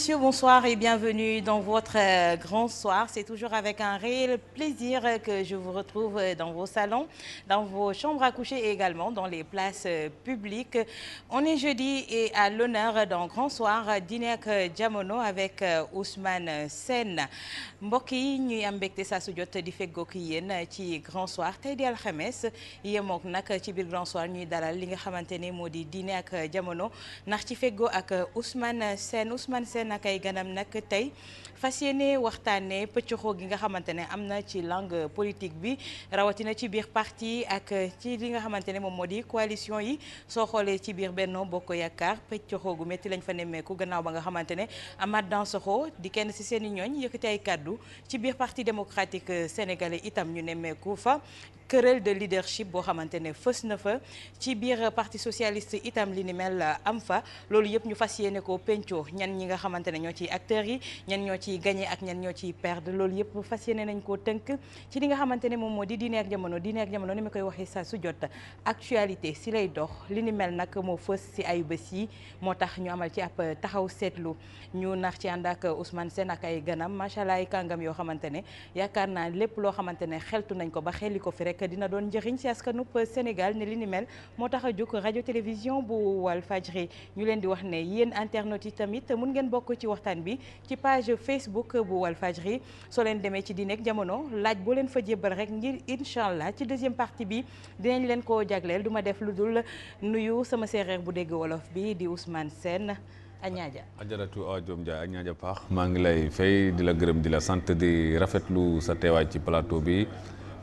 messieurs, bonsoir et bienvenue dans votre euh, grand soir. C'est toujours avec un réel plaisir que je vous retrouve euh, dans vos salons, dans vos chambres à coucher et également dans les places euh, publiques. On est jeudi et à l'honneur dans Grand Soir dîner ak jamono avec Ousmane Sène mbokk yi ñuy am mbégte saa su jot di feggoog yéen ci Grand Soir tey di alxames yemook nag ci biir Grand Soir ñuy dalal li nga xamante ne moo di dîner ak jamono ndax ak Ousmane Sène Ousmane nag ay ganam nag tey fas yéene waxtaanee pëccoxoo gi nga xamante ne am na ci langue politique bi rawatina ci biir parti ak ci li nga xamante ne moom moo di coalition yi soo xoolee ci biir Benno Bokk Yaakaar pëccoxoo gu métti lañu fa nemmeeku gannaaw ba nga xamante ne Amath Dansokho di kenn si seeni i ñooñ yëkkati ay kàddu ci biir parti démocratique sénégalais itam ñu nemmeeku fa querelle de leadership boo xamante ne fës na fa ci biir parti socialiste itam li ni mel am fa loolu yëpp ñu fas yéene ko pencoo ñan ñi nga xamante ne ñoo ci acteurs yi ciy gagné ak ñan ñoo ciy perdre loolu yëpp fas yéene nañ koo tënk ci li nga xamante ne moom moo di diine ak jamono diine ak jamono ni ma koy waxee saa su jot actualité si lay dox li ni mel nag moo fës si ay bés yi moo tax ñu amal ci ab taxaw seetlu ñu nax ci ànd ak Ousmane Sène ak ay ganam macha allah ay kàngam yoo xamante ne yaakaar naa lépp loo xamante ne xeltu nañ ko ba xelli ko fi rek dina doon njëriñ si askanub Sénégal ne li ni mel moo tax a jóg rajo télévision bu Walfadjri ñu leen di wax ne yéen internautes yi tamit mun ngeen bokk ci waxtaan bi Facebook bu Walfadjri soo leen demee ci diine jamono laaj boo leen fa jébbal rek ngir incha allah ci deuxième partie bi dinañ leen koo jagleel du ma def lu dul nuyu sama séeréer bu dégg wolof bi di Ousmane a jaratu ah, ajaratu joom ah, Diom Ndiaye añaaja paax maa ngi lay fay di la gërëm di la sant di rafetlu sa teewaay ci plateau bi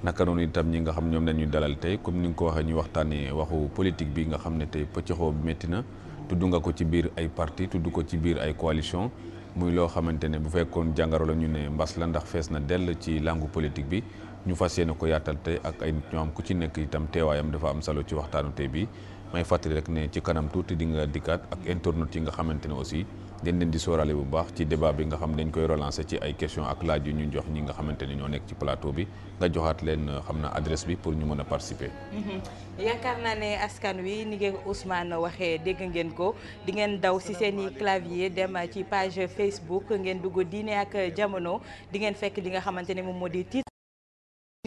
naka noonu itam ñi nga xam ñoom nañu dalal tey comme ni nga ko waxee ñu waxtaanee waxu politique bi nga xam ne tey pëccëxoo bi métti na tudd nga ko ci biir ay parti tudd ko ci biir ay coalition muy loo xamante ne bu fekkoon jàngaro la ñu ne mbas la ndax fees na dell ci langue politique bi ñu fas yéene ko yaatal tey ak ay nit ñoo am ku ci nekk itam teewaayam dafa am solo ci waxtaanu tey bi may fàttali rek ne ci kanam tuuti di nga dikkaat ak internautes yi nga xamante ne aussi dañ leen di sóoraale bu baax ci débat bi nga xam dañ koy relancer ci ay question ak laaj yu ñu jox ñi nga xamante ni ñoo nekk ci plateau bi nga joxaat leen euh, xam na adresse bi pour ñu mën a participer. Mm-hmm. yaakaar naa ne askan wi ni ngeen waxee dégg ngeen ko di ngeen daw si seen i clavier dem ci page Facebook ngeen dugg diine ak jamono di ngeen fekk li nga xamante ne moom moo di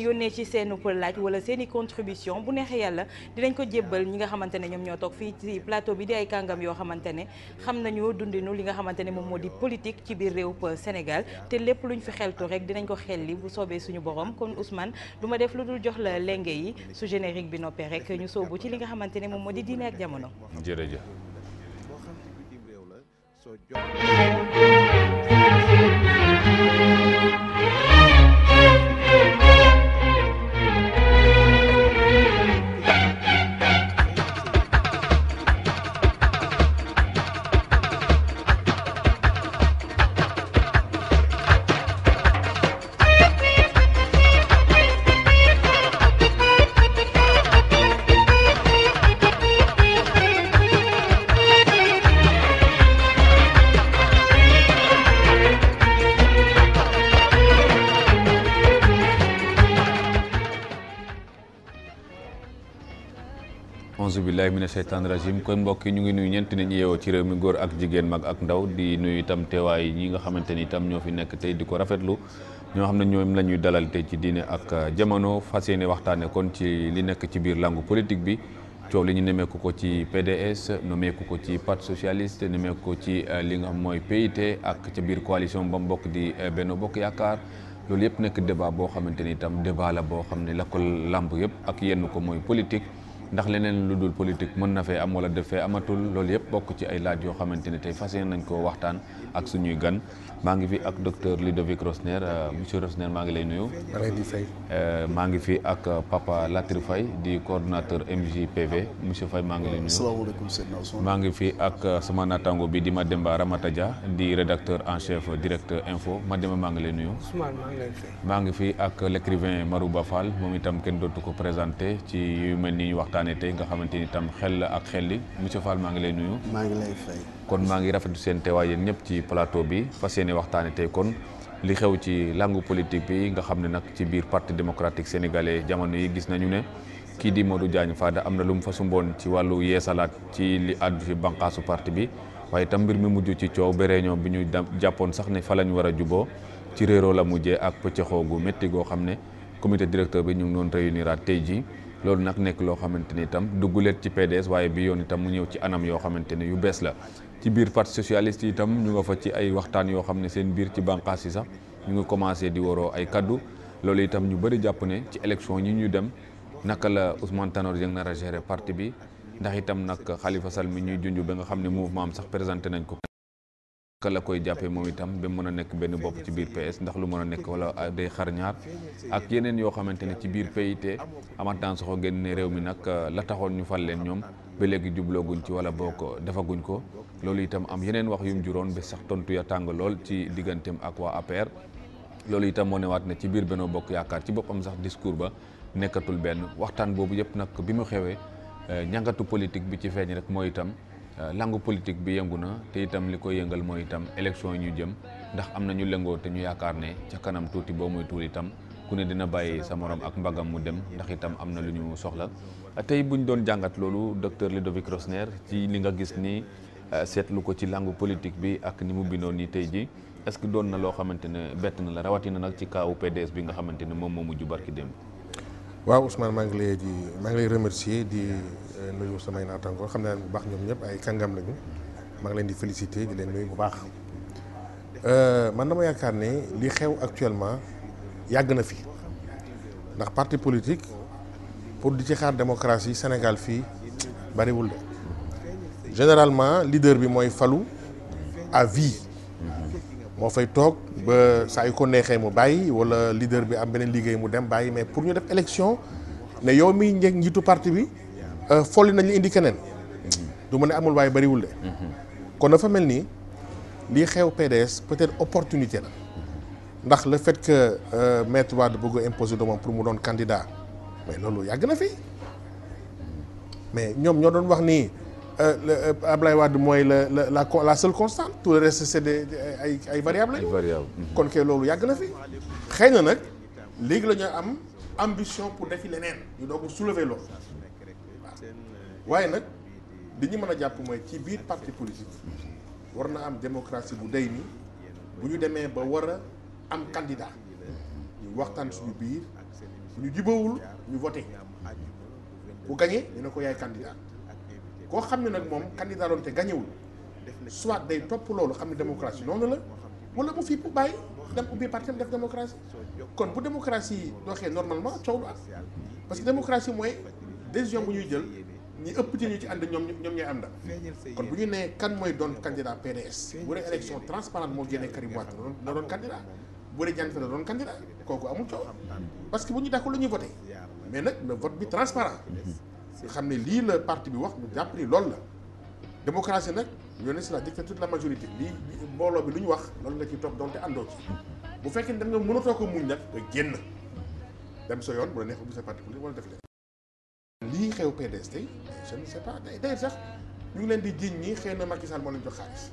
yónnee ci seen laaj wala seen i contribution bu neexee yàlla dinañ ko jébbal ñi nga xamante ne ñoom ñoo toog fii ci plateau bi di ay kàngam yoo xamante ne xam nañu dundinu li nga xamante ne moom moo di politique ci biir réew Sénégal te lépp luñ fi xeltu rek dinañ ko xel li bu soobee suñu borom kon Ousmane du ma def lu dul jox la lenge yi su générique bi noppee rek ñu soobu ci li nga xamante ne moom moo di diine ak jamono jërëjëf seytaan rajim kon mbokk yi ñu ngi nuyu ñeenti nit ñi yeewoo ci réew mi góor ak jigéen mag ak ndaw di nuyu itam teewaay ñi nga xamante ni itam ñoo fi nekk tey di ko rafetlu ñoo xam ne ñoom la ñuy dalal te ci diine ak uh, jamono fas yéene waxtaane kon ci li nekk ci biir langue politique bi coow li ñu nemeeku ko ci PDS nemeeku ko ci parti socialiste nemeeku ko ci uh, li nga xam mooy PIT ak ca biir coalition ba mu bokk di uh, benn Bokk Yaakaar loolu yëpp nekk débat boo xamante ni itam débat la boo xam ne la làmb yëpp ak yenn ko mooy politique ndax leneen lu dul politique mën na fee am wala def fee amatul loolu yëpp bokk ci ay laaj yoo xamante ne tey fas yéene nañ koo waxtaan ak suñuy gan maa ngi fi ak docteur Ludovic Rosner euh, monsieur Rosner maa ngi lay nuyu. Euh, maa ngi fi ak euh, papa Latir Faye di coordonnateur MJPV monsieur Faye maa ngi lay nuyu. maa ngi fi ak sama naataango bi di Mademba Ramata Dia di rédacteur en directeur info Mademba maa ngi lay nuyu. maa ngi fi ak l'écrivain Marouba Fall moom itam kenn dootu ko présenté ci yu mel ni ñu waxtaanee tey nga xamante ni itam xel ak xel li monsieur Fall maa ngi lay nuyu. maa ngi lay kon maa ngi rafetlu seen teewaay yéen ñëpp ci plateau bi fa yéene waxtaane tey kon li xew ci langue politique bi nga xam ne nag ci biir parti démocratique sénégalais jamono yi gis nañu ne kii di Modou Diagne Fada am na lu mu fa sumboon ci wàllu yeesalaat ci li àddu ci banqaasu parti bi waaye itam mbir mi mujj ci coow ba réunion bi ñu jàppoon sax ne fa lañ war a juboo ci réeroo la mujjee ak pëccëxoo gu métti goo xam ne comité directeur bi ñu ngi doon réuniraat tey jii loolu nag nekk loo xamante ni itam dugguleet ci PDS waaye bi yoon itam mu ñëw ci anam yoo xamante ne yu bees la ci biir parti socialiste itam ñu nga fa ci ay waxtaan yoo xam ne seen biir ci bànqaas yi sax ñu ngi commencé di waroo ay kaddu loolu itam ñu bëri jàpp ne ci élection yi ñu dem naka la Ousmane Tanor Dieng nar a parti bi ndax itam nag xalifa Sall mi ñuy junj ba nga xam ne mouvement am sax présenté nañ ko. naka la koy jàppee moom itam ba mën a nekk benn bopp ci biir PS ndax lu mën a nekk wala day xar ñaar ak yeneen yoo xamante ne ci biir PIT Amath Dansokho génn ne réew mi nag la ñu fal leen ñoom léegi jublooguñ ci wala boo defaguñ ko. loolu itam am yeneen wax yum juróon bi sax tontu ya tàng lool ci digganteem ak waa APR loolu itam moo newaat na ci biir Benno Bokk Yaakaar ci boppam sax discours ba nekkatul benn waxtaan boobu yëpp nag ko bi mu xewee ñangatu eh, politique bi ci feeñ rek mooy itam eh, langu politique bi yëngu na te itam li koy yëngal mooy itam élection yi ñu jëm ndax am na ñu lëngoo te ñu yaakaar ne ca kanam tuuti boo muy tuul itam ku ne dina bàyyi sa morom ak mbagam mu dem ndax itam am na lu ñu soxla tey doon jàngat loolu docteur Ludovic Rosner ci li nga gis ni Euh, seetlu ko ci langue politique bi ak ni mu bindoo nii tey jii est-ce que doon na loo xamante ne bett na la rawatina nag ci kaawu PDS bi nga xamante ne moom moo mujj barki démb. waaw Ousmane maa ngi lay di maa ngi lay remercier di euh, nuyu samay naataangoo xam naa bu baax ñoom ñëpp ay kàngam lañu maa ngi leen di féliciter di leen nuyu bu baax. Euh, man dama yaakaar ne li xew actuellement yàgg na fi ndax parti politique pour di ci xaar démocratie Sénégal fii bariwul de. généralement leader bi mooy falu à vie moo fay toog ba saa yu ko neexee mu bàyyi wala leader bi am beneen liggéey mu dem bàyyi mais pour ñu def élection ne yow mi njëkk njiitu parti bi euh, folli nañ indi keneen du ma ne amul waaye bariwul de kon dafa mel ni lii xew PDS peut-être opportunité la ndax le fait que euh, maître Wade bëgg a imposer doomam pour mu doon candidat mais loolu yàgg na fi mais ñoom ñoo doon wax nii Euh, euh, Ablaye Wade mooy la la la la seule constante tout le reste c'est ay ay variables lañu. Mhm. kon kay loolu yàgg na fi. xëy na nag léegi la am ambition pour defi leneen ñu doog soulever loolu waaye nag li ñu mën a jàpp mooy ci biir parti politique war na am démocratie bu day ni bu ñu demee ba war a am candidat ñu waxtaan suñu biir bu ñu jubawul ñu voté bu gagné ko yaay candidat. koo xam ne nag moom candidat doon te gañewul soit day topp loolu xam ne démocratie noonu la wala mu fi bu bàyyi dem ubbi parti def démocratie kon bu démocratie doxee normalement coow lu am parce que bu ñuy jël ñi ëpp ci ñu ci ànd doon candidat bu dee élection transparente na doon candidat kooku amul coow parce que bu ñu dàkku la ñuy voté nag le vote bi transparent xam ne lii la parti bi wax ñu jàpp ni loolu la démocratie nag ñoo ne c'est la dictature de la majorité lii mbooloo bi lu ñu wax loolu la ci topp donte àndoo ci bu fekkee dem nga mënatoo ko muñ nag nga génn dem sa yoon bu la neex ubbi sa parti politique wala def leen lii xew PDS tey je ne sais pas day sax ñu ngi leen di jiiñ ñi xëy na Macky Sall moo leen jox xaalis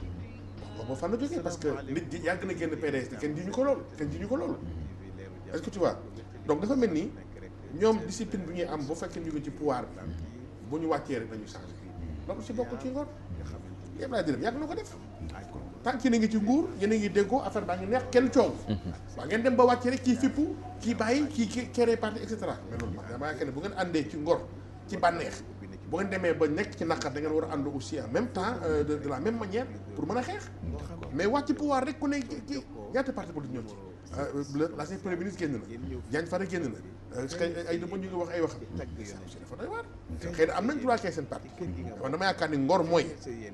boobu fan la jógee parce que nit ji yàgg na génn PDS te kenn jiiñu ko loolu kenn jiiñu ko loolu est-ce que tu vois donc dafa ni ñoom discipline bu ñuy am bu fekkee ñu ngi ci pouvoir bi bu ñu wàccee rek dañu changé loolu si bokk ci ngor yëpp laa jërëm yàgg na ko def tant que ni ngi ci nguur yéen a ngi déggoo affaire baa ngi neex kenn coow waa ngeen dem ba wàccee rek ci fippu ci bàyyi kii kere parti et cetera mais loolu damaa yaakaar ne bu ngeen àndee ci ngor ci bànneex bu ngeen demee ba nekk ci naqar da war a ànd aussi en même temps euh, de la même manière pour mën a xeex mais wàcc pouvoir rek ku ne ñaata parti politique Euh, l'ancien premier ministre génn na Diagne Fada génn euh, na ay dëpp ñu ngi wax ay wax dafa doy am nañ droit kay seen parti man dama yaakaar ni ngor mooy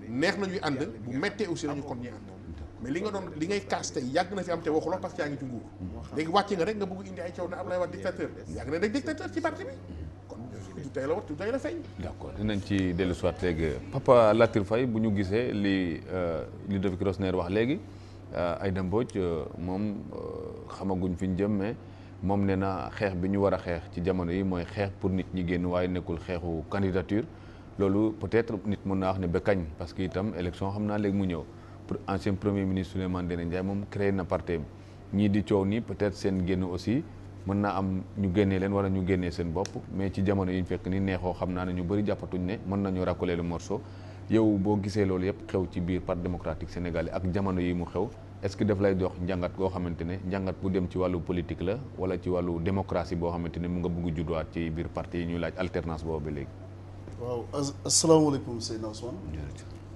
neex nañuy ànd bu méttee aussi nañu kon ñuy ànd mais li nga doon li ngay kaas tey yàgg na fi am te waxuloo parce que yaa ngi ci nguur léegi wàcce nga rek nga bëgg indi ay coow na Ablaye Wade dictateur yàgg na rek dictateur ci parti bi dinañ ci dellu soit léegi Papa Latir Faye bu ñu gisee li euh, Ludovic Rosner wax léegi Euh, Aïda Mbodj euh, moom euh, xamaguñ fi ñu jëm mais moom nee na xeex bi ñu war a xeex ci jamono yi mooy xeex pour nit ñi génn waaye nekkul xeexu candidature loolu peut-être nit mun naa am ne ba kañ parce que itam élection xam naa léegi mu ñëw pour ancien premier ministre Souleymane Ndéné Ndiaye moom créé na parti ñii di coow nii peut-être seen génn aussi mën naa am ñu génnee leen wala ñu génnee seen bopp mais ci jamono yi ñu fekk ni neexoo xam naa ne ñu bëri jàppatuñ ne mën nañu raccoler le morceau yow boo gisee loolu yëpp xew ci biir parti démocratique sénégalais ak jamono yi mu xew est-ce que daf lay jox njàngat goo xamante ne njàngat bu dem ci wàllu politique la wala ci wàllu démocratie boo xamante ne mu nga bëgg judduwaat ci biir parti yi ñuy laaj alternance boobu ba léegi. waaw asalaamaaleykum Seydina Ousmane.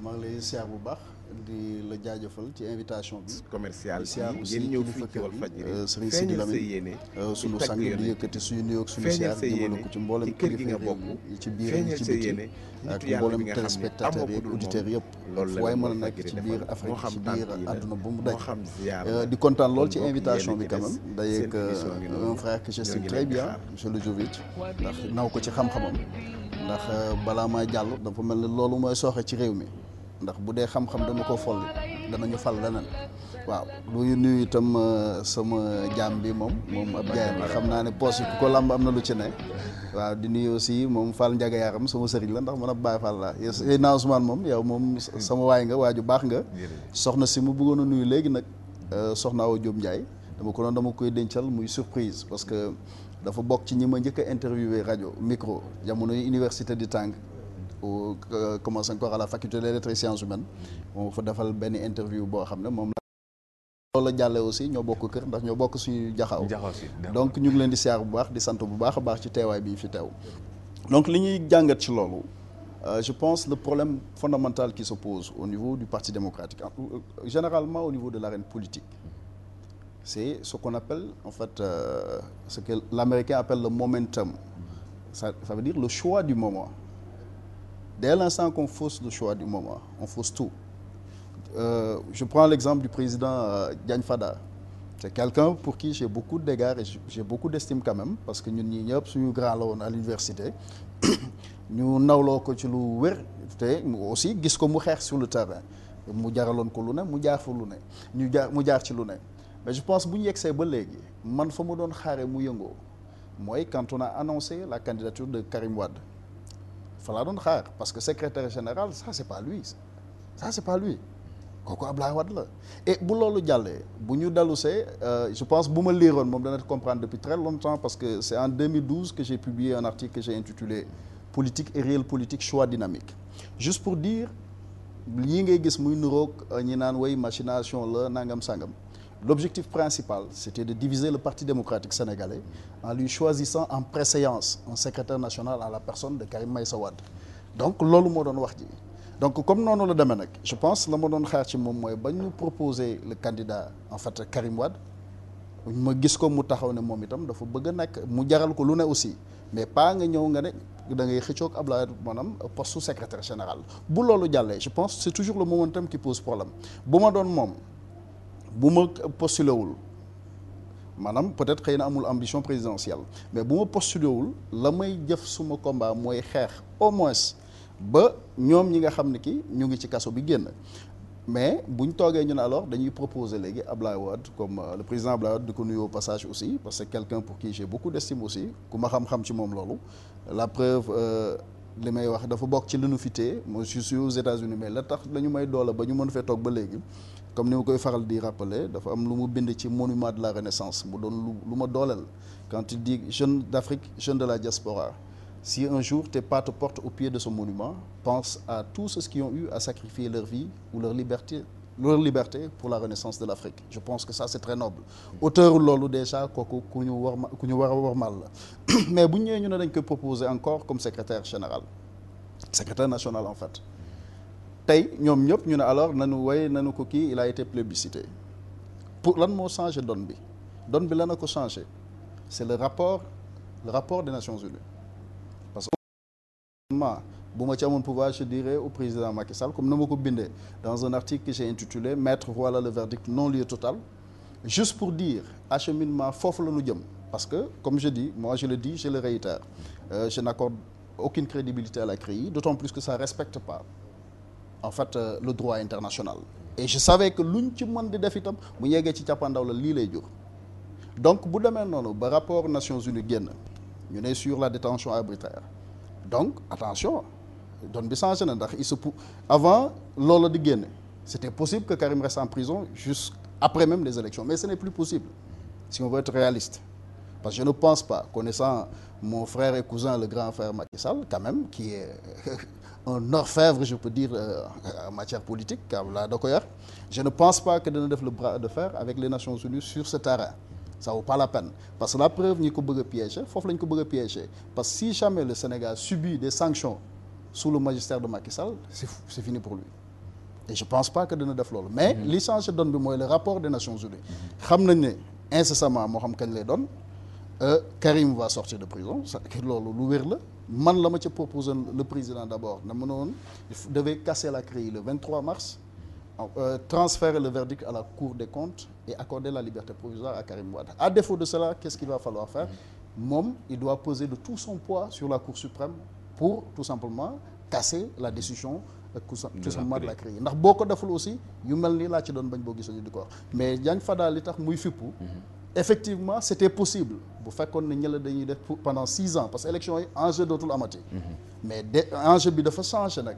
maa ngi lay siyaar bu baax. di la jaajëfal ci invitation bi. commercial bi ngeen ñëw fii ci Walfadjri euh, sëriñ Sidi Lamine euh, sunu sang di yëkkati suñu nuyoo ak suñu siyaar jëmale ko ci mboolem kilifa yi ci biir yi ci biti ak mboolem téléspectateurs yeeg auditeurs yëpp fu waay mën a nekk ci biir Afrique ci biir àdduna bu mu daj euh, di kontaan lool ci invitation bi quand même dayeeg un frère que je sais très bien monsieur Lodjovic ndax naw ko ci xam-xamam ndax balaa may jàll dafa mel ne loolu mooy sooxe ci réew mi ndax bu dee xam-xam dana ko foll danañu fal leneen waaw luy nuyu itam euh, sama jaam bi moom moom ab jaay la xam naa ne poche ku ko lamb am na lu ci ne waaw di nuyu aussi moom Fall Ndiaga yaa xam sama sëriñ la ndax man ab Baay Fall laa yéen naa Ousmane moom yow moom hmm. sama waay nga waaju baax nga soxna si mu bëggoon a nuyu léegi nag euh, soxna Awa Diop Ndiaye dama ko doon dama koy dencal muy surprise parce que dafa bokk ci ñi ma njëkk a interviewé rajo micro jamonoy université di tàng ou euh, commence encore à la faculté des lettres et sciences humaines fa defal benn interview boo xam ne moom la la jàlle aussi ñoo bokk kër ndax ñoo bokk suñu jaxaw donc ñu ngi leen di siyaar bu baax di sant bu baax a baax ci teewaay bi fi teew donc li ñuy jàngat ci loolu euh, je pense le problème fondamental qui se pose au niveau du parti démocratique euh, généralement au niveau de l'arène politique c'est ce qu'on appelle en fait euh, ce que l'américain le momentum ça, ça veut le choix du moment Dès l'instant qu'on fausse le choix du moment, on fausse tout. Euh, je prends l'exemple du président euh, Diagne Fada. C'est quelqu'un pour qui j'ai beaucoup d'égards et j'ai beaucoup d'estime quand même parce que ñun nii ñëpp suñu grand la woon à l'université ñu nawloo ko ci lu wér te aussi gis ko mu xeex sur le terrain mu jaraloon ko lu ne mu jaar fa lu ne ñu jaar mu jaar ci lu ne mais je pense bu ñu yegsee ba léegi man fa mu doon xaare mu yëngoo mooy quanton on a annoncé la candidature de Karim Wade fa laa doon xaar parce que secrétaire général ça c'est pas lui ça c'est pas lui kooku Ablaye Wade la et bu loolu jàllee bu ñu dalusee euh, je pense bu ma liiroon moom dana comprendre depuis très longtemps parce que c'est en 2012 que j'ai publié un article que j'ai intitulé politique et réelle politique choix dynamique juste pour dire ñi ngay gis muy nuroog euh, ñi naan way machination la nangam sangam L'objectif principal, c'était de diviser le Parti démocratique sénégalais en lui choisissant en préséance un secrétaire national à la personne de Karim Meïssa Wade donc loolu moo doon wax ji donc comme noonu la demee nag je pense la ma doon xaar ci moom mooy ba ñu proposer le candidat en fait Karim Wade ma gis ko mu taxaw ne moom itam dafa bëgg a nekk mu jaral ko lu ne aussi mais pas nga ñëw nga ne da ngay xëccoog Abdoulaye maanaam poste secrétaire général bu loolu jàllee je pense c'est toujours le momentum qui pose problème bu ma doon moom. bu ma postulé wul maanaam peut-être xëy na amul ambition présidentielle mais bu ma postulé wul la may jëf suma combat mooy xeex au moins ba ñoom ñi nga xam ni ki ñu ngi ci kaso bi génn mais bu ñu toogee ñu ne alors dañuy proposer léegi Ablaye Wade comme euh, le président Ablaye Wade di ko nuyu passage aussi parce que quelqu'un pour qui j'ai beaucoup d'estime aussi ku ma xam-xam ci moom loolu la preuve euh, li may wax dafa bokk ci li nu fi téye moi je suis aux États-Unis mais la tax dañu may doole ba ñu mën fee toog ba léegi comme ni ma koy faral di rappeler dafa am lu mu bind ci monument de la renaissance mu doon lu lu ma dooleel quand il dit jeune d'Afrique jeune de la diaspora si un jour tes pas te portent au pied de ce monument pense à tous ceux qui ont eu à sacrifier leur vie ou leur liberté leur liberté pour la renaissance de l'Afrique je pense que ça c'est très noble auteur loolu déjà kooku ku ñu war ku ñu war a warmal la mais bu ñëwee ñu ne dañ koy proposer encore comme secrétaire général secrétaire national en fait tey ñoom ñëpp ñu ne alors nanu way nanu ko kii il a été plébiscité pour lan moo changé donne bi donne bi lan a ko changé c'est le rapport le rapport des Nations Unies parce que bu ma ci amoon pouvoir je dirais au président Macky Sall comme na ma ko bindee dans un article que j'ai intitulé mettre voilà le verdict non lieu total juste pour dire acheminement foofu la ñu jëm parce que comme je dis moi je le dis je le réitère euh, je n'accorde aucune crédibilité ça respecte pas en fait euh, le droit international et je savais que luñ ci mën di def itam bu yeggee ci càppandaw la lii lay jur donc bu demee noonu ba rapport Nations Unies génn ñu ne sur la détention arbitraire donc attention doon bi changé na ndax il se pou avant loola di génn c'était possible que Karim reste en prison jusqu' après même les élections mais ce n'est plus possible si on veut être réaliste parce que je ne pense pas connaissant mon frère et le grand frère Macky Sall quand même un orfèvre je peux dire euh, en matière politique car laa da ko yar je ne pense pas que dana def le bras de fer avec les Nations Unies sur ce terrain ça vaut pas la peine parce que la preuve ko bëgg a piéger foofu lañ ko bëgg a piéger parce que si jamais le Sénégal subit des sanctions sous le magistère de Macky Sall c'est c'est fini pour lui je pense pas que dana def loolu mais mm-hmm. li changé donne bi mooy le rapport des Nations Unies xam na ne incessamment moo xam kañ lay doon euh, Karim va sortir de prison loolu lu la man la ma ca proposé le président d'abord na mënoon devait casser la CREI le 23 mars euh, transférer le verdict à la Cour des comptes et accorder la liberté provisoire à Karim Wade à défaut de cela qu'est-ce qu'il va falloir faire moom il doit poser de tout son poids sur la Cour suprême pour tout simplement casser la décision euh, tout simplement de la CREI ndax boo ko deful aussi yu mel ni laa ci doon bañ boo gisoon ñu di ko wax mais Diagne Fada li muy fippu mhm. effectivement c'était possible bu fekkoon ne ñëla dañuy def pendant six ans parce que élection yi enjeu dootul amati. Mhm. mais de enjeu bi dafa changé nag.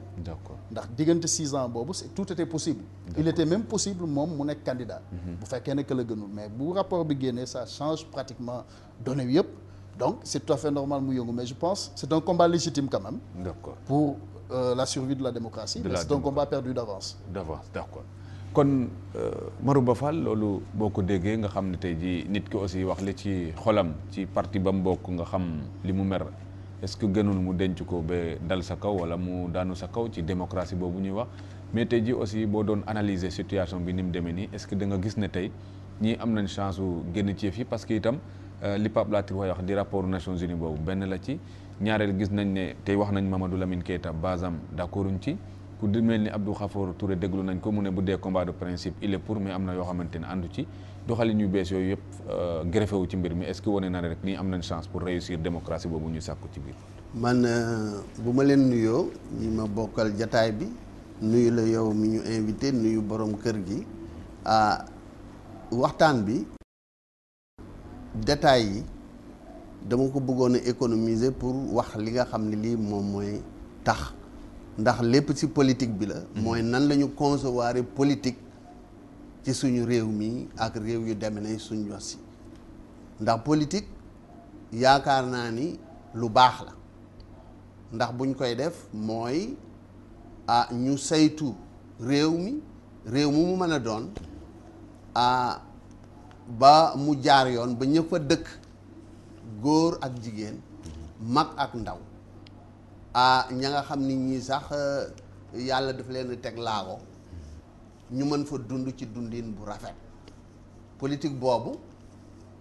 ndax diggante six ans boobu c'est tout était possible. il était même possible moom mu nekk candidat. Mhm. bu fekkee ne que la gënul mais bu rapport bi génnee ça change pratiquement données yëpp donc c'est tout à fait normal mu yëngu mais je pense c'est un combat légitime quand même. d'accord pour euh, la survie de la démocratie. de mais c'est un kon euh, Marouba Fall loolu boo ko déggee nga xam ne tey jii nit ki aussi wax li ci xolam ci parti ba mu bokk nga xam li mu mer est-ce que gënul mu denc ko ba dal sa kaw wala mu daanu sa kaw ci démocratie boobu ñuy wax mais tey jii aussi boo doon analyser situation bi ni mu demee nii est-ce que da nga gis ne tey ñi am nañ chance su génn ci yëf yi parce que itam euh, li Pape Latir wax di rapport Nations uni boobu benn la ci ñaareel gis nañ ne tey wax nañ Mamadou Lamine Keita basam d'accorduñ ci ku di mel ni Abdou Khafour Touré déglu nañ ko mu ne bu dee combat de principe il est pour mais am na yoo xamante ne àndu ci doxalin yu bees yooyu yëpp euh, greffé wu ci mbir mi est-ce que wane na rek nii am nañ chance pour réussir démocratie boobu ñu sàkku ci biir. man euh, bu ma leen nuyoo ñi ma bokkal jataay bi nuyu la yow mi ñu invité nuyu borom kër gi ah waxtaan bi détails yi dama ko bëggoon a économiser pour wax li nga xam ne lii moom mooy tax. ndax lépp ci politique bi la. Mhm. mooy nan lañu ñu concevoir ci suñu réew mi ak réew yu deme nañ suñ yos yi ndax politik yaakaar naa ni lu baax la ndax buñ koy def mooy ah ñu saytu réew mi réew mu mu mën a doon ah ba mu jaar yoon ba ñëpp a dëkk góor ak jigéen mag ak ndaw. ah ña nga xam ni ñii sax euh, yàlla daf leen teg laago ñu mën fa dund ci dundin bu rafet politique boobu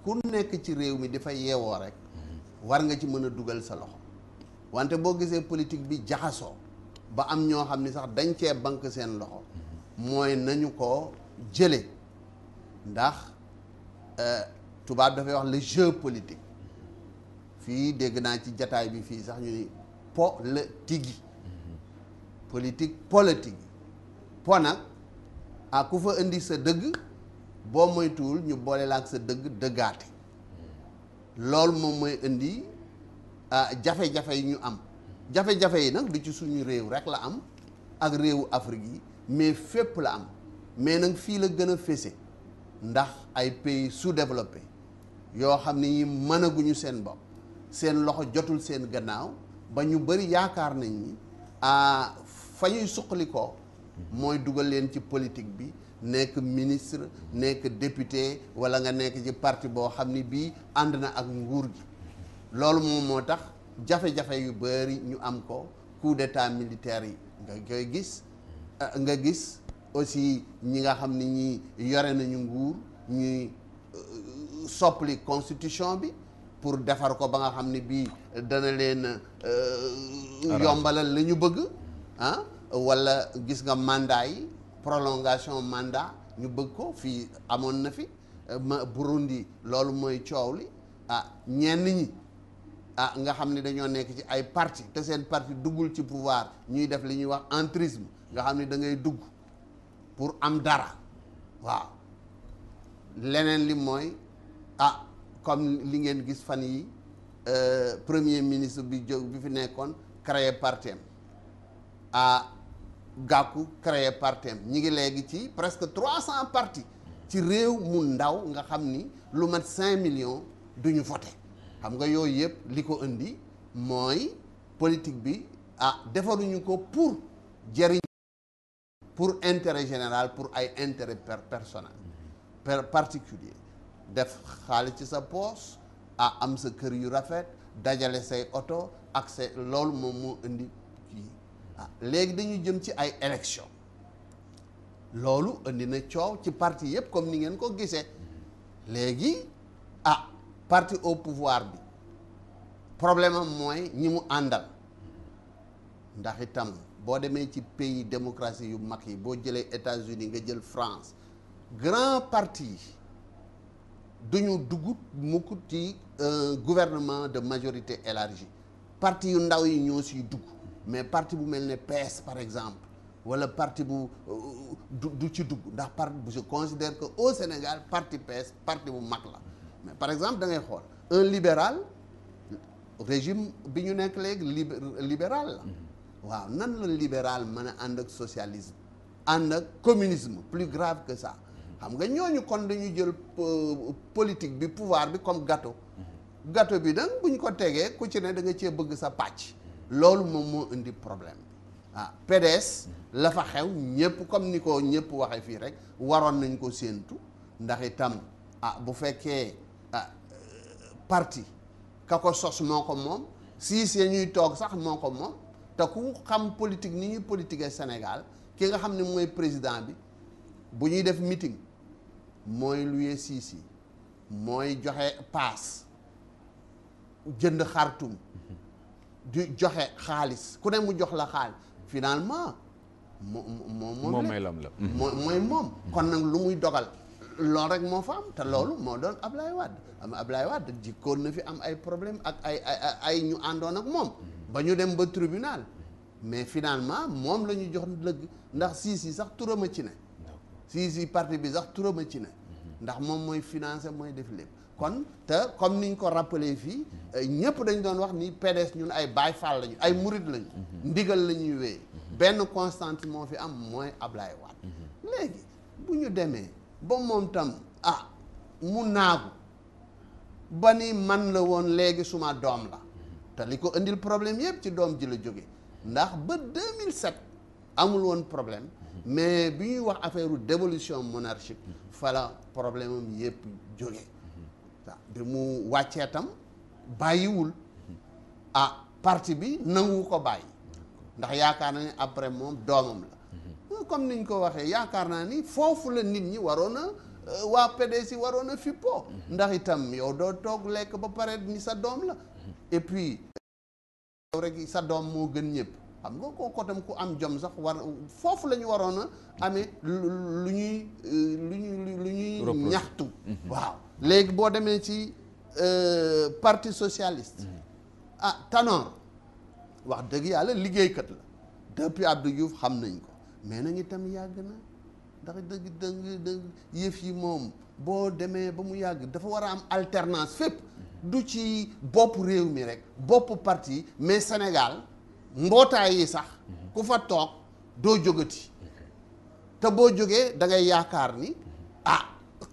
ku nekk ci réew mi dafa yeewoo rek war nga ci mën a dugal sa loxo wante boo gisee politique bi jaxasoo ba am ñoo xam ni sax dañ cee bank seen loxo mooy nañu ko jële ndax euh, tubaab dafay wax le jeu politique fii dégg naa ci jataay bi fii sax ñu politique yi politique politique po nag ah ku fa indi sa dëgg boo moytuwul ñu boole la ak sa dëgg dëggaate loolu moom mooy indi euh, jafe-jafe yi ñu am jafe-jafe yi nag du ci suñu réew rek la am ak réewu Afrique yi mais fépp la am mais nag fii la gën a fese ndax ay pays su développés yoo xam ne ñi mënaguñu seen bopp seen loxo jotul seen gannaaw ba ñu bëri yaakaar nañ ni ah fa ñuy suqali ko mooy dugal leen ci politique bi nekk ministre nekk député walla nga nekk ci parti boo xam ni bii ànd na ak nguur gi loolu moom moo tax jafe-jafe yu bëri ñu am ko de d'état militaire yi nga koy gis nga gis aussi ñi nga xam ni ñi yore nañu nguur ñuy euh, soppali constitution bi pour defar ko ba nga xam ne bii dana leen euh, yombalal la ñu bëgg ah wala gis nga mandat yi prolongation mandat ñu bëgg ko fii amoon na fi ma Burundi loolu mooy coow li ah ñenn ñi ah nga xam ni dañoo nekk ci ay parti te seen parti duggul ci pouvoir ñuy def li ñuy wax entrisme nga xam ne da ngay dugg pour am dara waaw leneen li mooy ah comme li ngeen gis fan yi euh, premier ministre bi jóg bi fi nekkoon créé parti ah gàkku créé parti am ñi ngi léegi ci presque trois cent parti ci réew mu ndaw nga xam ni lu mat cinq millions du ñu voté xam nga yooyu yëpp li ko indi mooy politique bi ah defaruñu ko pour jëriñ pour intérêt général pour ay intérêt personnel particulier def xaalis ci sa poos ah am sa kër yu rafet dajale say oto ak say loolu moom moo indi kii ah léegi dañu jëm ci ay élection loolu indi na coow ci parti yëpp comme ni ngeen ko gisee léegi ah parti au pouvoir bi problème am mooy ñi mu àndal ndax itam boo demee ci pays démocratie yu mag yi boo jëlee États-Unis nga jël France grand parti du ñu dugg mukk ci euh, gouvernement de majorité élargie parti yu ndaw yi ñoo si dugg mais partie bu mel ne PS par exemple wala parti bu euh, du ci dugg ndax parti bu je considère que au Sénégal parti PS partie bu mag la mais par exemple da ngay xool un libéral régime bi ñu nekk léegi libéral la mm-hmm. waaw nan la libéral mën a ànd ak socialisme ànd ak communisme plus grave que ça xam nga ñooñu kon dañu jël euh, politique bi pouvoir bi comme gato gato bi nag buñ ko tegee ku ci ne da nga cee bëgg sa pàcc loolu moom moo indi problème ah PDS la fa xew ñëpp comme ni ko ñëpp waxee fii rek waroon nañ ko séentu ndax itam ah bu fekkee ah parti ka ko sos moo ko moom siis ya ñuy toog sax moo ko moom te ku xam politique ni ñuy politiquer Sénégal ki nga xam ne mooy président bi bu ñuy def meeting mooy luye siis yi mooy joxe paas jënd xartum di joxe xaalis ku ne mu jox la xaalis finalement moo moom moom moom kon nag lu muy dogal loolu rek moo fa am te loolu moo doon Ablaye Wade am Ablaye Wade jikkoon na fi am ay problème ak ay ay ñu àndoon ak moom ba ñu dem ba tribunal mais finalement moom la ñu jox lëg ndax siis yi sax turama ci ne siis yi parti bi sax turama ci ne ndax moom mooy financer mooy def lépp kon te comme ni niñ ko rappelé fii euh, ñëpp dañu doon wax ni PDS ñun ay Baay Faal lañu ay murit lañu. ndigal la ñuy wéy benn constante moo fi am mooy Ablaye Wade léegi bu ñu demee ba moom tam ah mu naagu ba ni man la woon léegi suma doom la te li ko indil problème yëpp ci doom ji la jóge ndax ba 2007 amul woon problème mais bi ñuy wax affaire dévolution monarchique fala problème am yëpp jóge bi mu wàccee tam bàyyiwul ah parti bi nangu ko bàyyi ndax yaakaar na ni après moom doomam la mhm. comme niñ ko waxee yaakaar naa ni foofu la nit ñi waroon a euh, waa si waroon a fippoo mhm. ndax itam yow doo toog lekk ba pare ni sa doom la mhm. et puis yow rek sa doom moo gën ñëpp xam nga kooku tam ku am jom sax war foofu la ñu waroon a amee lu ñuy lu ñuy lu ñuy ñaxtu mhm. waaw léegi boo demee ci euh, parti socialiste mhm. ah Tanor wax dëgg yàlla liggéeykat la depuis Abdou Diouf xam nañ ko mais nag itam yàgg na ndax dëgg dëgg dëgg yëf yi moom boo demee ba mu yàgg dafa war a am alternance fépp mhm. du ci bopp réew mi rek bopp parti mais Sénégal mbootaay yi sax ku fa toog doo jógati te boo jógee da ngay yaakaar ni ah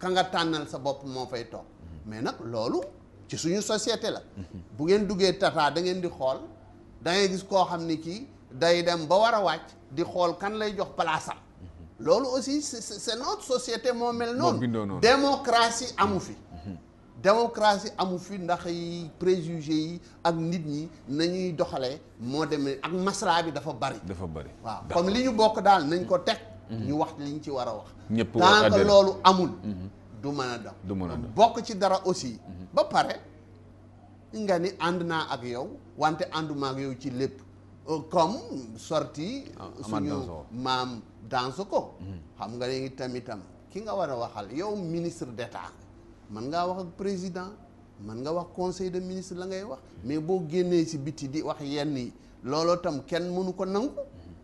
ka nga tànnal sa bopp moo fay toog mais nag loolu ci suñu société la bu ngeen duggee tata da ngeen di xool da ngay gis koo xam ni kii day dem ba war a wàcc di xool kan lay jox palaasam loolu aussi c'est notre société moo mel noonu démocratie amu fi démocratie amul fi ndax yi préjugé yi ak nit ñi nañuy doxalee moo demee ak masra bi dafa bari. dafa bari waaw comme li ñu bokk daal nañ ko teg. Mhm. ñu wax li ñu ci war a wax. ñëpp loolu amul. Mhm. du mën a dox du mën a bokk ci dara aussi. Mhm. ba pare nga ni ànd naa ak yow wante ànduma yow ci lépp euh, comme sorti euh, ah, suñu maam dans ko. xam nga ni tamitam ki nga war a waxal yow ministre d' état. man ngaa wax ak président man nga wax conseil de ministre la ngay wax mais boo génnee si biti di wax yenn yi looloo tam kenn mënu ko nangu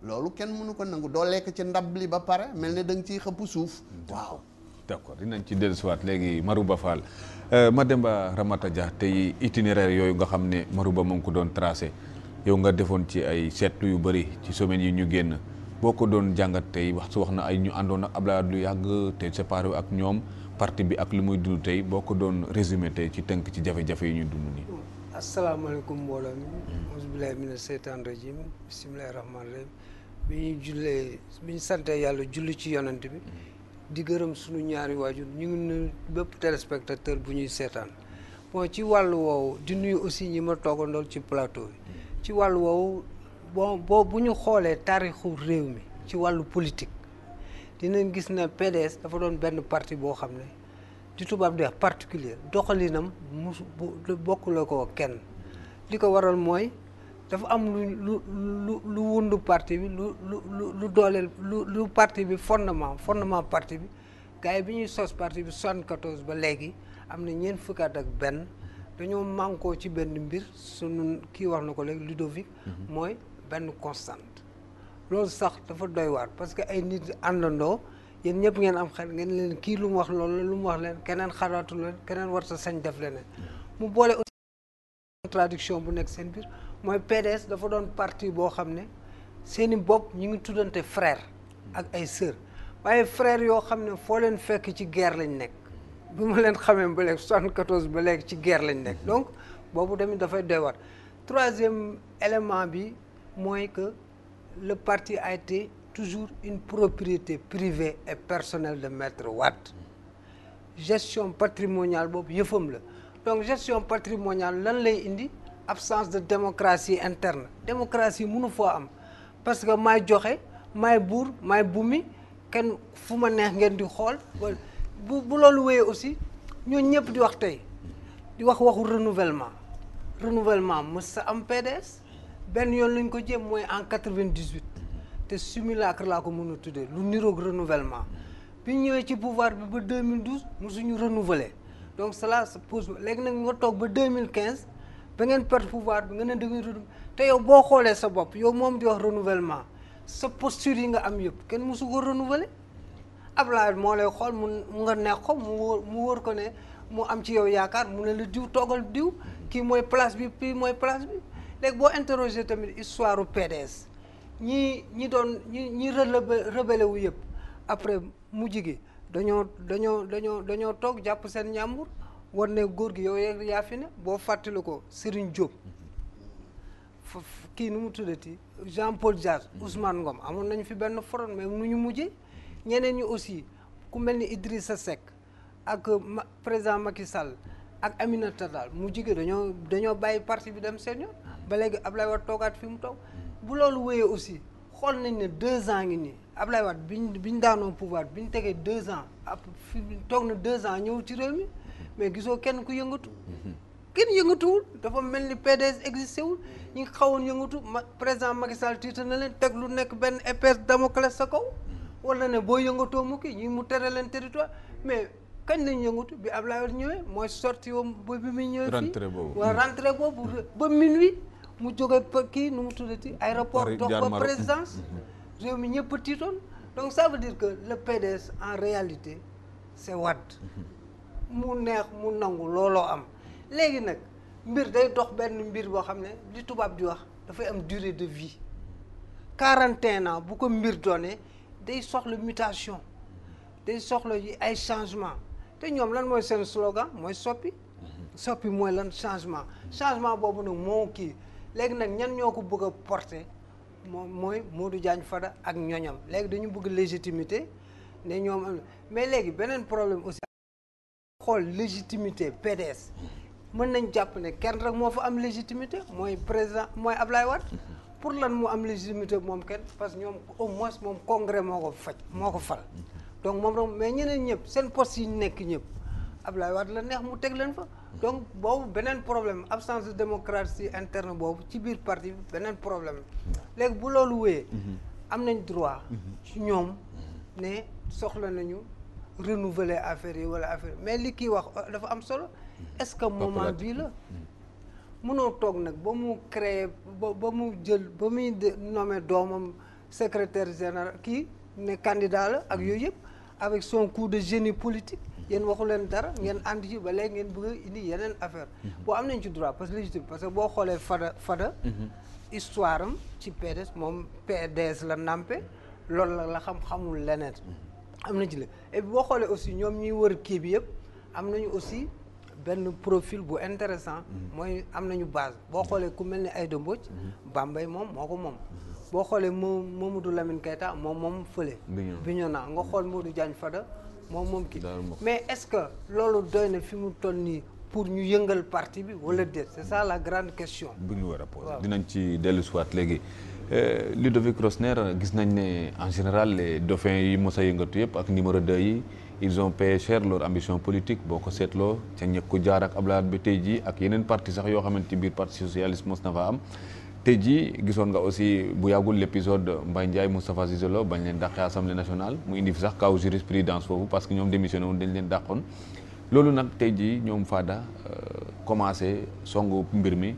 loolu kenn mënu ko nangu doo lekk ci ndab li ba pare mel ne da nga ciy xëpp suuf waaw ko dinañ ci dellusiwaat léegi Marouba ba euh, Mademba Ramata Dia tey itinéraire yooyu nga xam ne Marouba mu ngi ko doon tracé yow nga defoon ci ay seetlu yu bëri ci semaine yi ñu génn boo ko doon jàngat tey wax su wax na ay ñu àndoon ak Abdoulaye lu yàgg te séparé ak ñoom parti bi ak li muy dund tey boo ko doon résumé tey ci tënk ci jafe-jafe yi ñu dund nii. asalaamaaleykum mbooloo mi. auzubillahi mina seytaan rajim bisimilahi rahmaani rahim. bi ñuy jullee bi ñu santee yàlla julli ci yonent bi. di gërëm suñu ñaari waajur ñu ngi nuyu bépp téléspectateur bu ñuy seetaan. moo ci wàll woowu di nuyu aussi ñi ma toogandool ci plateau bi. ci wàllu woowu bon boo ñu xoolee taarixu réew mi ci wàllu politique. dinañ gis ne PDS dafa doon benn parti boo xam ne di tubaab di wax particulier doxalinam musu bokku la ko kenn li ko waral mooy dafa am lu lu lu wundu parti bi lu lu lu dooleel lu lu parti bi fondement fondement parti bi gars yi bi ñuy sos parti bi 74 ba léegi am na ñeent fukki at ak benn dañoo mànkoo ci benn mbir sunu kii wax na ko léegi Ludovic mhm. mooy benn constant loolu sax dafa doy waat parce que ay nit àndandoo yéen ñëpp ngeen am xel ngeen leen kii lu mu wax loolu lu mu wax leen keneen xalaatu leen keneen war sa sañ def leneen mu boole aussi contradiction bu nekk seen biir mooy PDS dafa doon parti boo xam ne seeni bopp ñu ngi tuddante frère ak ay sœur waaye frère yoo xam ne foo leen fekk ci guerre lañ nekk bi ma leen xamee ba léegi 74 ba léegi ci guerre lañ nekk donc boobu tamit dafay doy waar troisième bi le parti ay été toujours une propriété privée et personnelle de maître Wade gestion patrimoniale boobu yëfam la donc gestion patrimoniale lan lay indi absence de démocratie interne démocratie mënu foo am parce que maay joxe maay buur maay bumi kenn fu ma neex ngeen di xool bu bu loolu wéyee aussi ñooñ ñëpp di wax tey di wax waxu renouvellement renouvellement mës sa am PDS benn yoon lañ ko jéem mooy en quatre-vingt-dix-huit te simulacre laa ko mën a tuddee lu niroog renouvellement bi ñëwee ci pouvoir bi ba 2012 mosuñu renouveler donc cela se pose léegi nag nga toog ba 2015 ba ngeen perte pouvoir bi nga ne da ngay te yow boo xoolee sa bopp yow moom di wax renouvellement sa posture yi nga am yëpp kenn mosu ko renouveler Ablaye moo lay xool mu nga neex ko mu wóor mu wóor ko ne mu am ci yow yaakaar mu ne la diw toogal diw kii mooy place bi kii mooy place bi. léegi boo interroger tamit histoire u PDS ñi ñi doon ñi ñi rebelle wu yëpp après mujj gi dañoo dañoo dañoo dañoo toog jàpp seen ñàmbur war góor gi yow yaa boo fàttali ko Serigne Diop kii nu mu tuddati Jean Paul Diaz Ousmane Ngom amoon nañu fi benn foron mais nu ñu mujjee ñeneen ñi aussi ku mel ni sa Seck ak président Macky Sall ak Aminata daal mu jige dañoo dañoo bàyyi partie bi dem seen ba léegi Ablaye Wade toogaat fi mu toog bu loolu wéyee aussi xool nañ ne deux ans ngi nii Ablaye Wade biñ biñ daanoo pouvoir ñu tegee deux ans ab fi toog na deux ans ñëw ci réew mais gisoo kenn ku yëngatu kenn yëngatuwul dafa mel ni PDS existé wul ñi nga xawoon yëngatu ma président Macky Sall tiita na leen teg lu nekk benn épée Damoclès sa kaw wala ne boo yëngatoo mu kii ñi mu tere leen territoire mais kañ lañ yëngatu bi Ablaye Wade ñëwee mooy sorti wam ba bi muy ñëwee fii waa rentrée boobu ba minuit mu jóge kii nu mu tuddati aéroport dox ba présidence réew mi ñëpp tiitoon donc ça veut dire que le PDS en réalité c'est Wade mhm. mu neex mu nangu looloo am léegi nag mbir day dox benn mbir boo xam ne li tubaab di wax dafay am durée de vie quarante et bu ko mbir doonee day soxla mutation day soxla yi ay changement te ñoom lan mooy seen slogan mooy soppi mhm. soppi mooy lan changement changement boobu nag moo kii léegi nag ñan ñoo ko bëgg a moom mooy Modou jaañ Fada ak ñoñam léegi dañu bugg légitimité ne ñoom am mais léegi beneen problème aussi xool légitimité PDS mën nañ jàpp ne kenn rek moo fa am légitimité mooy président mooy Ablaye Wade pour lan mu am légitimité moom kenn parce que ñoom au moins moom congrès moo ko faj moo ko fal donc moom rek mais ñeneen ñëpp seen poste yi nekk ñëpp Ablaye Wade la neex mu teg leen fa donc boobu beneen problème absence de démocratie interne boobu ci biir parti bi beneen problème léegi bu loolu wéyee mhm. am nañ droit mhm. ñoom ne soxla nañu renouveler affaire yi wala affaire mais li kii wax dafa am solo mhm. est-ce que moment bii la mënoo toog nag ba mu créer ba ba mu jël ba muy nommer doomam secrétaire général kii ne candidat la ak yooyu yëpp avec son coup de génie politique yéen waxu leen dara ngeen ànd ci ba léegi ngeen bëgg indi yeneen affaire mhm. boo am nañ ci droit parce que légitime parce que boo xoolee fada fada mhm. histoire am ci PDS moom PDS la nàmpe loolu la la xam xamul leneen mhm. am na ci la boo xoolee aussi ñoom ñuy wër kii bi yëpp am nañu aussi benn profil bu intéressant mooy am nañu base boo xoolee ku mel ni ay Aïda Mbodj Bambey moom moo ko moom boo xoolee moom Mamadou Lamine kaytaa moom moom fële bi ñoo naa nga xool moo du Diagne Fada moom moom kii mais est-ce que loolu doy na fi mu toll nii pour ñu yëngal parti bi wala de c'est ça la grande question. bu ñu war a poser dinañ ci dellu siwaat léegi euh, Ludovic Rosner gis nañ ne en général les yi mos a yëngatu yëpp ak numéro 2 yi. ils ont payé cher leur ambition politique boo ko seetloo ca ñëkk ko jaar ak Ablaye ba tey jii ak yeneen parti sax yoo xamante biir parti socialiste mos na fa am tey jii gisoon nga aussi bu yàggul l' épisode Mbaye Ndiaye Moustapha Cissé Lo bañ leen dàqee assemblée nationale mu indi fi sax kaw jurisprudence foofu parce que ñoom démissionné woon dañ leen dàqoon loolu nag tey jii ñoom Fada euh, commencé songu mbir mi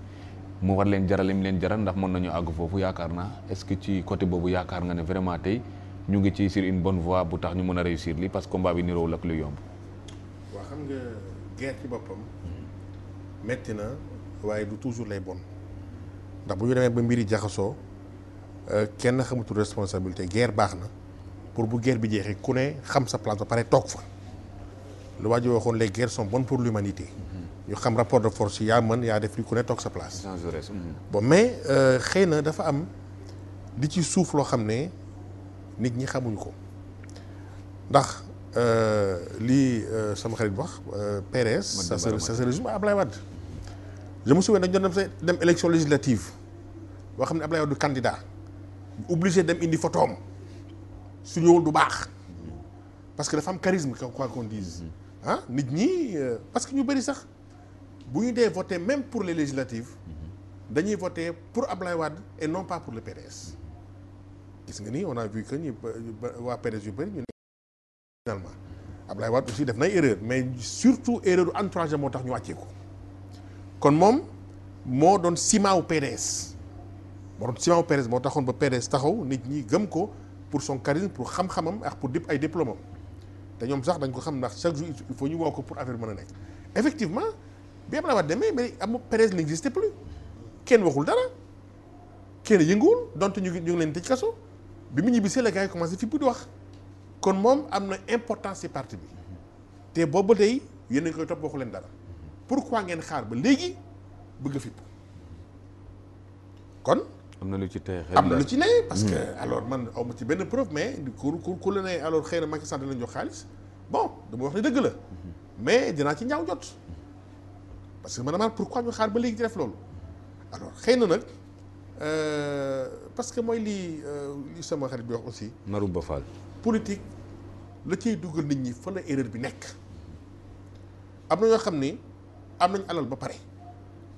mu war leen jaral lim leen jaral ndax mën nañu àgg foofu yaakaar naa est ce que ci côté boobu yaakaar nga ne vraiment tey ñu ngi ci sur une bonne voie bu tax ñu mën a réussir li parce que combat bi niroowul ak lu yomb. xam nga guerre na waaye du toujours lay bon. ndax bu ñu demee ba mbiri jaxasoo euh, kenn xamatul responsabilité guerre baax na pour bu guerre bi jeexee ku ne xam sa place ba pare toog fa lu waa waxoon les guerres sont bonnes pour l'humanité ñu xam rapport de force yaa mën yaa def li ku ne toog sa place mm. bon mais euh, xëy na dafa am li ci suuf loo xam ne nit ñi xamuñu ko ndax euh, lii sama xarit wax PRS ça se résume à Ablaye Wade je me souviens dañu doon dem dem élection législative boo xam ne Ablaye Wade du kandidaa obligé dem indi photo am su ñëwul du baax parce que dafa am charisme quoi qu'on mm-hmm. ah nit ñi euh, parce que ñu bëri sax bu ñu dee voté même pour les législatives mm-hmm. dañuy voté pour Ablaye Wade et non pas pour le PDS gis nga ni on a vu que ñu waa PDS yu bëri ñu ne finalement Ablaye Wade def nay mais surtout erreur du entourage moo tax ñu wàccee kon moom moo doon ciment wu PDS moo doon ciment wu moo taxoon ba PDS taxaw nit ñi gëm ko pour son charisme pour xam-xamam ak pour dip ay diplôme te ñoom sax dañ ko xam ndax chaque jour il faut ñu woo ko pour affaire mën a nekk effectivement bi am na wax demee mais am PDS n'existait plus kenn waxul dara kenn yënguwul donte ñu ngi ñu ngi leen tëj kaso bi mu ñibbisee la gars yi commencé fi bu di wax kon moom am na importance ci parti bi te boobu ba tey yéen a ngi leen dara. pourquoi ngeen xaar ba léegi bëgg a fipp kon. am na lu ci tey am na lu ci ne parce hmm. que alors man aw ma ci benn preuve mais ku ku ku la ne alors xëy na mag Sall lañ jox xaalis bon dama wax ne dëgg la mais dinaa ci ñaaw jot parce que man maanaam pourquoi ñu xaar ba léegi di def loolu alors xëy na nag euh, parce que mooy lii euh, li sama xarit bi wax aussi. Maroum Ba Fall. politique la ciy dugal nit ñi fa la erreur bi nekk am na ñoo xam ni. am nañ alal ba pare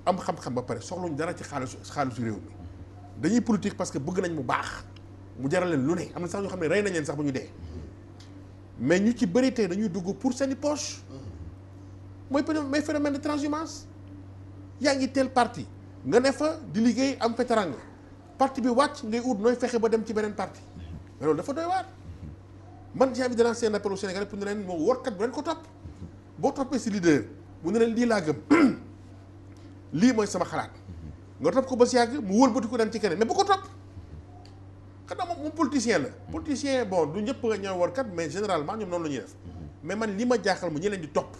am xam-xam ba pare soxluñ dara ci xaalisu xaalisu réew mi dañuy politique parce que bëgg nañ mu baax mu jaral leen lu ne am na sax ñoo xam ne rey nañ leen sax ba ñu dee mais ñu ci bëri tey dañuy dugg pour seeni poche mooy may phénomène de transhumance yaa ngi teel parti nga ne fa di liggéey am fetaranga parti bi wàcc ngay ut nooy fexe ba dem ci beneen parti mais dafa doy waar man j'ai envie de lancer un appel pour ne leen moom warkat bu leen ko topp boo toppee si mu ne leen lii mooy sama xalaat nga topp ko ba si yàgg mu wëlbati ko dem ci keneen mais bu ko topp xanaa moom moom politicien la. politicien bon du ñëpp a ñëw war kat mais généralement ñoom noonu la ñuy def mais man li ma jaaxal mu ñi leen di topp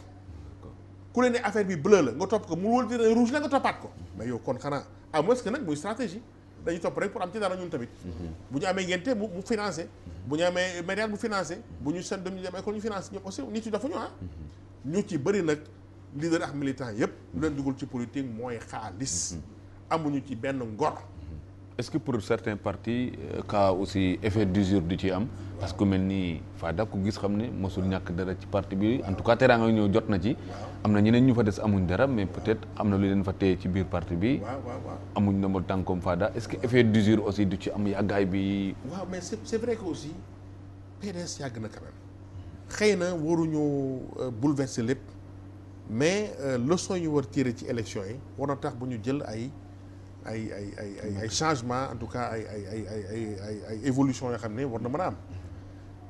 ku leen ne affaire bi bleu la nga topp ko mu wëlbati ne rouge la nga toppaat ko mais yow kon xanaa à moins que nag muy stratégie. dañu topp rek pour am ci dara ñun tamit bu ñu amee ngente mu mu financé bu ñu amee mariage mu financé bu ñu seen doom ñu ko ñu finance ñoom aussi nit yi dafa ñu ah. ñu ci bëri nag leader ak militant yëpp lu leen dugal ci politique mooy xaalis mhm. amuñu ci benn ngor mhm. est-ce que pour certains partis euh, cas aussi effet d'usure du ci am parce que mel nii Fada ku gis xam ne mosul ñàkk dara ci parti bi en tout cas teraanga ñëw jot na ci am na ñeneen ñu des amuñ dara mais peut-être am na lu fa téye ci biir parti bi amuñ na mo tànkoom Fada est-ce que effet d'usure aussi du ci am yàggaay bi waaw mais c'est vrai que aussi PDS yàgg na quand même xëy na waruñoo euh, bouleverser lépp mais euh, leçon yu war tirer ci élection yi war na tax bu ñu jël ay ay ay ay ay ay changement en tout cas ay ay ay ay ay ay évolution yoo xam ne war na mën a am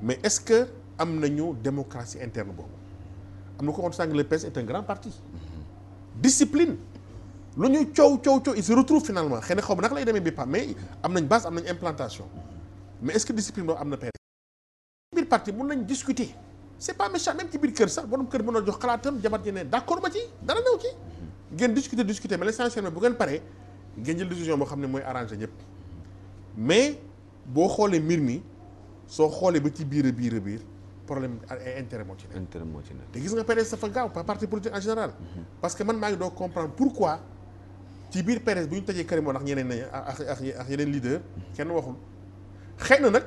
mais est-ce que am na nañu démocratie interne boobu am na ko on sent le PS est un grand parti discipline lu ñu coow coow coow il se retrouve finalement xëy na xaw ma naka lay demee bi pam mais am nañ base am nañ implantation mais est-ce que discipline boobu am na PS biir parti mun nañ discuter c'est pas méchant même ci biir kër sax borom kër a jox xalaatam jabar ji ne d'accord ma ci dara new ci ngeen discuter discuter mais l'essentiel bu ngeen paree ngeen jël décision boo xam ne mooy arrangé ñëpp mais boo xoolee mbir mi soo xoolee ba ci biir a biir a biir problème ay intérêt moo ci nekk. moo ci te gis nga PDS dafa gaaw par parti politique en général. Mm-hmm. parce que man maa ngi doon comprendre pourquoi ci biir PDS bu ñu tajee Karim Wade ak ñeneen a ak ak yeneen leader kenn waxul xëy na nag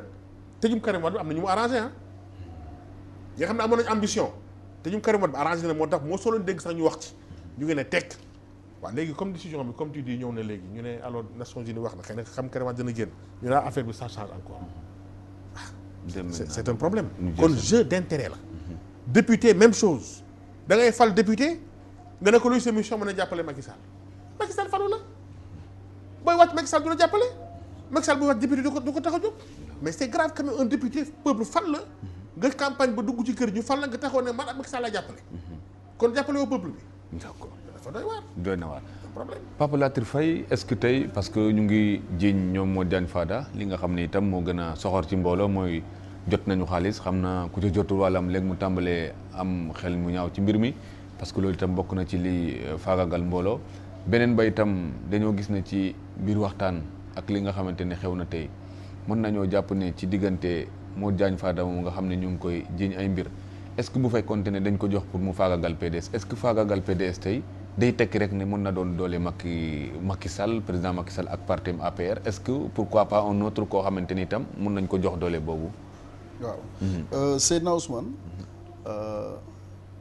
tëjum Karim Wade am na mu arrangé ah. yi nga xam ne amoon nañu ambition te ñu Karim bi arrangé na moo tax moo solo dégg sax ñu wax ci ñu ngi ne tekk waaw léegi comme décision bi comme tu dis ñëw na léegi ñu ne alors Nations Unies wax na xëy na xam Karim Wade dana génn ñu ne affaire bi ça change encore ah. c'est un problème. kon jeu d'intérêt la. député même chose da ngay fal député nga ne ko luy sa mission mën a jàppale Macky Sall Macky falu la booy wàcc Macky Sall du la jàppale Macky Sall booy wàcc député du ko du ko tax a jóg mais c'est grave quand même un nga campagne ba dugg ci kër ñu fal la nga taxaw ne man ak Macky Sall jàppale. kon jàppale woo peuple bi. d'accord dafa doy waar. ce que tey parce que ñu ngi jiiñ ñoom moo Diagne Fada li nga xam ne itam moo gën a soxor ci mbooloo mooy jot nañu xaalis xam naa ku ca jotul wàllam léegi mu tàmbalee am xel mu ñaaw ci mbir mi parce que loolu itam bokk na ci li euh, faagagal mbooloo beneen ba itam dañoo gis ne ci biir waxtaan ak li nga xamante ne xew na tey mën nañoo jàpp ne ci diggante. Modou Diagne Fada moom nga xam ne ñu ngi koy jiiñ ay mbir est ce que bu fekkoonte ne dañ ko jox pour mu faagagal PDS est ce que faagagal PDS tey day tekki rek ne mën na doon doole Macky Macky Sall président Macky Sall ak partie APR est ce que pourquoi pas un autre koo xamante ni itam nañ ko jox doole boobu. waaw mhm. euh, Seydina Ousmane. Euh,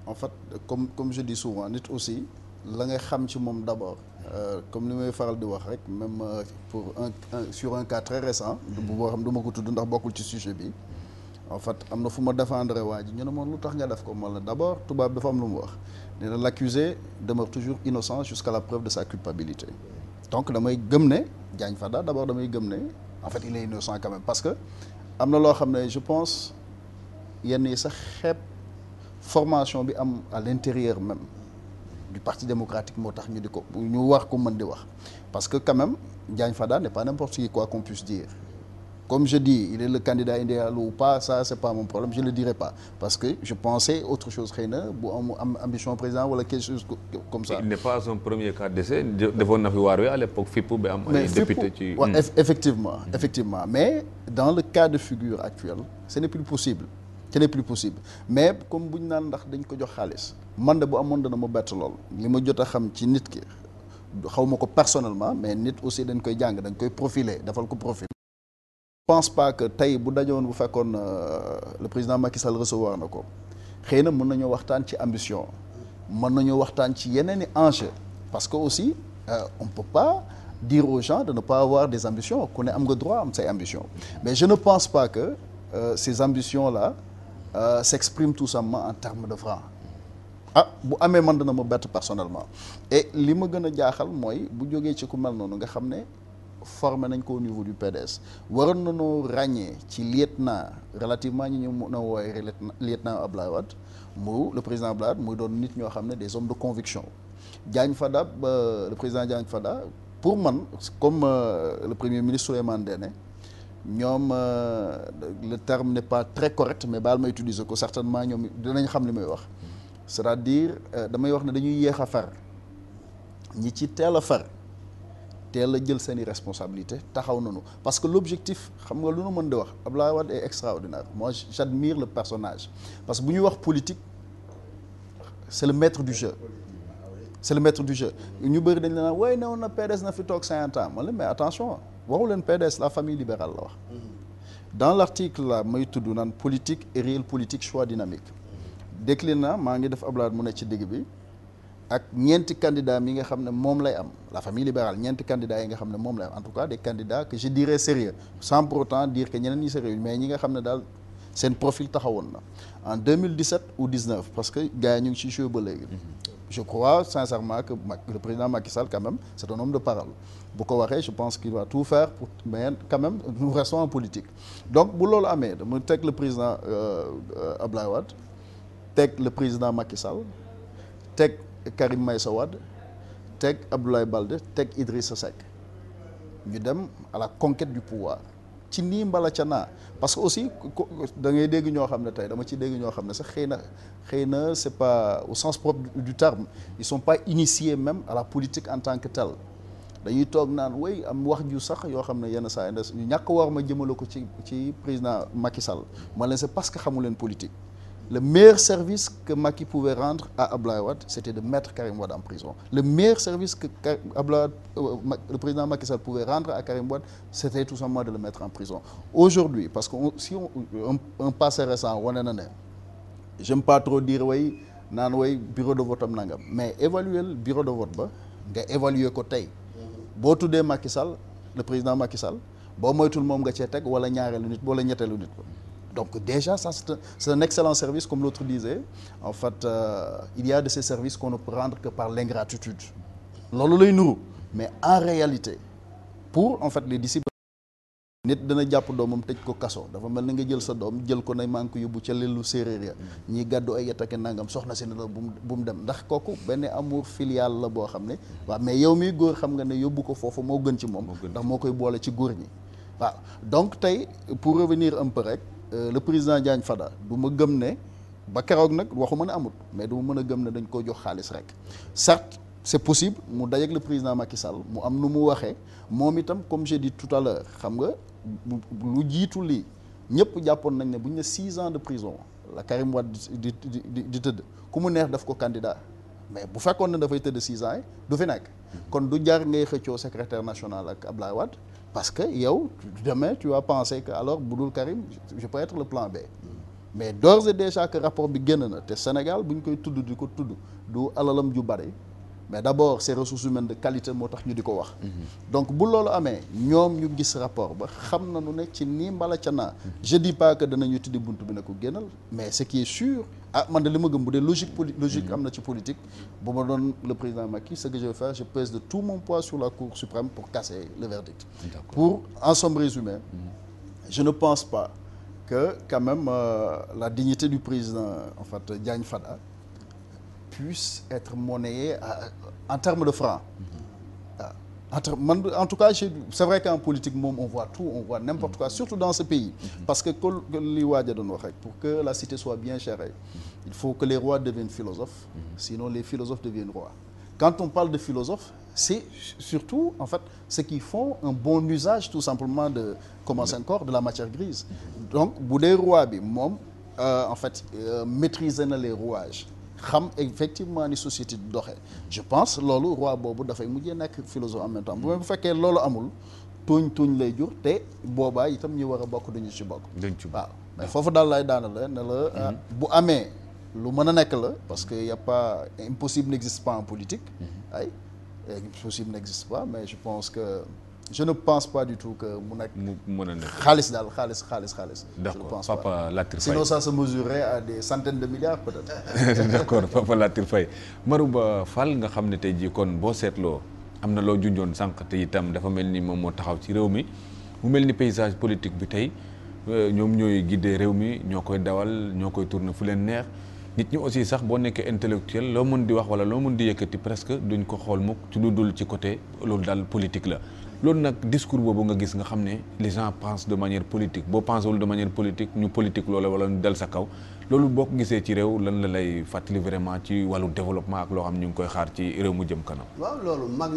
en fait comme comme je dis souvent nit aussi la nga xam ci moom d' abord. Euh, comme li may faral di wax rek même euh, pour un, un sur un cas très récent. du boo xam du ma ko tudd ndax bokkul ci sujet bi. en fait am na fu ma défendre waa ji ñu ne moom lu tax nga def ko man la d'abord tubaab dafa am lu mu wax nee na l'accusé demeure toujours innocent jusqu'à la preuve de sa culpabilité donc damay gëm ne fa Fada d'abord damay gëm ne en fait il est innocent quand même parce que am na loo xam ne je pense yenn yi sax xeeb formation bi am à l'intérieur même du parti démocratique moo tax ñu di ko ñu war ko di wax parce que quand même Diagne Fada n'est pas n'importe qui qu'on puisse dire comme je dis il est le candidat idéal ou pas ça c'est pas mon problème je le dirai pas parce que je pensais autre chose xëy na bu ambition président wala quelque chose comme ça. il n'est pas son premier cas d'essai defoon na fi waar wi à l'époque FIPO ba am. ay député ci hmm. effectivement effectivement mais dans le comme bu ñu naan ndax dañ ko jox xaalis. man de bu amoon dana ma bett lool li ma jot a xam ci nit ki xaw ma ko personnellement mais nit aussi dañ koy jàng dañ koy profiler defal ko profil. je pense pas que tey bu dajoon bu fekkoon euh, le président Macky Sall recevoir na ko xëy na mën nañoo waxtaan ci ambition mën nañoo waxtaan ci yeneen i enjeu parce que aussi euh, on peut pas dire aux gens de ne pas avoir des ambitions ku ne am nga droit am say ambition mais je ne pense pas que euh, ces ambitions là euh, s'expriment en termes de francs ah bu amee man dana ma bett personnellement et li ma gën a jaaxal mooy bu jógee ci ku mel noonu nga xam ne formé nañ ko niveau du PDS waroon nañoo ràññee ci lieutenant relativement ñi ñu mun a wooye lieutenant Ablaye Wade mu le président Ablaye Wade muy doon nit ñoo xam ne des hommes de conviction Diagne Fada ba le président Diagne Fada pour man comme euh, le premier ministre Souleymane Ndéné ñoom euh, le terme n'est pas très correct mais baal ma utiliser ko certainement ñoom dinañ xam li may wax c'est-à-dire euh, damay wax ne dañuy yéex a far ñi ci teel a far teel a jël seen i responsabilité taxaw nañu parce que l'objectif xam nga lu nu mën di wax ab Abdoulaye Wade est extraordinaire moi j'admire le personnage parce que bu ñuy wax politique c'est le maître du jeu c'est le maître du jeu ñu bëri dañ la naan waaye newoon na PDS na fi toog cinquante ans man la mais attention waxu leen PDS la famille libérale la wax mhm. dans l'article là may tudd naan politique et réel politique choix dynamique décliné na maa ngi def Abdoulaye mu ne ci digg bi ak ñeenti candidats mi nga xam ne moom lay am la famille libérale ñeenti candidats yi nga xam ne moom lay am en tout cas des candidats que je dirais sérieux sans pour autant dire que ñeneen ñi sérieux mais ñi nga xam ne daal seen profil taxawoon na en 2017 ou 19 parce que gars yi ñu ngi ci joué ba léegi. Mm-hmm. je crois sincèrement que le président Macky Sall quand même c'est un homme de parole bu ko waxee je pense qu'il va tout faire pour mais quand même nous restons bu loolu amee dama teg président euh, euh, Abdoulaye Wade teg le président Macky Sall teg Karim Meïssa Wade teg Abdoulaye Balde teg Idrissa Seck ñu dem à la conquête du pouvoir ci nii mbala ca naa parce que aussi da ngay dégg ñoo xam ne tey dama ci dégg ñoo xam ne sa xëy na xëy na c'est pas au sens propre du terme ils sont pas initiés même à la politique en tant que telle dañuy toog naan way am wax ju sax yoo xam ne yenn saa yi ñu ñàkk war ma jëmale ko ci ci président makisal Sall ma c'est parce que xamu leen politique Le meilleur service que Macky pouvait rendre à Abdoulaye Wade, c'était de mettre Karim Wade en prison. Le meilleur service que Abdoulaye Wade, euh, le président Macky Sall pouvait rendre à Karim Wade, c'était tout simplement de le mettre en prison. Aujourd'hui, parce que si un, un passé récent, on en est. J'aime pas trop dire, way naan way bureau de vote am nangam mais évaluer le bureau de vote ba nga évaluer ko tey boo tuddee Macky sal le président Macky sal boo moytul moom nga cee teg wala ñaareelu nit wala ñetteelu nit ko Donc déjà, ça c'est un excellent service, comme l'autre disait. En fait, euh, il y a de ces services qu'on ne peut rendre que par l'ingratitude. nous. Mais en réalité, pour en fait les disciples, nit dana jàpp doomam tëj ko kaso dafa mel ni nga jël sa doom jël ko ne manque yóbbu ca lu séeréer ya ñi gàddu ay yatake nangam soxla si ne la bu bu mu dem ndax kooku benn amour filiale la boo xam ne waaw mais yow mii góor xam nga ne yóbbu ko foofa moo gën ci moom ndax moo koy boole ci góor ñi waaw donc tey pour revenir un rek Euh, le président Diagne Fada du ma gëm ne ba keroog nag waxuma ne amut mais du mën a gëm ne dañ koo jox xaalis rek certes c'est possible mu dajeeg le président Macky Sall mu am nu mu waxee moom itam comme j'ai dit tout xam nga lu jiitu lii ñëpp jàppoon nañ ne bu ñu ne six ans de prison la Karim Wade di di di tëdd ku mu neex daf ko candidat mais bu fekkoon ne dafay tëdd six ans yi du fi nekk kon du jaar ngay xëccoo secrétaire national ak Abdoulaye wat parce que yow demain tu vas penser que alors budul Karim je peux être le plan B mais d'ores et déjà que rapport bi génn na te Sénégal bu ñu koy tudd di ko tudd du alalam ju bari mais d' abord ces ressources humaines de qualité moo tax ñu di ko wax. donc bu loolu amee ñoom ñu gis rapport ba xam na nu ne ci nii mbala ca naa. je dis pas que danañu tiddi bunt bi ne ko génnal mais ce qui est sûr ah man de li ma gëm bu dee logique poli logique am na ci politique bu ma doon le président Macky ce que je vais faire je pèse de tout mon poids sur la cour suprême pour casser le verdict. pour en somme je ne pense pas que quand même euh, la dignité du président en fait Diagne Fada. puisse être monnayé en termes de francs ah. entre man en tout cas c'est vrai qu'en politique moom on voit tout on voit n'importe quoi surtout dans ce pays mm-hmm. parce que que li waaja doon wax rek pour que la cité soit bien gérée mm-hmm. il faut que les rois deviennent philosophes mm-hmm. sinon les philosophes deviennent de surtout en fait ceux qui font un bon usage tout simplement de commencer encore de la matière grise donc bu dee roi bi moom euh, en fait euh, maîtriser na les rouages xam effectivement ni société du doxee je pense loolu roi boobu dafay mujjee nekk philosophe en même temps bu fekkee loolu amul tuñ tuñ lay jur te boobaa itam ñu war a bokk duñu ci bokk waaw mais foofu daal lay daana la ne la euh, mhm. bu amee lu mën a nekk la parce que y a pas impossible n'existe pas en politique mhm. ay impossible n'existe pas mais je pense que je ne pense pas du tout que mu nekk. mu mën a nekk xaalis daal xaalis xaalis xaalis. je ne pense pas Papa Latir Faye sinon ça se mesurerait à des centaines de milliards peut nga xam ne tey jii kon boo seetloo am na loo junjoon sànq te itam dafa mel ni moom moo taxaw ci réew mi mu mel ni paysage politique bi tey euh, ñoom ñooy giddee réew mi ñoo koy dawal ñoo koy tourner fu leen neex. nit ñi aussi sax boo nekkee intellectuel loo mën di wax walla loo mën di yëkkati presque duñ ko xool mukk ci lu dul ci côté loolu daal politique la loolu nag discours boobu nga gis nga xam ne les gens pensent de manière politique boo pensewul de manière politique ñu politique loola wala ñu dal sa kaw loolu boo ko gisee ci réew lan la lay fàttali vraiment ci wàllu développement ak loo xam ñu ngi koy xaar ci réew mu jëm kanam. waaw loolu mag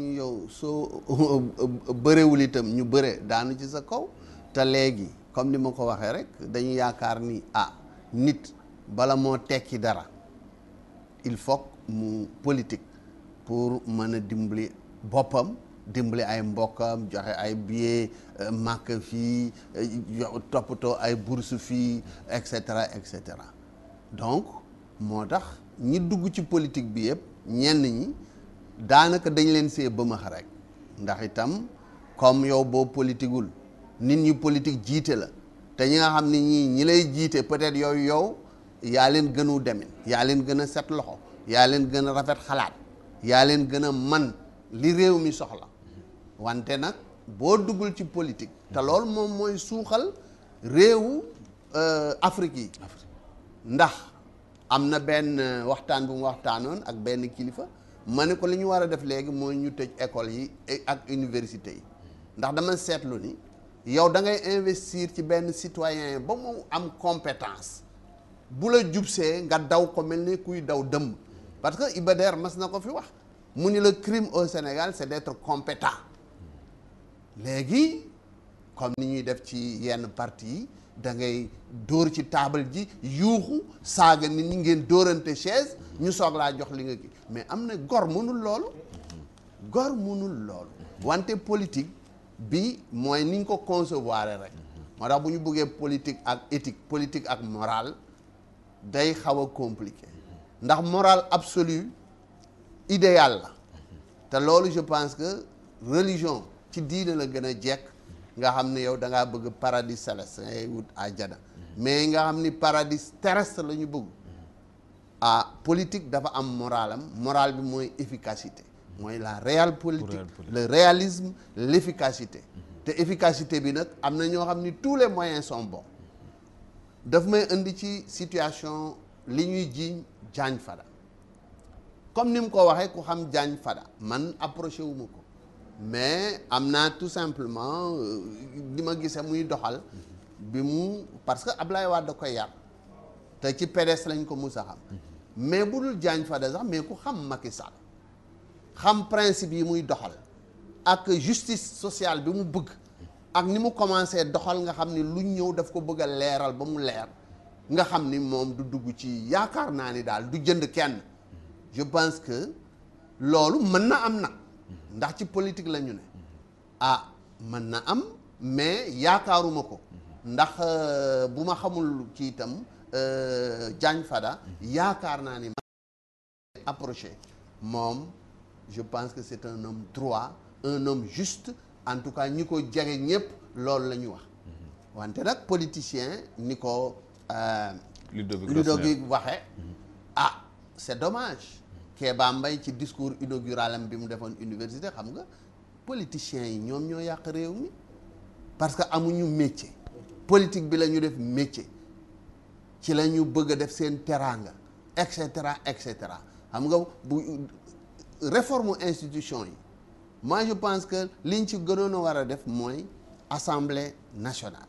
ñi yow soo bërewul itam ñu bëre daanu ci sa kaw te léegi comme ni ma ko waxee rek dañu yaakaar ni ah nit bala moo tekki dara il faut mu politique pour mën a dimbali boppam. dimbali ay mbokkam joxe ay billet euh, màkk fii euh, toppatoo ay bourse fii et cetera et cetera donc moo tax ñi dugg ci politique bi yëpp ñenn ñi daanaka dañ leen see bëmaax rek ndax itam comme yow boo politiqueul nit ñi politique jiite la te ñi nga xam ni ñii ñi lay jiite peut-être yow yow yaa leen gënu demin yaa leen gën a set loxo yaa leen gën a rafet xalaat yaa leen gën a man li réew mi soxla wante nag boo duggul ci politique te loolu moom mooy suuxal réewu euh, Afrique yi ndax am na benn euh, waxtaan bu mu waxtaanoon ak benn kilifa ma ne ko li ñu war a def léegi mooy ñu tëj école yi ak université yi ndax dama seetlu ni yow da ngay investir ci benn citoyen ba mu am compétence bu la jubsee nga daw ko mel ni kuy daw dëmm parce que Iba Der mas na ko fi wax mu ni la crime au Sénégal c'est d'être compétent léegi comme ni ñuy def ci yenn parti yi da ngay dóor ci taabal ji yuuxu saaga nit ñi ngeen dóorante chaise ñu soog laa jox li nga ki mais am na gor mënul loolu gor mënul loolu wante politique bi mooy niñ ko concevoir rek moo tax bu ñu bëggee politique ak éthique politique ak morale day xaw a compliqué ndax morale absolue idéal la te loolu je pense que religion ci diine la gën a jekk nga xam ne yow da ngaa bëgg paradis céleste ngay wut àjjana mais nga xam ni paradise terrestre la ñu bëgg ah politique dafa am moralam moral bi mooy efficacité mooy la réelle politique le réalisme l'efficacité te efficacité bi nag am na ñoo xam ni tous les moyens sont bons daf may indi ci situation li ñuy jiiñ Diagne Fada comme ni mu ko waxee ku xam Diagne Fada man approché wu ko mais am naa tout simplement euh, li ma gisee muy doxal bi mu parce que Ablaye Wade da koy yar te ci PDS lañ ko mus a xam mais bu dul Diagne Fada sax mais ku xam Macky Sall xam principe yi muy doxal ak justice sociale bi mu bëgg ak ni mu commencé doxal nga xam ni lu ñëw daf ko bëgg a leeral ba mu leer nga xam ni moom du dugg ci yaakaar naa ni daal du jënd kenn je pense que loolu mën na am nag ndax ci politique la ñu ne ah mën na am mais yaakaaruma ko ndax euh, bu ma xamul kii itam euh, Diagne Fada yaakaar naa ni ma approché moom je pense que c'est un homme droit un homme juste en tout cas ñi ko jege ñëpp loolu la ñu wax wante nag politicien ni ko euh, Ludovic waxee ah c'est dommage Kéba Mbaye ci discours inaugural am bi mu defoon université xam nga politiciens yi ñoom ñoo yàq réew mi parce que amuñu métier politique bi la ñu def métier ci la ñu bëgg a def seen teraanga et cetera et cetera xam nga bu réforme institution yi moi je pense que liñ ci gënoon a war a def mooy assemblée nationale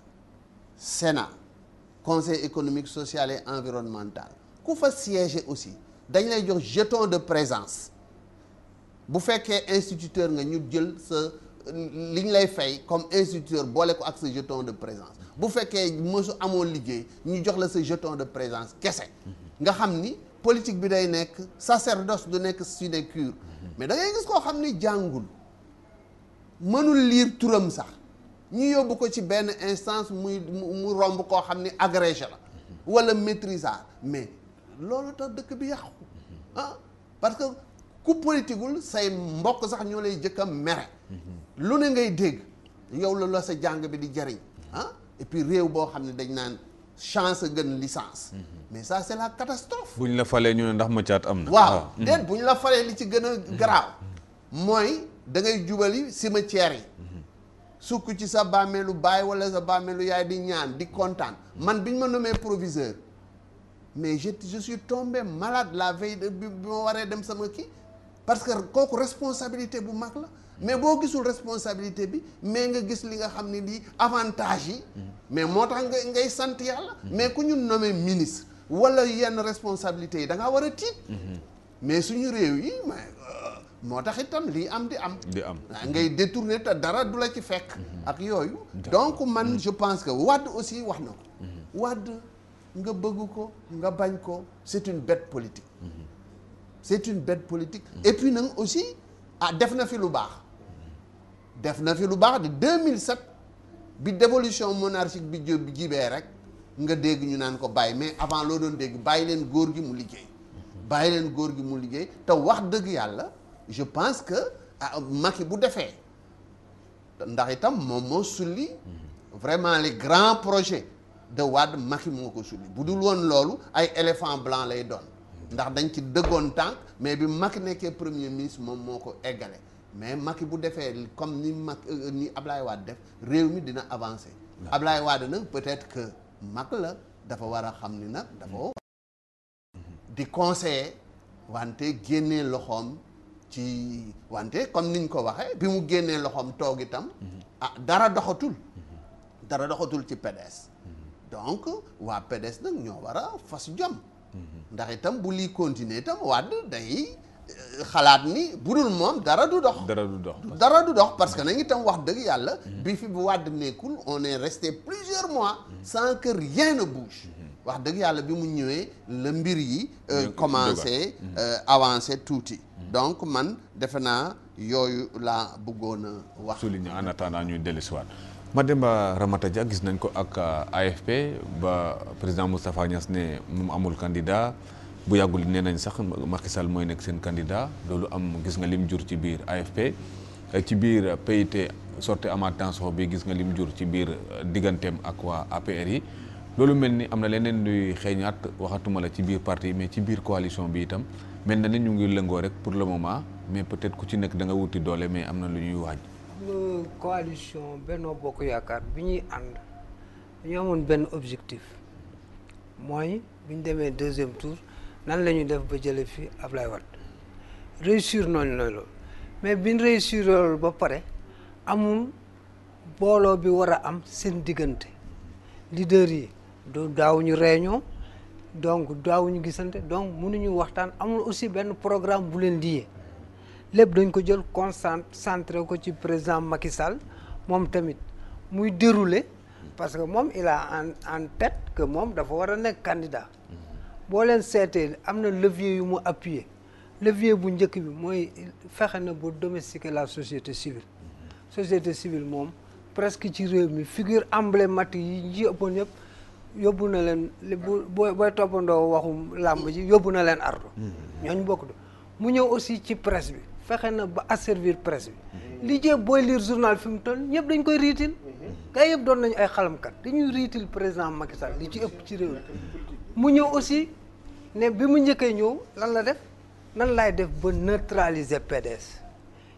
sénat conseil économique social et environnemental ku fa siéger aussi dañ lay jox jeton de présence bu fekkee instituteur nga ñu jël sa liñ lay fay comme instituteur boole ko ak sa jeton de présence bu fekkee mësu amoon liggéey ñu jox la sa jeton de présence kese nga xam ni politique bi day nekk sacerdoce du nekk sinecure mais da ngay gis koo xam ni jàngul mënul liir turam sax ñu yóbbu ko ci benn instance muy mu romb koo xam ni agrégé la wala maîtrisard mais loolu tax dëkk bi yàqu ah, parce que ku politiqueul say mbokk sax ñoo lay jëkk a mere lu ne ngay dégg yow la la sa jàng bi di jariñ ah et puis réew boo xam ne dañ naan chance gën licence mais ça c'est la catastrophe buñ la falee ñu ne ndax mëccaat am na waaw ah. mm-hmm. bu ñu la falee li ci gën a garaaw mooy da ngay jubali cimetière yi mm-hmm. sukk ci sa bàmmeelu baay wala sa bàmmeelu yaay di ñaan di kontaan man bi biñ ma nommé proviseur mais je je suis tombé malade la veille de bi ma waree dem sama kii parce que kooku responsabilité bu mag la mais boo gisul responsabilité bi mais nga gis li nga xam ne lii avantage yi. mais moo tax nga ngay sant yàlla. mais ku ñu nommé ministre. wala yenn responsabilité yi da ngaa war a tiit. mais suñu réew yi ma euh, moo tax itam lii am di am. di am ah, ngay détourné te dara du la ci fekk. Mhm. ak yooyu. donc man mhm. je pense que Wade aussi wax na ko. Mhm. Wade. nga bëgg ko nga bañ ko c'est une bête politique mm-hmm. c'est une bête politique mm-hmm. et puis nag aussi ah def na fi lu baax def na fi lu baax de 2007 bi dévolution monarchique bi jë jibee rek nga dégg ñu naan ko bàyyi mais avant loo doon dégg bàyyi leen góor gi mu liggéey mm-hmm. bàyyi leen góor gi mu liggéey te wax dëgg yàlla je pense que ah Macky bu defee ndax itam moom moo sulli vraiment les grands projet de Wade Macky moo ko sulli bu dul woon loolu ay éléphant blanc lay doon ndax dañ ci dëggoon tànk mais bi Macky nekkee premier ministre moom moo ko eggale mais Macky bu defee comme ni Macky euh, euh, ni Ablaye Wade def réew mi dina avancé Ablaye Wade nag peut-être que mag la dafa war a xam ni nag dafa mm-hmm. Mm-hmm. di conseiller wante génnee loxoom ci wante comme niñ ko waxee bi mu génnee loxoom toog itam mm-hmm. ah dara doxatul dara doxatul ci PDS donc waa PDS nag ñoo war a fas jom. ndax itam bu lii continuer itam Wàdd day euh, xalaat ni bu dul moom dara du dox. dara du dox dara du dox parce que nag itam wax dëgg yàlla. bi fi bu Wàdd nekkul on est resté plusieurs mois. sans que rien a bouge. wax dëgg yàlla bi mu ñëwee la mbir yi. Euh, commencé euh, avancé tuuti. donc man defe naa yooyu laa bëggoon a wax. souligné en attendant ñuy dellusiwaat. Mademba Ramata Dia gis nañ ko ak uh, AFP ba président Moustapha Niass ne moom amul candidat bu yàggul nee nañ sax ma Sall mooy nekk seen candidat loolu am gis nga lim jur ci biir AFP uh, ci biir PIT sorti Amath Dansokho bi gis nga lim jur ci biir uh, digganteem ak waa APR yi loolu mel ni am na leneen luy xeeñaat waxatuma la ci biir parti yi mais ci biir coalition bi itam mel na ne ñu ngi lëngoo rek pour le moment mais peut-être ku ci nekk da nga wuti doole mais am na lu ñuy waaj nga coalition Bokk Yaakaar bi ñuy ànd dañu amoon benn objectif mooy bi ñu demee deuxième tour nan la ñuy def ba jële fi Ablaye Wade réussir noonu la loolu mais bi ñu réussir ba pare amul booloo bi war a am seen diggante leader yi du ñu réunion donc daawuñu gisante donc mënuñu waxtaan amul aussi benn programme bu leen liyee lépp dañ ko jël concentré ko ci président Macky Sall moom tamit muy dérouler parce que moom il en en tête que moom dafa war a nekk candidat boo leen seetee am na levier yu mu appuyer levier bu njëkk bi mooy fexe na ba domestiquer la société civile société civile moom presque ci réew mi figure emblématique yi ñi ëppoon yëpp yóbbu na leen bu booy toppandoo waxum làmb ji yóbbu na leen ardo mm-hmm. ñooñ bokk do mu ñëw aussi ci presse bi fexe na ba asservir presse bi li booy liir journal fi mu toll ñëpp dañ koy riitil gars yëpp doon nañu ay xalamkat dañuy riitil président Macky Sall li ci ëpp ci réew mu ñëw aussi ne bi mu njëkkee ñëw lan la def nan laay def ba neutraliser PDS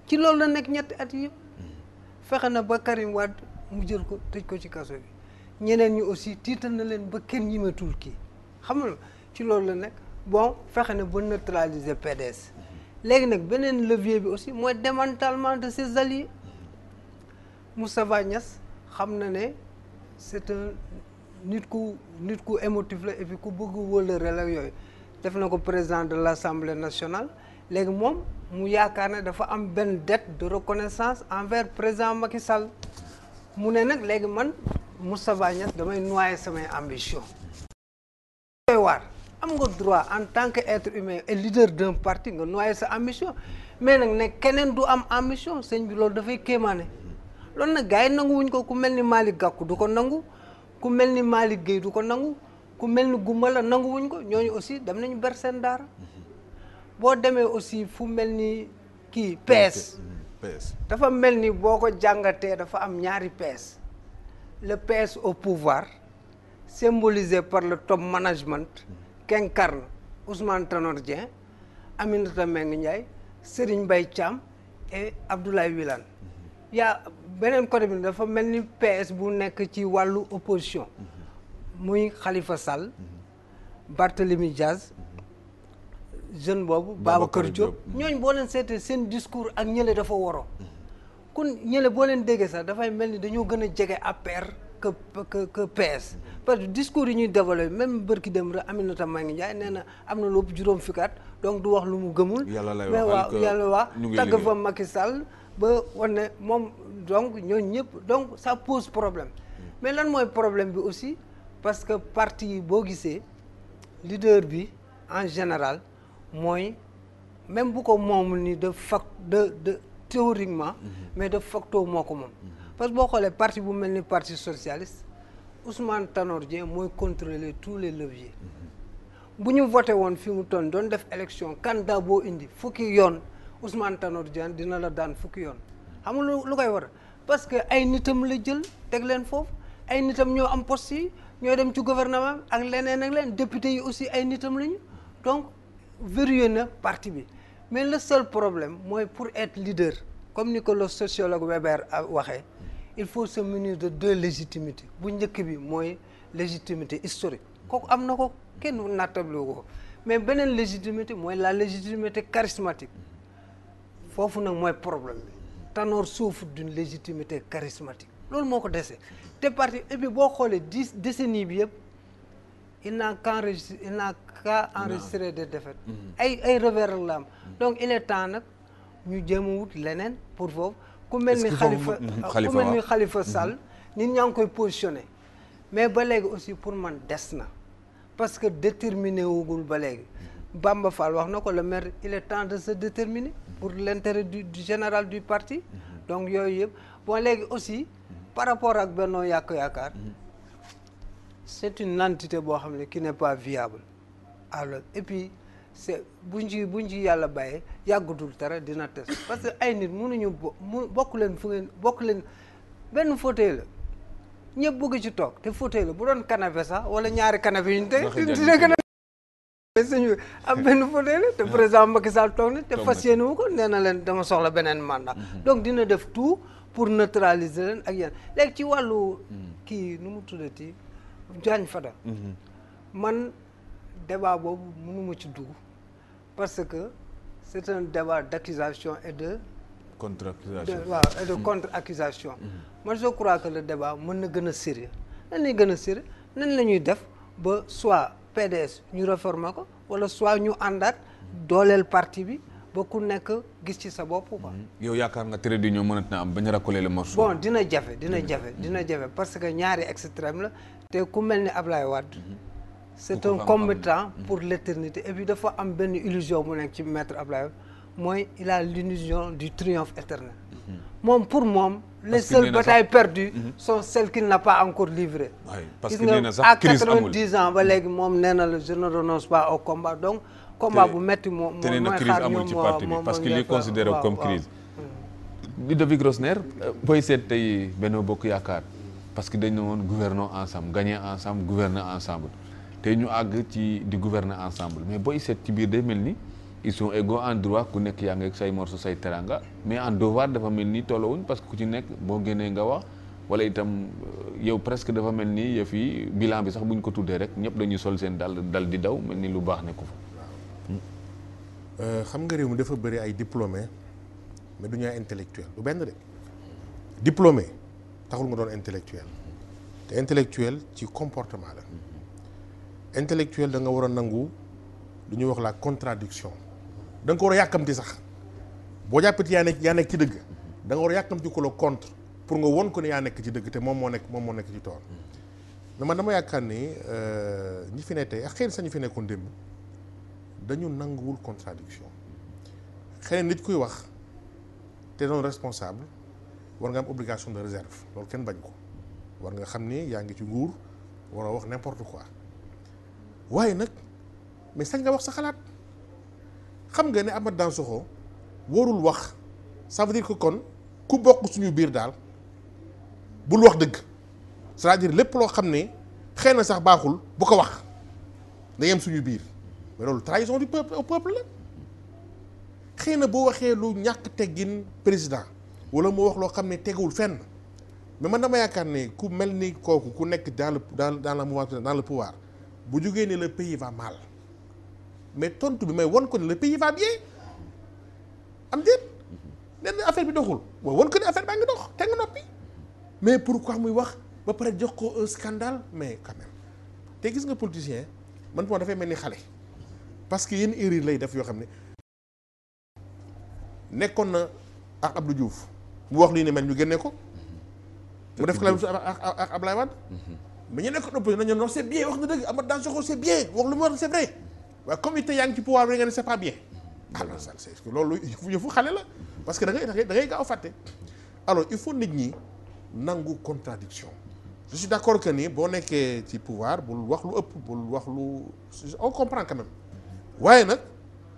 ci loolu la nekk ñetti at yëpp fexe na ba Karim Wade mu jël ko tëj ko ci kaso bi ñeneen ñi aussi tiital na leen ba kenn ñimetul kii xam nga ci loolu la nekk bon fexe na ba neutraliser PDS léegi nag beneen levier bi aussi mooy démantèlement de ses alliés Moustapha xam na ne c'est un nit ku nit ku émotif la et puis ku bëgg wëlëre la yooyu def na ko président de l'Assemblée nationale léegi moom mu yaakaar ne dafa am benn dette de reconnaissance envers président Macky Sall mu ne nag léegi man Moustapha Niasse damay noyer samay ambition doy waar am nga droit en tant que être humain et leader d'un parti nga noyé sa ambition mais nag ne keneen du am ambition sëñ bi loolu dafay kéemaane loolu na gars yi nanguwuñ ko ku mel ni maali Gakou du ko nangu ku mel ni maali Guèye du ko nangu ku mel ni Goumbala nanguwuñ ko ñooñu aussi dem nañu ber seen daara boo demee aussi fu mel ni kii PS mm, dafa mel ni boo ko jàngatee dafa am ñaari PS le PS au pouvoir symbolisé par le top management qu'incarne Ousmane Tanor Dieng Aminata Mbengue Ndiaye Serigne Mbaye Thiam et Abdoulaye Wilane yaa beneen côté bi dafa mel ni PS bu nekk ci wàllu opposition muy Khalifa Sall Barthélemy Diaz jeune boobu Babacar Diop ñooñ boo leen seete seen discours ak ñële dafa woro kon ñële boo leen déggee sax dafay mel ni dañoo gën a jege APR que que que PS parce que discours yi ñuy développé même bërki dem rek tam maa ngi nee neena am na lu juróom fukki at donc du wax lu mu gëmul. yàlla lay wax mais waaw yàlla waa tàgg fa Macky Sall ba wane ne moom donc ñooñu ñëpp donc ça pose problème. Mm. mais lan mooy problème bi aussi parce que parti boo gisee leader bi en général mooy même bu ko moomul ni de fact de de théoriquement. Mm-hmm. mais de facto moo ko moom. Mm-hmm. parce que boo xoolee parti bu mel ni parti socialist Ousmane Tanor Dieng mooy contrôler tous les leviers bu ñu voté woon fi mu toon doon def élection candidat boo indi fukki yoon Ousmane Tanor Dieng dina la daan fukki yoon xam lu koy war parce que ay nitam la jël teg leen foofu ay nitam ñoo am poste yi ñoo dem ci gouvernement ak leneen ak leen député yi aussi ay nitam lañu donc verrouillé na parti bi mais le seul problème mooy pour être leader comme ni ko le sociologue Weber waxee il faut se munir de deux légitimités bu njëkk bi mooy légitimité historique kooku am na ko kenn nattable ko mais beneen légitimité mooy la légitimité charismatique foofu nag mooy problème bi Tanor souffre d'une légitimité charismatique loolu moo ko dese te parti et puis boo xoolee dix décennies bi yëpp il n'a qu'enregistré il n'a qu'à mm-hmm. ay ay revers la donc il est temps nag ñu jéem a wut leneen pour foofu ku mel ni xalifa ah, ku ni xalifa mhm. Sall nit ñaa ngi koy positionné mais ba léegi aussi pour man des na parce que déterminé wugul ba léegi Bamba Fall wax na ko le maire il est temps de se déterminer pour l'intérêt du, général du partie mhm. donc yooyu yëpp bon léegi aussi par rapport ak Benno Yakk Yaakaar mhm. c'est une antité boo xam ne qui n'est pas viable alors c'est buñ ci buñ ci yàlla bàyyee yàggutul dara dina test parce que ay nit mënuñu bo mu bokk leen fu ngeen bokk leen benn fauteuil la ñëpp bëgg ci toog te fauteuil la bu doon canapé sax wala ñaari canapé ñu te dina gën a suñu am benn fauteuil la te ah. président Macky Sall toog na te fas yéene wu na leen dama soxla beneen mandat mhm. donc dina def tout pour neutraliser leen ak yéen léegi ci wàllu mhm. kii nu mu tuddati Diagne Fada mhm. man débat boobu mënu ma ci dugg parce que c'est un débat d'accusation et de contre-accusation waaw et de contre-accusation mm-hmm. Mm-hmm. je crois que le débat mën na gën a sérieux nan gën a sérieux nan la ñuy def ba soit PDS ñu réformer ko wala soit ñu àndaat dooleel parti bi ba ku nekk gis ci sa bopp quoi. Mm-hmm. yow yaakaar nga tere di ñoo mënat na am bañ racoler le morceau. bon dina jafe dina jafe dina jafe parce que ñaari extrême la te ku mel ni Ablaye Wade. c'est un combattant pour l'éternité et puis dafa am benn illusion bu nekk ci maître Ablaye mooy il a l'illusion du triomphe éternel mhm. moom pour moom les seules batailles perdues mhm. soo celles qu'il n'a pas encore livrées parce que nee na sax crise amul à ans ba léegi moom nee na la je ne renonce pas au combat donc combat bu metti moo te nee na crise amul ci parti bi parce que li considéré comme crise mm. Ludovic Rosner euh, booy seet tey Benno Bokk Yaakaar parce que dañ ne woon gouvernons ensemble gagnons ensemble gouvernons ensemble tey ñu àgg ci di gouverner ensemble mais booy seet ci biir day mel ni ils sont égaux en droit ku nekk yaa ngi ak say morceau say teranga mais en devoir dafa mel ni tollowuñ parce que ku ci nekk boo génnee nga wax wala itam euh, yow presque dafa mel ni yëf yi bilan bi sax bu ñu ko tuddee rek ñëpp dañuy sol seen dal dal di daw mel ni lu baax nekku fa. Hmm. Euh, xam nga réew mi dafa bëri ay diplômé mais du ñu ay intellectuel du benn de diplômé taxul nga doon intellectuel te intellectuel ci comportement la. intellectuel da nga war a nangu lu ñuy wax la contradiction da nga ko war a yàkkamti sax boo jàppati yaa nekk yaa nekk ci dëgg da nga war a yàkkamti ko la contre pour nga won ko ne yaa nekk ci dëgg te moom moo nekk moom moo nekk ci tool mais man dama yaakaar ni euh, ñi fi ne tey ak xëy sax ñi fi nekkoon démb dañu nanguwul contradiction xëy na nit kuy wax te doon responsable war nga am obligation de réserve loolu kenn bañ ko war nga xam ni yaa ngi ci nguur war a wax n'importe quoi waaye nag mais sañ nga wax sa xalaat xam nga ni amat Amath Dansokho warul wax ça veut dire que kon ku bokk suñu biir daal bul wax dëgg c'est-à-dire lépp loo xam ne xëy na sax baaxul bu ko wax na yem suñu biir mais loolu trahison du peuple au peuple la xëy na boo waxee lu ñàkk teggin président wala moo wax loo xam ne teguwul fenn mais man dama yaakaar ne ku mel ni kooku ku nekk dans le daan dans la dans le pouvoir bu jugee ne le pays va mal mais tontu bi may wan ko la le faa va bien am déet nee na affaire bi doxul mooy wan ko ne affaire baa ngi dox te nga noppi mais pourquoi muy wax ba pare jox ko un scandale mais quand te gis nga politicien man moo dafay mel ni xale parce que yenn erreur lay def yoo xam ne nekkoon na ak Abdou Diouf mu wax lii ne mel ñu génne ko mu def ko la ak Ablaye Wade mhm. mais ñu nekk opposition nañu non c' est bien wax na dëgg Amath Dansokho c' est bien wax lu mu wax c' est vrai waaye comme it yaa ngi ci pouvoir bi nga ne c' bien loolu yëfu yëfu xale la parce que da ngay da ngay da gaaw fàtte alors il faut nit ñi nangu contradiction je suis d' accord que ni boo nekkee ci pouvoir bul wax lu ëpp bul wax lu on comprend quand waaye nag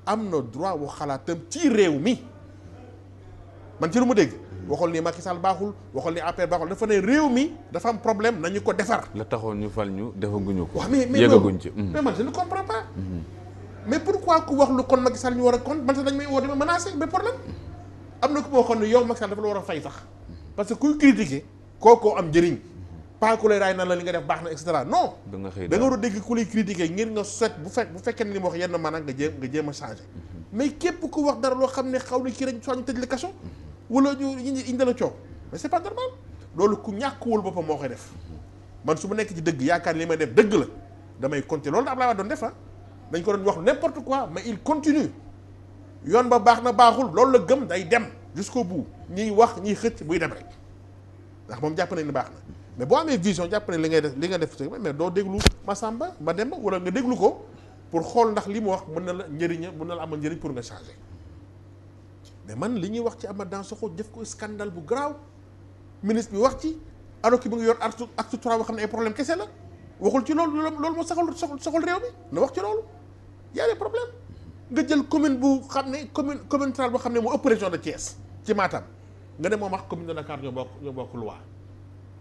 am na droit wax xalaatam ci réew mi man ci lu mu dégg. waxul ni Macky Sall baaxul waxul ni APR baaxul dafa ne réew mi dafa am problème nañu ko defar. la taxoon ñu fal ñu defaguñu ko. waaw mais mais yëgaguñ ci. Hmm. mais man je ne comprends pas. Hmm. mais pourquoi ku wax lu kon Macky Sall ñu war a kon man sax dañ may problème am na ku ma waxoon ne yow Macky Sall dafa la war a fay sax parce que kuy critiquer kookoo am njëriñ pas lay raay naan la li nga def baax na et cetera non. xëy da war a dégg ku lay critiquer nga set bu fekk bu fekkee ne li ma wax yenn maanaam nga jéem nga jéem a changé hmm. mais képp ku wax dara loo xam ne xaw na kii rek soo ñu tëj la wala ñu indi la coow mais c'est pas normal loolu ku ñàkkuwul boppam moo koy def man su ma nekk ci dëgg yaakaar li may def dëgg la damay continuer loolu Ablaye Wade doon def ah. dañ ko doon wax n'importe quoi mais il continue yoon ba baax na baaxul loolu la gëm day dem jusqu'au bout ñiy wax ñiy xëcc buy dem rek ndax moom jàpp nañ ne baax na mais boo amee vision jàpp ne li ngay def li nga def mais doo déglu Massamba Mademba wala nga déglu ko pour xool ndax li mu wax mën na la njëriña mën na la am njëriñ pour nga changer mais man li ñuy wax ci Amath Dansokho def ko scandale bu garaaw ministre bi wax ci alors que mu ngi yor acte acte trois boo xam ne ay problème kese la waxul ci loolu loolu moo soxol soxol réew mi na wax ci loolu y a nga jël commune bu xam ne commune commune rurale boo xam ne moo ëpp région de Thiès ci Matam nga ne moom wax commune de Dakar ñoo bokk ñoo bokk loi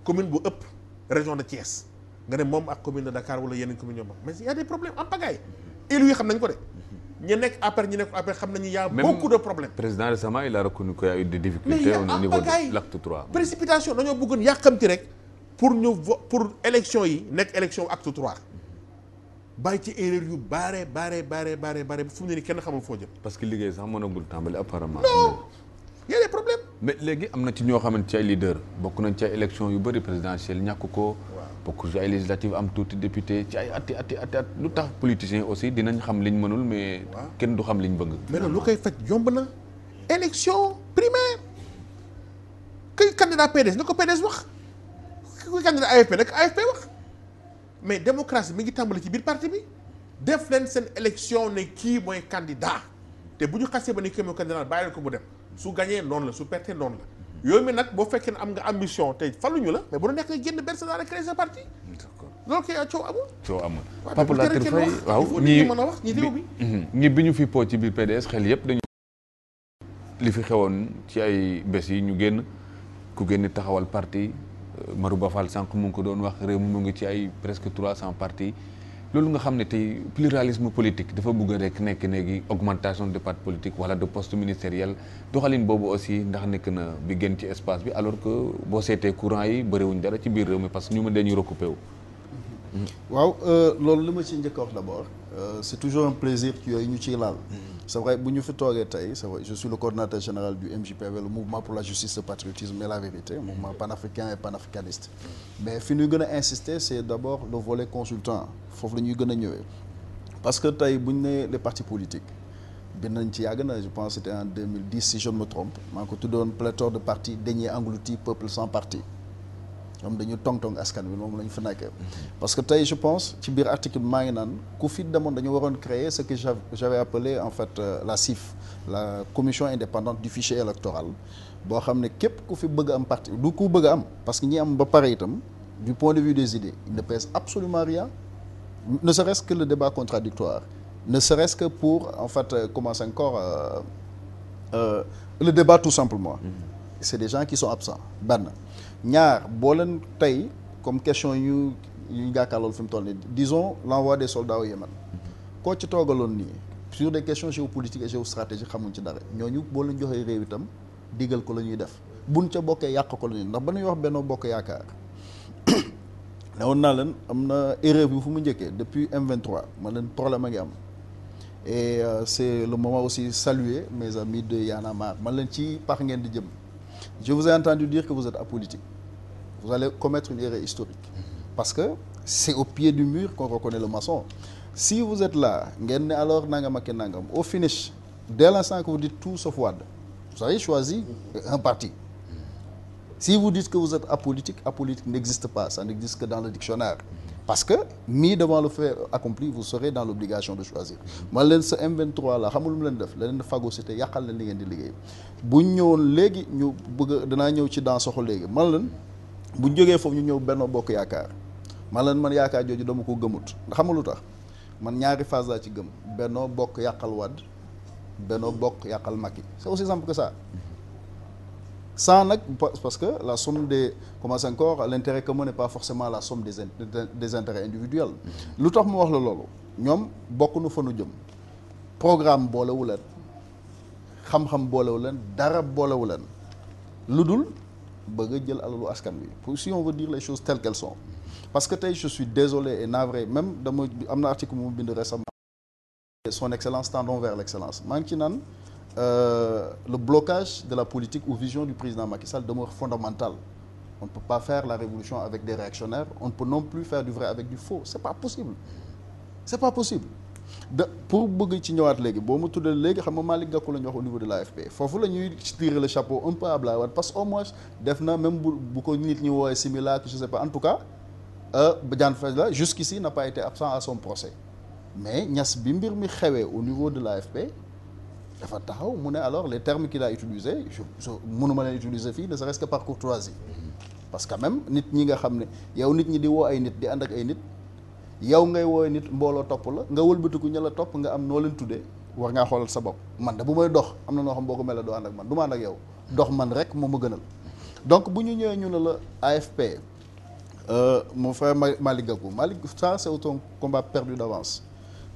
commune bu ëpp région de Thiès nga ne moom ak commune de Dakar wala yeneen commune ñoo bokk mais y a des problèmes xam nañ ko de ñi nekk après ñu nekk après xam nañu y' a beaucoup de problèmes. président récemment il a reconnu qu'il y a eu des difficultés au niveau de l'acte 3. précipitation dañoo bëggoon yàqamti rek pour ñu pour élection yi nekk élection acte 3 bàyyi ci erreur yu bare bare bare bare bare fu mu ne nii kenn xamul foo jëm. parce que liggéey sax mënagul tàmbali apparemment. a des problèmes. mais léegi am na ci ñoo xamante ci ay leader bokk nañ ci ay élection yu bëri présidentielle ñàkk ko. bokk ci ay législative am tuuti député ci ay atti atti atti at lu tax politiciens aussi dinañ xam liñ mënul mais kenn du xam liñ bëgg mais loolu lu koy faj yomb na élection primaire kuy candidat PDS na ko PDS wax kuy candidat AFP na ko AFP wax mais démocratie mi ngi tàmbali ci biir parti bi def leen seen élection ne kii mooy candidat te bu ñu xasee ba ne kii mooy candidat bàyyi leen ko bu dem su gañee noonu la su perte noonu la yooyu mi nag boo fekkee ne am nga ambition tey faluñu la mais bu nekk nga génn benn daal créer sa parti. d'accord loolu a coow amul. coow amul waaw ñii mën a wax ñi réew bi mhm, ñi bi ñu fi po ci biir PDS xel yëpp dañu li fi xewoon ci ay bés yi ñu génn ku génn taxawal parti euh, maru Fall sànq mu ngi ko doon wax réew mu ngi ci ay presque trois cents partis loolu nga xam ne tey pluralisme politique dafa bëgg rekk nekk néegi augmentation de parti politique wala de poste ministériel doxalin boobu aussi ndax nekk na bi gën ci espace bi alors que boo seetee courant yi bëriwuñ dara ci biir réew mi parce que ñu mën dañuy recoupé wu. waaw euh, loolu li ma ci njëkk wax la abord. Euh, c' est toujours un plaisir yooyu ñu ciy laal. Mm. c'est vrai bu ñu fi toogee tey c'est vrai je suis le coordinateur général du MJPV le mouvement pour la justice le patriotisme et la vérité mouvement mm. panafricain et panafricaniste mm. mais fi ñuy gën a insister c'est d'abord le volet consultant foofu la ñuy gën a ñëwee parce que tey bu ñu nee les partis politiques bind nañ ci yàgg na je pense c'était en 2010 si je ne me trompe maa ngi ko tuddoon pléthore de partis dañuy englouti peuple sans parti ñoom dañu tong-tong askan bi moom lañu ñu fa nekkee parce que tey je pense ci biir article maa ngi naan ku fi demoon dañu waroon créer ce que j'avais appelé en fait euh, la CIF la commission indépendante du fichier électoral boo xam ne képp ku fi bëgg am parti du ku bëgg am parce que ñi am ba pare itam du point de vue des idées il ne pèse absolument rien ne serait-ce que le débat contradictoire ne serait que pour en fait euh, commencer encore euh, euh, le débat tout simplement mm -hmm. c'est des gens qui ñaar boo leen tey comme question yu ñu jàkkaarlool fi mu toll nii disons l'envoi des soldats au Yémen koo ci toogaloon nii sur de question des questions géopolitiques et géostratégiques xamuñ ci dara ñu boo leen joxee réew itam digal ko la ñuy def buñ ca bokkee yàq ko la ñuy ndax ba ñuy wax Benno Bokk Yaakaar ne woon naa leen am na erreur bi fu mu njëkkee depuis M23 ma leen problème a ngi am et euh, c'est le moment aussi saluer mes amis de Y'en a marre man leen ci pax ngeen di jëm je vous ai entendu dire que vous êtes apolitique vous allez commettre une erreur historique parce que c'est au pied du mur qu'on reconnaît le maçon si vous êtes là ngeen ne alors nangam ak nangam au finish dès l'instant que vous dites tout sauf Wade vous avez choisi un parti si vous dites que vous êtes apolitique apolitique n'existe pas ça n'existe que dans le dictionnaire parce que mis devant le fait accompli vous serez dans l'obligation de choisir leen sa M23 leen def la leen fagocité yàqal leen li ngeen di liggéey buñ ñëwoon léegi ñu bëgg danaa ñëw ci dans soxla léegi man lan buñ jógee foofu ñu ñëw Benno Bokk Yaakaar man leen man yaakaar jooju dama ko gëmut nga xam lu tax man ñaari phase laa ci gëm Benno Bokk Yàqal Wàdd Benno Bokk Yàqal Macky c'est aussi simple que ça sans nag parce que la somme des commence encore l'intérêt commun n'est pas forcément la somme des des intérêts individuels lu tax mu wax la loolu ñoom bokk nu fa nu jëm programme boolewuleen xamxam xam boolewu leen dara boolewu leen lu dul bëgg a jël alalu askan bi pour si on veut dire les choses telles qu'elles sont parce que tey je suis désolé et navré même dama am na article mu bind récemment son excellence tendons vers l'excellence maa ngi ci naan euh, le blocage de la politique ou vision du président Macky Sall demeure fondamental on peut pas faire la révolution avec des réactionnaires on ne peut non plus faire du vrai avec du faux c'est pas possible c'est pas possible da pour bëgg ci ñëwaat léegi boo ma tuddee léegi xam nga Malick Gakou la ñu wax au niveau de l'AFP foofu la ñuy tirer le chapeau un peu à Ablaye Wade parce que au moins def na même bu bu ko nit ñi woowee similaire je sais pas en tout cas euh, Badiane Fadla jusqu'ici n'a pas été absent à son procès mais Niass bi mbir mi xewee au niveau de fp dafa taxaw mu ne alors les terme qu'il a utilisés je mënuma leen utiliser fii ne serait-ce que par courtoisie mm-hmm. parce que même nit ñi nga xam ne yow nit ñi di woo ay nit di ànd ak ay nit yow ngay woowe nit mbooloo topp la nga wëlbatiku ña la topp nga am noo leen tuddee war ngaa xoolal sa bopp man da bu may dox am na noo xam boo ko mel doo ànd ak man du ma ànd ak yow dox man rek moom ma gënal donc bu ñu ñëwee ñu ne la AFP mu fa Malick Gakou Malick ça c'est un combat perdu d'avance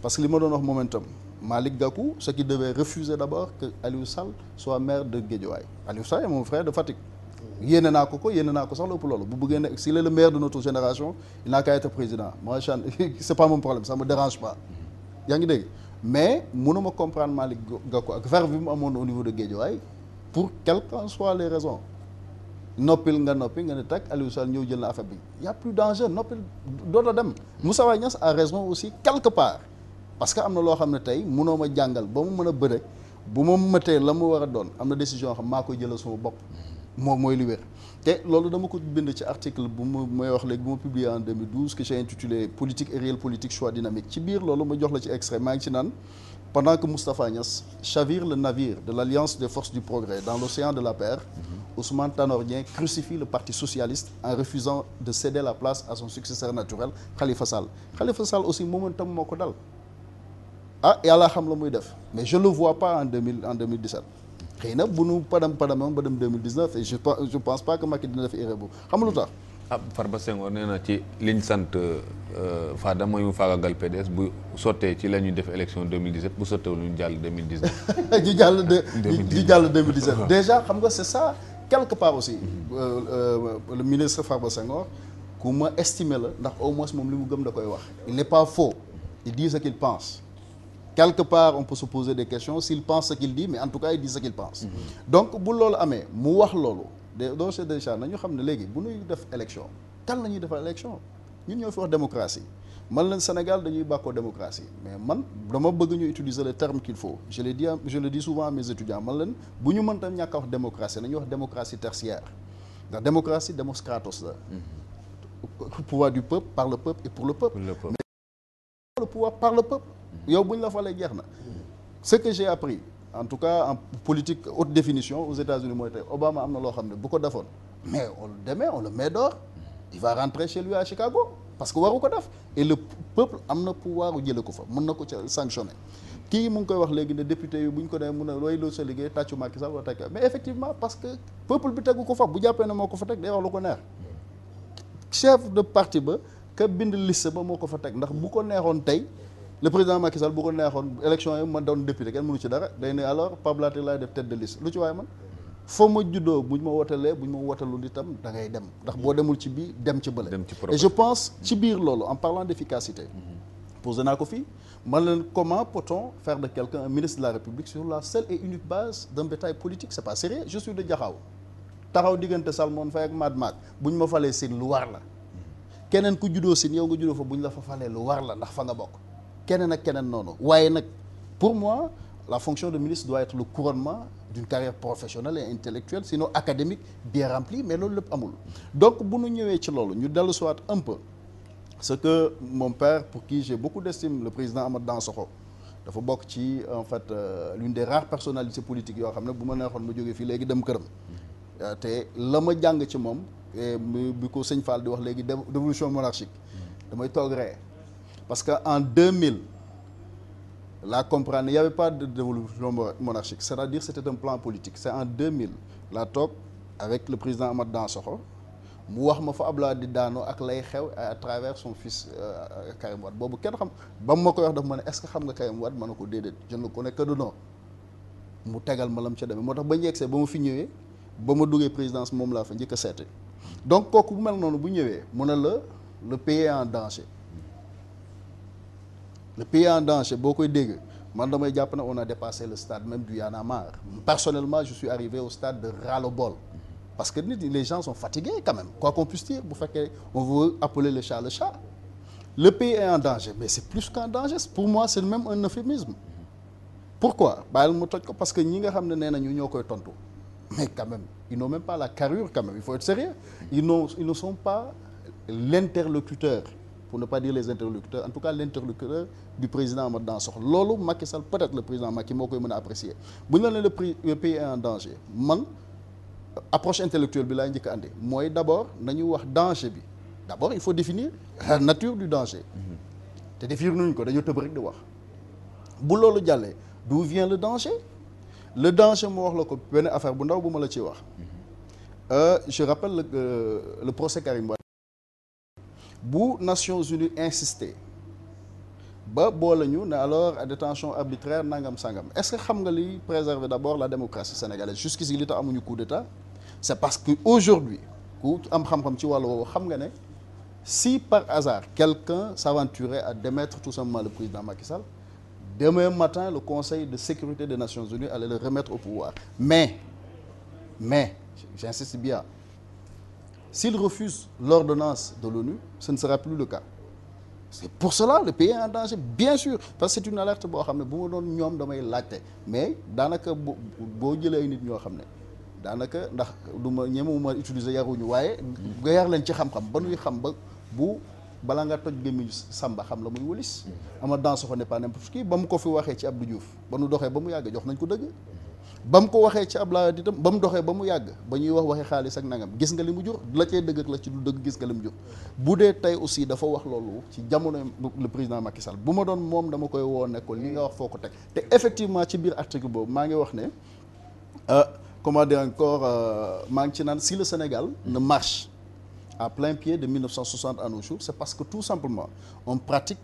parce que li ma doon wax momentum Malick Gakou ce qui devait refuser d'abord que Aliou Sall soit maire de Guédiawaye Aliou Sall est moom frère de Fatick yéene naa ko ko yéene naa ko sax lépp loolu bu bëggee nekk s'il est le meilleur de notre génération il n'a qu'à être président moi chan c'est pas mon problème ça me yaa ngi dégg mais munuma mënuma comprendre Malick Gakou ak verve bi mu amoon au niveau de Guédiawaye pour quelles qu'en soient raison raisons noppil nga noppi nga ne teg Aliou Sall ñëw jël na affaire bi y a plus d'enjeu noppil doota dem mu Waye Niass a raison aussi quelque part parce que am na loo xam ne tey mënoo ma jàngal ba mu mën a bëre bu ma mëtee la mu war a doon am na décision yoo maa koy jëlal sama bopp moom mooy li wér loolu dama ko bind ci article bu ma may wax léegi bu ma publié en 2012 que j'ai politique et réelle politique choix dynamique ci biir loolu ma jox la ci extrait maa ngi ci naan pendant que Moustapha Niass chavire le navire de l'alliance des forces du progrès dans l'océan de la paix mhm. Ousmane Tanor crucifie le parti socialiste en refusant de céder la place à son successeur naturel Khalifa Sall Khalifa Sall aussi momentum moo ko dal ah yàlla xam la muy def mais je le vois pas en xëy na bu nu padam padamam ba dem 2019 et je je pense pas que Macky dina def erreur boobu xam nga lu tax. ah Farba Senghor nee na ci liñ sant euh, Fada mooy mu faagagal PDS bu sottee ci la ñuy def élection 2017 bu sottewul ñu jàll 2019. ñu jàll de ñu jàll 2017 déjà xam nga c'est ça quelque part aussi. Euh, euh, le ministre Farba Senghor ku ma estimé la ndax au moins moom li mu gëm da koy wax. il n'est pas faux il dit ce qu'il pense. quelque part on peut se poser des questions s'il pense ce qu'il dit mais en tout cas il dit ce qu'il pense donc bu loolu amee mu wax loolu de doo seet déjà nañu xam ne léegi bu ñuy def élection kan la ñuy defal élection ñun ñoo fi wax démocratie man leen Sénégal dañuy bàkkoo démocratie mais man dama bëgg ñu utiliser le terme qu'il faut je le dis je le dis souvent à mes étudiants man leen bu ñu mënta ñàkk a wax démocratie nañu wax démocratie tertiaire ndax démocratie demos kratos la mm-hmm. pouvoir du peuple par pour le peuple. le pouvoir par le peuple yow bu ñu la falee jeex na ce que j'ai appris en tout cas en politique haute définition aux États-Unis mooy tey Obama am na loo xam ne bu ko defoon mais on le demain on le met dehors il va rentrer chez lui Chicago parce que waru ko def et le peuple am na pouvoir jëlee ko fa mën na ko ca sanctionner kii mu ngi koy wax léegi ne député yi bu ñu ko nee mun a looy loo sa liggéey tàccu Macky Sall wala tàccu mais effectivement parce que peuple bi tegu ko fa bu jàppee ne moo ko fa teg ko neex chef de parti ba ka bind liste ba moo ko fa teg ndax bu ko neexoon tey le président Macky Sall bu ko neexoon élection yi ma doon député kenn mënu ci dara day ne alors Pape Latir laay def tête de liste lu ci waaye man foo ma juddoo buñ ma wotalee buñ ma wotalul itam da ngay dem ndax boo demul ci bii dem ci bële et je pense ci biir loolu en parlant d'efficacité posé naa ko fii man leen comment poton on de quelqu'un un ministre de la République sur la seule et unique base d'un bétail politique c'est pas sérieux de Diakhao taxaw diggante Salmon Faye ak Mad Mad buñ ma falee sin lu war la keneen ku juddoo sin yow nga juddoo fa buñ la fa lu war la ndax fa nga bokk keneen ak keneen noonu waaye nag pour moi la fonction de ministre doit être le couronnement d'une carrière professionnelle et intellectuelle sinon académique bien remplie mais loolu lépp amul donc bu ñu ñëwee ci loolu ñu dellu soit un peu ce que mon père pour qui j'ai beaucoup d'estime le président Amath Dansokho dafa bokk ci en fait euh, l'une des rares personnalités politiques yoo xam ne bu ma neexoon ma jógee fii léegi dem këram euh, te la ma jàng ci moom bi ko sëñ Fall di wax léegi dévolution monarchique damay toog parce que en 2000 la comprendre il y avait pas de développement monarchique c'est-à-dire c'était un plan politique c'est en 2000 la toog avec le président Amath Dansokho mu wax ma fa ab Abdoulaye di daanoo ak lay xew à travers son fils euh, Karim Wade boobu kenn xam ba mu ma koy wax daf ma ne est-ce que xam nga Karim Wade ma ne ko déedéet je ne connais que de mu tegal ma lam ca demee moo tax ba ñu yegsee ba ma fi ñëwee ba ma duggee présidence moom laa fa njëkk a seete donc kooku bu mel noonu bu ñëwee mu a la le pays en danger. le pays en danger boo koy dégg man damay jàpp na on a dépasé le stade même du Y'en a marre personnellement je suis arrivé au stade de ras bol parce que nit les gens sont fatigués quand même quoi qu'on puisse dire bu fekkee on veut appeler le chat le chat le pays est en danger mais c'est plus qu'en danger pour moi c'est même un euphémisme pourquoi bàyyil mu ko parce que ñi nga xam ne nee nañu ñoo koy tontu mais quand même ils n'ont même pas la carrure quand même il faut être sérieux ils n'ont ils ne sont pour ne pas dire les interlocuteurs en tout cas l'interlocuteur du président Amadou Dansokho loolu Macky Sall peut le président Macky moo koy mën a apprécier bu ñu la ne le pays est en danger man approche intellectuelle bi laay njëkk ande mooy d'abord nañu wax danger bi d'abord il faut définir la nature du danger te définir ñu ko dañoo tëb rek di wax bu loolu jàllee dou vient le danger le danger moo wax la ko benn affaire bu ndaw bu ma la ci wax euh, je rappelle le, euh, le procès Karim bu Nations Unies insister ba boole ñu ne alors à détention arbitraire nangam sangam est-ce que xam nga liy préserver d'abord la démocratie sénégalaise jusqu'ici li tax amuñu coup d'état c'est parce que aujourd'hui ku am xam-xam ci wàllu woowu xam nga ne si par hasard quelqu'un s'aventurait à démettre tout simplement le président Macky Sall demain matin le Conseil de sécurité des Nations Unies allait le remettre au pouvoir mais mais j'insiste bien S'ils refusent l'ordonnance de l'ONU, ce ne sera plus le cas. C'est pour cela le pays est en danger bien sûr parce que c'est une boo xam ne bu ma doon ñoom damay laajte mais daanaka boo jëlee ay nit ñoo xam ne daanaka ndax duma ma ñemewuma utiliser yaruñu waaye mm-hmm. nga yar leen ci xam-xam ba nuy xam ba bu bala nga toj gémmiñu Samba xam la muy wëlis mm-hmm. ama dans ce n'est pas n'importe qui ba mu ko fi waxee ci du Diouf ba nu doxee ba mu yàgg jox nañ ko dëgg ba mu ko waxee ci abla laawaat itam ba mu doxee ba mu yàgg ba ñuy wax waxi xaalis ak nangam gis nga li mu jur la cee dëgg ak la ci du dëgg gis nga li mu jur bu dee tey aussi dafa wax loolu ci jamono le président Macky Sall bu ma doon moom dama koy woo ne ko li nga wax foo ko teg te effectivement ci biir article boobu maa ngi wax ne euh, comment dire encore euh, maa ngi ci naan si le Sénégal ne marche à plein pied de 1960 à nos jours c'est parce que tout simplement on pratique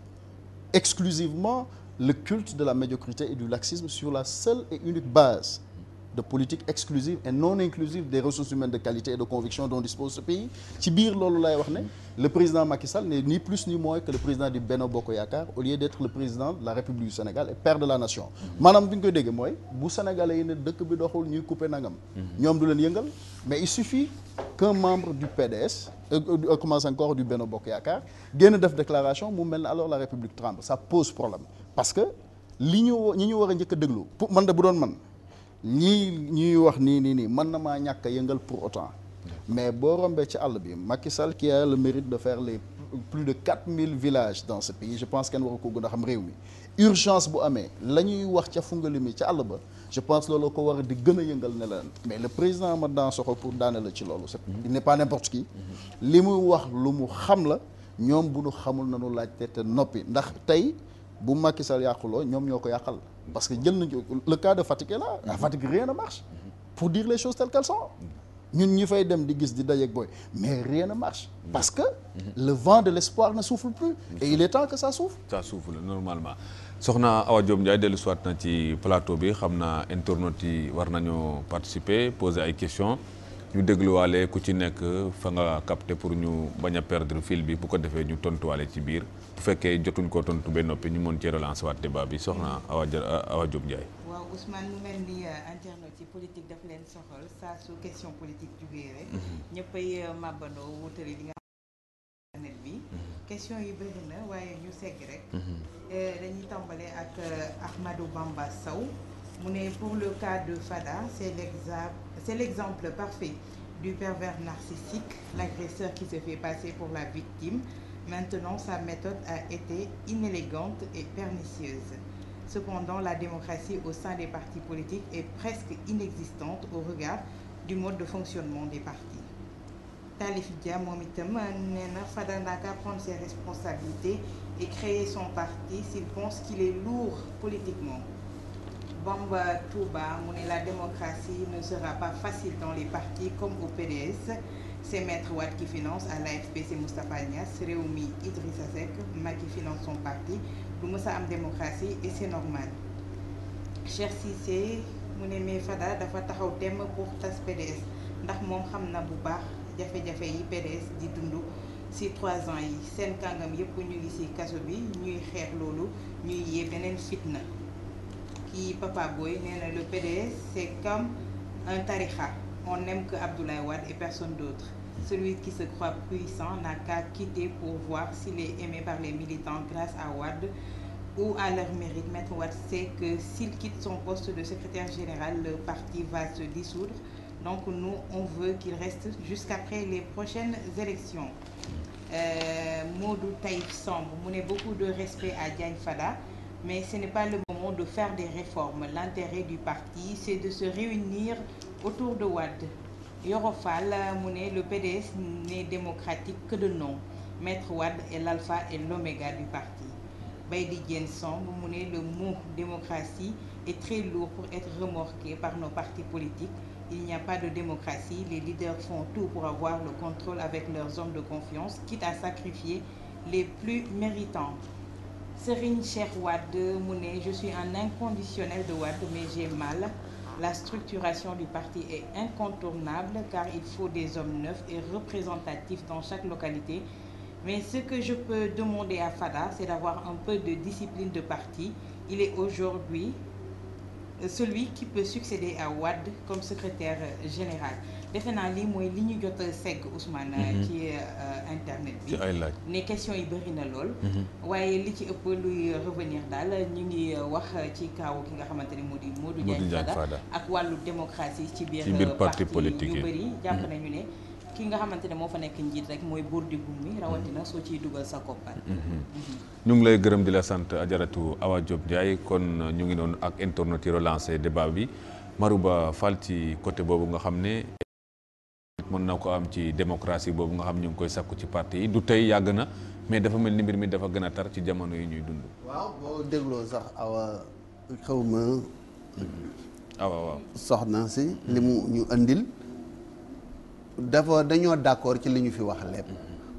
exclusivement le culte de la médiocrité et du laxisme sur la seule et unique base de politique exclusive et non inclusive des ressources humaines de qualité et de conviction dont dispose ce pays ci biir loolu lay wax ne le président Macky Sall n'est ni plus ni moins que le président du Benno Bokk Yaakaar au lieu d'être le président de la République du Sénégal et père de la nation mm-hmm. maanaam bi ñu koy dégg mooy bu sénégalais yi ne dëkk bi doxul ñuy couper nangam mm-hmm. ñoom du leen yëngal mais il suffit qu'un membre du PDS euh, euh, commence encore du Benno Bokk Yaakaar mel ne alors la République tremble ça pose problème parce que ñi ñu war a njëkk a pour man de bu doon man lii ñuy wax nii nii nii mën na maa ñàkk a yëngal pour autant mais boo rombee ci àll bi Macky Sall qui a le mérite de fair les plus de 4000 villages dans ce pays je pense kenn waru ko gën a xam réew mi urgence bu amee la ñuy wax ca fungali mi ca àll ba je pense loolu ko war a di gën a yëngal ne la mais le président Amath Dansokho pour daane la ci loolu mm-hmm. il n'est pas n'importe qui mm-hmm. li muy wax lu mu xam la ñoom bu ñu xamul nanu laajte te noppi ndax tey bu Macky yàquloo ñoom ñoo ko yàqal parce que jël nañu le cas de Fatick est là. Mm-hmm. à Fatick marche. pour dire les choses telles qu'elles sont. ñun ñi fay dem di gis di dajeeg booy mais rien ne marche. Mm-hmm. parce que mm-hmm. le vent de l'espoir ne souffle plus. et il est temps que ça souffle. ça souffle normalement soxna Awa Diop Ndiaye dellu soit na ci plateau bi xam naa internautes yi war nañoo participer poser ay questions. ñu dégluwaale ku ci nekk fa nga capté pour ñu bañ a perdre fil bi bu ko defee ñu tontuwaale ci biir bu fekkee jotuñ ko tontu ba noppi ñu mën cee relancer waat débat bi soxna Awa Awa Diop Ndiaye. waaw Ousmane mu mel ni euh, internautes yi politique daf leen soxal saa su question politique jugee rek. Mhm. ñëppay euh, màbbandoo wutali li nga xam bi mhm. question yi bëri waaye ñu segg rek. Mhm. Euh, dañuy tàmbale ak Ahmadou Bamba saw mu ne pour le cas de Fada c'est l'exemple parfait du pervers narcissique l'agresseur qui se fait passer pour la victime. Maintenant, sa méthode a été inélégante et pernicieuse. Cependant, la démocratie au sein des partis politiques est presque inexistante au regard du mode de fonctionnement des partis. Talif Dia moom itam nee na Fada Ndaka prendre ses responsabilités et créer son parti s'il pense qu'il est lourd politiquement. Bamba Touba mu la démocratie ne sera pas facile dans les partis comme au PDS. c'est Maître Watt ki finance à l'AFP c'est Moustapha Niass Rewmi Idrissa Seck Macky finance son parti du mësa am démocratie et c'est normal Cheikh Cissé mu ne mais Fada dafa taxaw temm pour tas PDS ndax moom xam na bu baax jafe-jafe yi PDS di dund ci trois ans yi seen kàngam yépp ñu ngi ci kaso bi ñuy xeex loolu ñuy yee beneen fitna kii Papa Boy nee na le PDS c'est comme un tarixa on n'aime que Abdoulaye Wade et personne d'autre Celui qui se croit puissant n'a qu'à quitter pour voir s'il est aimé par les militants grâce à Wade ou à leur mérite. Maître Wade sait que s'il quitte son poste de secrétaire général, le parti va se dissoudre. Donc nous, on veut qu'il reste jusqu'après les prochaines élections. Euh, Modou Taïf Samb mu ne beaucoup de respect à Diagne Fada mais ce n'est pas le moment de faire des réformes. L'intérêt du parti, c'est de se réunir autour de Wade. Yoro Fall mu ne le PDS n'est démocratique que de nom Maître Wade est l'alpha et l'oméga du parti Baïdy Diène Samb le mot démocratie est très lourd pour être remorqué par nos partis politiques il n'y a pas de démocratie les leaders font tout pour avoir le contrôle avec leurs hommes de confiance quitte à sacrifier les plus méritants Serigne Cheikh Wade mu je suis un inconditionnel de Wade mais j'ai mal La structuration du parti est incontournable car il faut des hommes neufs et représentatifs dans chaque localité. Mais ce que je peux demander à Fada, c'est d'avoir un peu de discipline de parti. Il est aujourd'hui euh, celui qui peut succéder à Ouad comme secrétaire général. defe naa lii mooy li ñu jot a segg Ousmane. Mhm. ci euh, internet bi ne question yi bëri na lool. Mhm. waaye li ci ëpp luy revenir daal ñu ngi wax ci kaaw ki nga xamante ni moo di Modou Diagne Fada ak wàllu démocratie ci biir parti politique yu bëri mhm. nañu ne. ki nga xamante moo fa nekk njiit rek mooy buur gummi rawatina soo ciy dugal sa koppar. ñu ngi lay gërëm di la sant ajaratu Awa Diop Ndiaye kon ñu ngi noonu ak internet yi relancé débat bi Marouba Fall ci côté boobu nga xam ne. mën na ko am ci démocratie boobu nga xam ñu ngi koy sakku ci parti yi du tey yàgg na mais dafa mel ni mbir mi dafa gën a tar ci jamono yi ñuy dund. waaw boo dégloo sax awa xaw ma. awa waaw soxna si li mu ñu andil dafa dañoo d'accord ci li ñu fi wax lépp.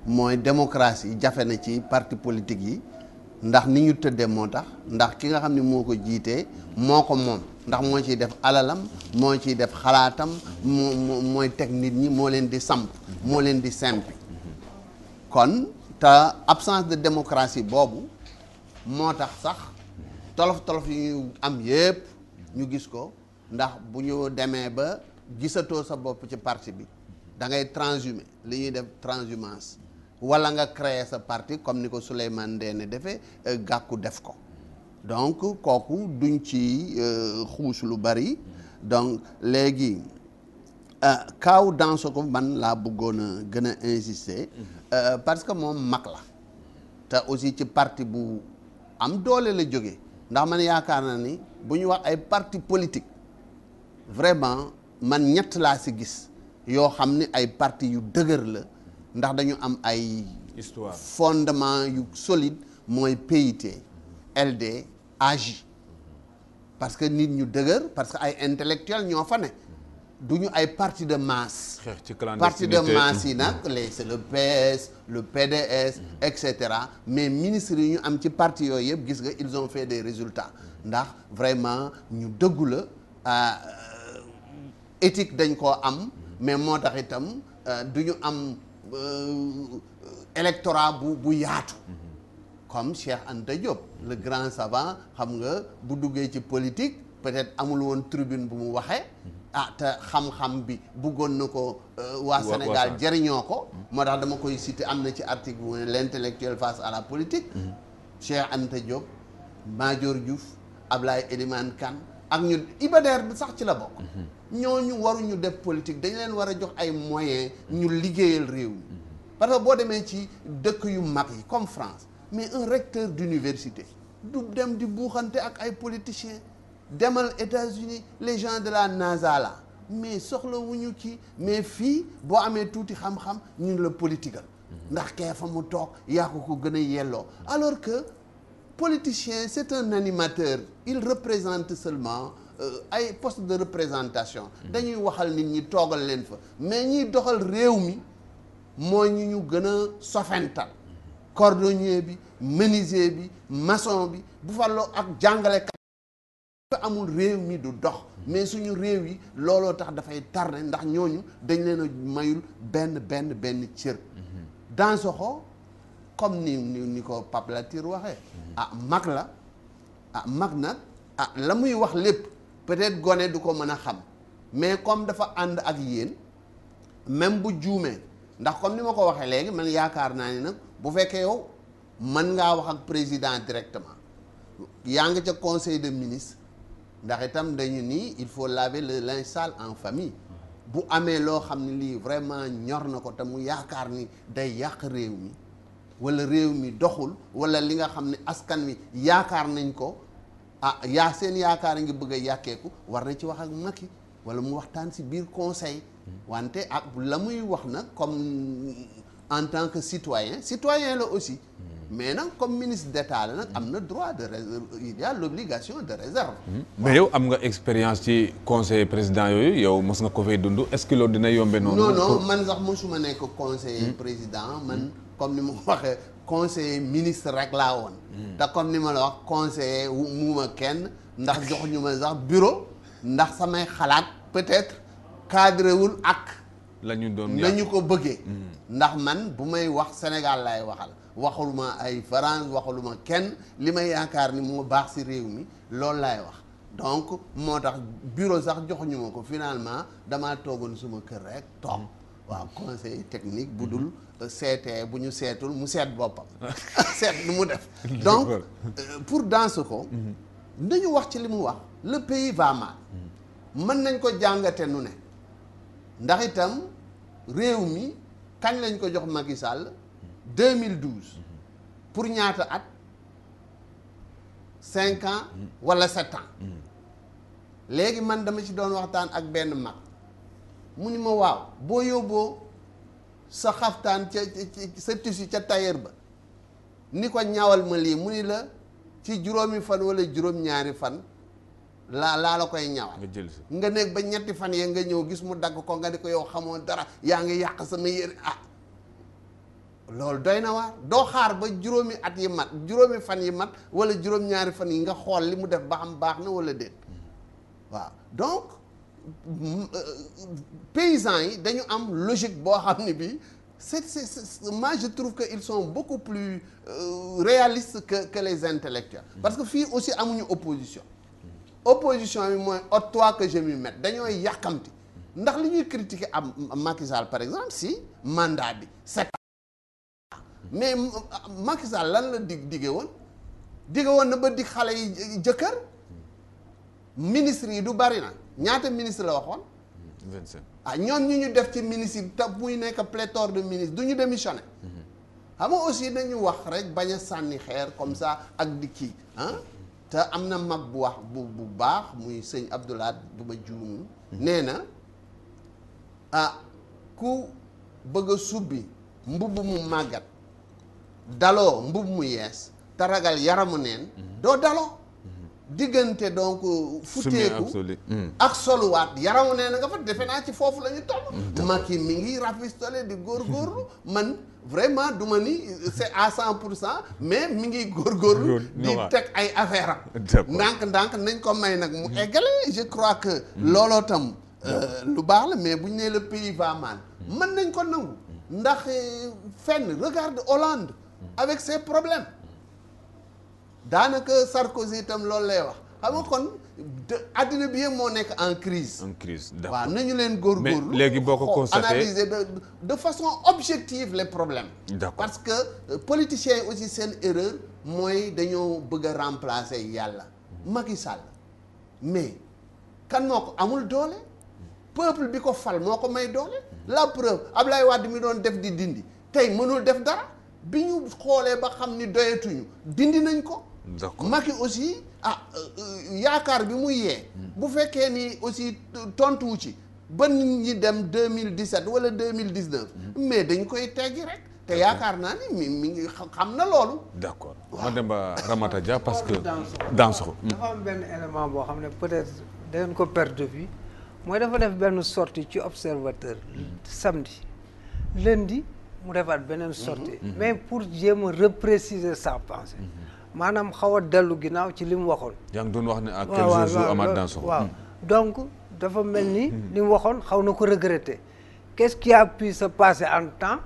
mooy démocratie jafe na ci partie politique yi ndax ni ñu tëddee moo tax ndax ki nga xam ni moo ko jiitee moo ko moom. ndax moo ciy def alalam moo ciy def xalaatam moo mooy teg nit ñi moo leen di samp moo leen di simpi kon te absence de démocratie boobu moo tax sax tolof tolof yi ñu am yépp ñu gis ko ndax bu ñu demee ba gisatoo sa bopp ci parti bi da ngay transhumé li ñuy def transhumance wala nga créer sa parti comme ni ko Souleymane Ndéné defee gàkku def ko donc kooku duñ ci euh, xuus lu bari donc léegi euh, kaaw danso ko man laa bëggoon a gën a insister mhm. euh, parce que moom mag la te aussi ci parti bu am doole la jóge ndax man yaakaar na ni bu ñu wax ay parti politique vraiment man ñett laa si gis yoo xam ni ay parti yu dëgër la ndax dañu am ay histoire fondement yu solide mooy PIT LD AJ parce que nit ñu dëgër parce que ay intellectuels ñoo fa ne du ñu ay partie de masse parti de masse yi mm-hmm. nag les c'est le PS le PDS mm-hmm. et cetera mais ministres yi ñu am ci partie yooyu yëpp gis nga ils ont fait des résultat ndax vraiment ñu dëggu la euh, éthique dañ koo am mais moo tax itam euh, du ñu am euh, électorat bu bu yaatu mm-hmm. comme Cheikh Anta Diop le grand savant xam nga bu duggee ci politique peut-être amul woon tribune bu mu waxee ah te bi bëggoon na ko euh, waa Sénégal jëriñoo ko moo tax dama koy citer am na ci article bu l'intellectuel face à la politique mhm. Cheikh Anta Diop Madior Diouf Ablaye Elimane Kane ak ñu Ibader bi sax ci la bokk mhm. ñu waruñu def politique dañ leen war a jox ay moyens ñu mhm. liggéeyal réew mi parce que boo demee ci dëkk yu mag yi comme France mais un recteur d'université du dem di buuxante ak ay politiciens demal États-Unis les gens de la NASA là mais soxlawuñu ci mais fii boo amee tuuti xam-xam ñu la politigal ndax kee fa mu toog yaa ko ko gën a yelloo alors que politicien c'est un animateur il représente seulement euh, ay post poste de représentation dañuy waxal nit ñi toogal leen fa mais ñiy doxal réew mi mooy ñu ñu gën a sofental cordonnier bi menuisier bi maçon bi bu fàlloo ak jàngale dafa amul réew mi du dox mais suñu réew yi looloo tax dafay tar tardé ndax ñooñu dañ leen a mayul benn benn benn cër mhm. Dansokho comme ni ni ko Pape Latir waxee mhm. ah mag la ah mag nag ah la muy wax lépp peut-être gone du ko mën a xam mais comme dafa ànd ak yéen même bu juumee ndax comme ni ma ko waxee léegi man yaakaar naa ni nag bu fekkee yow mën ngaa wax ak président directement yaa ngi ca conseil de ministre ndax itam dañu nii il faut laver la linge sale en famille bu amee loo xam ne lii vraiment ñor na ko te mu yaakaar ni day yàq réew mi wala réew mi doxul wala li nga xam ne askan wi yaakaar nañ ko ah yaa seen yaakaar ngi bëgg a yàqeeku war na ci wax ak Macky wala mu waxtaan si biir conseil wante ak la muy wax nag comme en tant que citoyen citoyen la aussi hmm. mais nag comme ministre d'État la nag am na droit de réserve il y l'obligation de réserve hmm. mais yow am nga expérience ci conseil président yooyu yow mos nga ko fay dund est dina yombe noonu non man sax mosuma nekk conseiller hmm. président comme ni ma waxee conseiller ministre rek laa woon te comme ni ma la wax conseiller muuma kenn ndax jox ñu ma sax bureau ndax samay xalaat peut cadrewul ak la doon la ñu ko bëggee hmm. ndax man bu may wax Sénégal laay waxal waxul ma ay France ma kenn li ma yaakaar ni moo baax ci réew mi loolu laay wax donc moo tax bureau sax joxuñu ma ko finalement damaa toogoon suma kër rek toog hmm. waaw conseil technique bu hmm. dul seetee euh, bu ñu seetul mu seet boppam seet lu mu def donc euh, pour danse ko nañu wax ci li mu wax le pays va mën nañ ko jàngate nu ne ndax itam réew mi kañ lañ ko jox Macky Sall 2012 pour ñaata at cinq ans wala sept léegi man dama ci doon waxtaan ak benn mag mu ni ma waaw boo yóbboo sa xaftaan ca sa tissu ca tailleur ba ni ko ñawal ma lii mu ni la ci juróomi fan wala juróom-ñaari fan laa laa la koy ñawal. nga jël nga nekk ba ñetti fan yee nga ñëw gis mu dagg ko nga di ko yow xamoo dara yaa ngi yàq sama yére ah. loolu doy na waar doo xaar ba juróomi at yi mat juróomi fan yi mat wala juróom-ñaari fan yi nga xool li mu def ba xam baax na wala déet waaw donc euh, paysans yi dañu am logique boo xam ne bi c'est c'est moi je trouve que ils sont beaucoup plus euh, réalistes que que les intellectuels parce que fii aussi amuñu opposition opposition yi mooy ôte toi que je m'y dañooy yàkkamti ndax li ñuy critiquer am Macky par exemple si mandat bi sept mais Macky lan la dig dige woon digge woon na ba dig xale yi jëkkër ministre yi du bari na ñaata ministre la waxoon ah ñoom ñu ñu def ci ministre yi te muy nekk pléthore de ministre du ñu démissionné mm-hmm. xam aussi dañu wax rek bañ a sànni xeer comme ça ak di te am na mag bu wax bu baax muy sëñ Abdoulaat bu ma juum nee na ah ku bëgg a subbi mbubb mu màggat daloo mbubb mu yees te ragal yaramu neen mhm. doo daloo diggante donc futeeku mhm. ak soluwaat yaramu neen nga fa defe naa ci foofu lañu ñu mhm. mag yi mi ngi rafistole di góorgóorlu man vraiment du ma ni c'est à cent pour cent mais mi ngi góorgóorlu di teg ay affaire am ndànk ndànk nañ ko may nag mu mm. eggale je crois que mm. looloo tam euh, lu baax la mais bu ñu nee le pays va man mm. mën nañ ko nangu ndax euh, fenn regarde Hollande avec ses problème daanaka Sarkozy itam loolu lay wax xam kon kon addina bi yëpp moo nekk en crise en crise d'accord waaw nañu leen góorgóorlu mais léegi boo ko constaté analyser de de façon objective les problèmes d'accord parce que euh, politiciens yi aussi seen erreur mooy dañoo bëgg a remplacer yàlla Macky Sall mais kan moo ko amul doole peuple bi ko fal moo ko may doole la preuve Ablaye Wade mi doon def di dindi tey mënul def dara bi ñu xoolee ba xam ni doyatuñu dindi nañ ko d'accord Macky aussi ah euh, yaakaar bi muy yee. bu fekkee ni aussi tontuwu ci ba nit ñi dem 2017 wala 2019. Mm-hmm. mais dañ koy teggi rek. te yaakaar naa ni mi mi ngi xam na loolu. d'accord ma dem ba Ramata Dia parce que. Dansokho mm. dafa am benn élément boo xam ne peut-être dangeen ko perdre depuis mooy dafa def benn sorti ci observateur mm. samedi lundi mu defaat beneen sortie mm-hmm. Mm-hmm. mais pour jéem a repréciser sa pensée. maanaam xaw a dellu ginnaaw ci li mu waxoon. yaa ngi doon wax ne à quel jour jour Amath Dansokho waaw hmm. donc dafa mel ni. li mu waxoon xaw na ko regretter. qu'est-ce qui a pu en temps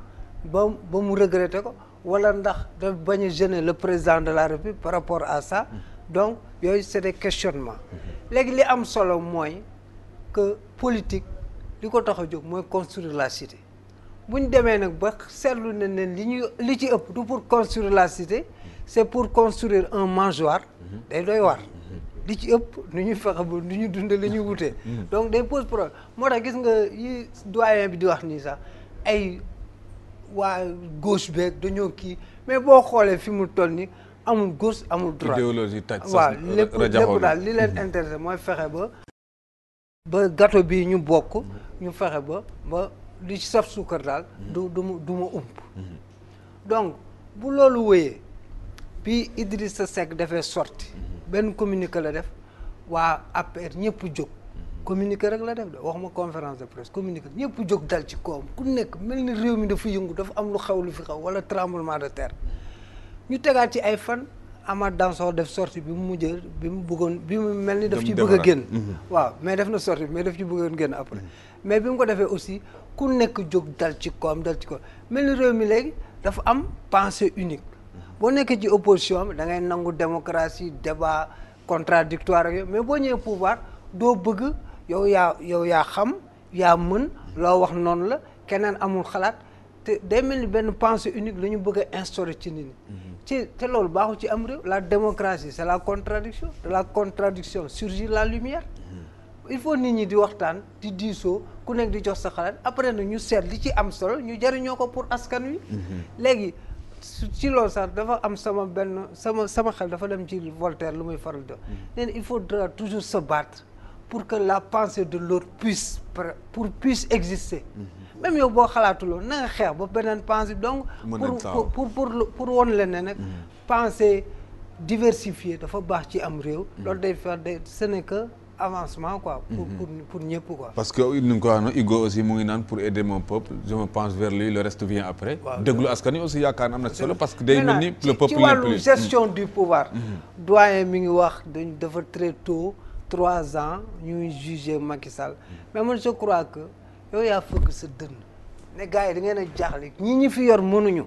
ba ba mu regretter ko wala ndax daf bañ a gêner le président de la République par rapport à ça. Hmm. donc yooyu c'est des questionnements. léegi li am solo mooy que politique li ko tax a jóg mooy construire la cité. bu ñu demee nag ba seetlu na ne li ñuy li ci ëpp du pour construire la cité. c'est pour construire un mangeoire day doy waar li ci ëpp nu ñuy fexe ba nu ñu dundee li ñuy wutee donc day pose problème moo tax gis nga yi doyen bi di wax nii sax ay waa gauche beeg dañoo kii mais boo xoolee fi mu toll nii amul gauche amul droite idéologie taj waaw lépp lépp daal li leen intéressé mooy fexe ba ba gato bi ñu bokk ñu fexe ba ba li ci saf suukar daal du du mu du ump mm-hmm. donc bu loolu wéyee puis Idrissa Seck dafay sorti benn communique la def waa APR ñëpp jóg communiqué rek la def de waxuma conférence de presse communiqué ñëpp jóg dal ci kawam ku nekk mel ni réew mi dafa yëngu dafa am lu xaw lu fi xaw wala tremblement de terre ñu tegaat ci ay fan Amath Dansokho def sorti bi mu mujjee bi mu bëggoon bi mu mel ni daf ci bëgg a génn mhm. waaw mais def na sorti mais daf ci bëggoon génn après mhm. mais bi mu ko defee aussi ku nekk jóg dal ci kawam dal ci kawam mel ni réew mi léegi dafa am pensée unique boo nekkee ci opposition am da ngay nangu démocratie débat contradictoire ak yooyu mais boo ñëwee pouvoir doo bëgg yow yaa yow yaa xam yaa mën loo wax noonu la keneen amul xalaat te day mel ni benn pensée unique la ñu bëgg a instaurer ci nit ñi mhm. ci te loolu baaxul ci am réew la démocratie c'est la contradiction de la contradiction surgit la lumière mhm. il faut nit ñi di waxtaan di diisoo ku nekk di jox sa xalaat après na ñu seet li ci am solo ñu jariñoo ko pour askan wi mhm. léegi si loolu sax dafa am sama benn sama sama xel dafa dem ci Voltaire lu muy faral di mm-hmm. nee na il faudra toujours sa battre pour que la pensée de l'autre puisse pour puisse exister mm-hmm. même yow boo xalaatuloon na xeex ba beneen pensée donc pour pour pour pour woon leen ne nag mm-hmm. pensée diversifiée dafa baax ci am réew loolu day faire day ce que avancement quoi. pour pour mhm. pour ñëpp quoi. parce que nu ñu ko waxee Hugo aussi mu ngi naan pour aider mon peuple je me penche vers lui le reste vient après. waaw déglu askan wi aussi yaakaar na am na solo. parce que day mel ni le gestion du pouvoir. Mhm. doyen mi ngi wax dañ dafa très tôt trois ans ñuy juger Macky Sall mhm. mais man je crois que yow yaa fëgg sa dënn ne gars yi da ngeen a jaaxle ñi ñi fi yor mënuñu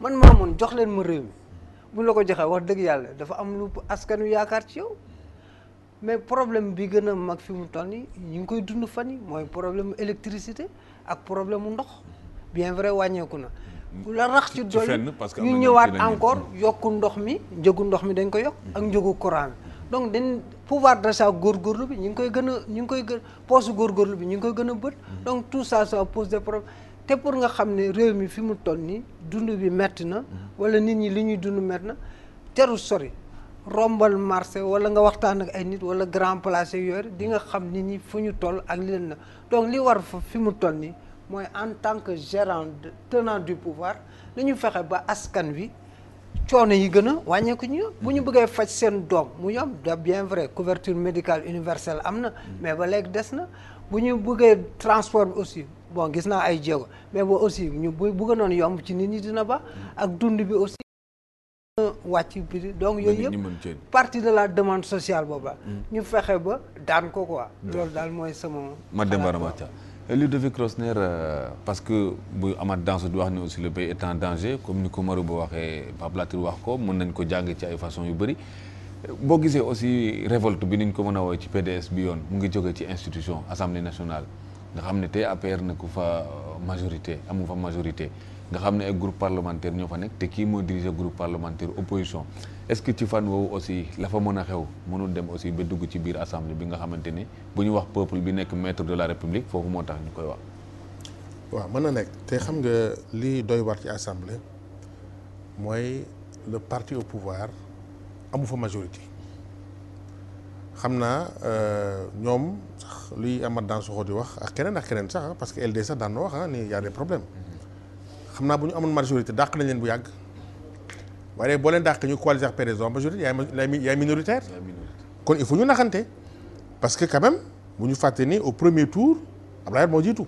man maa mun jox leen ma réew mi bu la ko joxee wax dëgg yàlla dafa am lu askanu yaakaar ci yow. mais problème bi gën a mag fi mu toll nii ñu ngi koy dund fan yi mooy problème électricité ak problème mu ndox bien vrai wàññeeku na. la rax ci doy ñu ñëwaat encore yokku ndox mi njëgu ndox mi dañ ko yokk ak njëgu courant bi donc dañ pouvoir d'achat góorgóorlu bi ñu ngi koy gën a ñu ngi koy gën poche góorgóorlu bi ñu ngi koy gën a bët donc tout ça ça pose de problèmes te pour nga xam ne réew mi fi mu toll nii dund bi metti na mhm. wala nit ñi li ñuy dund metti na teru sori rombal marché wala nga waxtaan ak ay nit wala grand place yooyu di nga xam nit ñi fu ñu toll ak li leen na donc li war fa fi mu toll nii mooy en tant que gérant tenant du pouvoir nañu fexe ba askan wi coono yi gën a wàññeeku ñu bu ñu bëggee faj seen doom mu yom da bien vrai couverture médical universelle am na mais ba léegi des na bu ñu bëggee transport bi aussi bon gis naa ay jéego mais ba aussi ñu bu noonu yomb ci nit ñi dina ba ak dund wàcc prix donc yooyu yëpp partie de la demande sociale boobu la mm. ñu fexe ba daan ko quoi mm. loolu daal mooy sama ma dem baramata euh, Ludovic Rosner euh, parce que bu Amath Dansokho du wax ne aussi le pays est danger comme ni ko Marou ba waxee Pape wax ko mën nañ ko jàng ci ay façon yu bëri boo gisee aussi révolte bi niñ ko mën a woowee ci PDS bi yoon mu ngi jógee ci institution assemblée nationale nga xam ne tey APR na ku fa majorité amu fa majorité nga xam ne ay groupe parlementaire ñoo fa nekk te kii moo dirige groupe parlementaire opposition est-ce que ci fan woowu aussi la fa mën a xew mënul dem aussi ba dugg ci biir assemblée bi nga xamante ni bu ñu wax peuple bi nekk maître de la république foofu moo tax ñu koy wax waaw mën na nekk te xam nga li doy war ci assemblée mooy le parti au pouvoir amu fa majorité xam naa euh, ñoom sax luy Amath Dansokho di wax ak keneen ak keneen sax parce que LD sax daan na ah, a des problèmes mm-hmm. xam naa bu ñu amoon majorité dàq nañ leen bu yàgg waaye boo leen dàq ñu coaliser ak PDS majorité yaay minoritaire kon il faut ñu naxante parce que quand bu ñu fàtte ni au premier tour Abdoulaye moo jiitu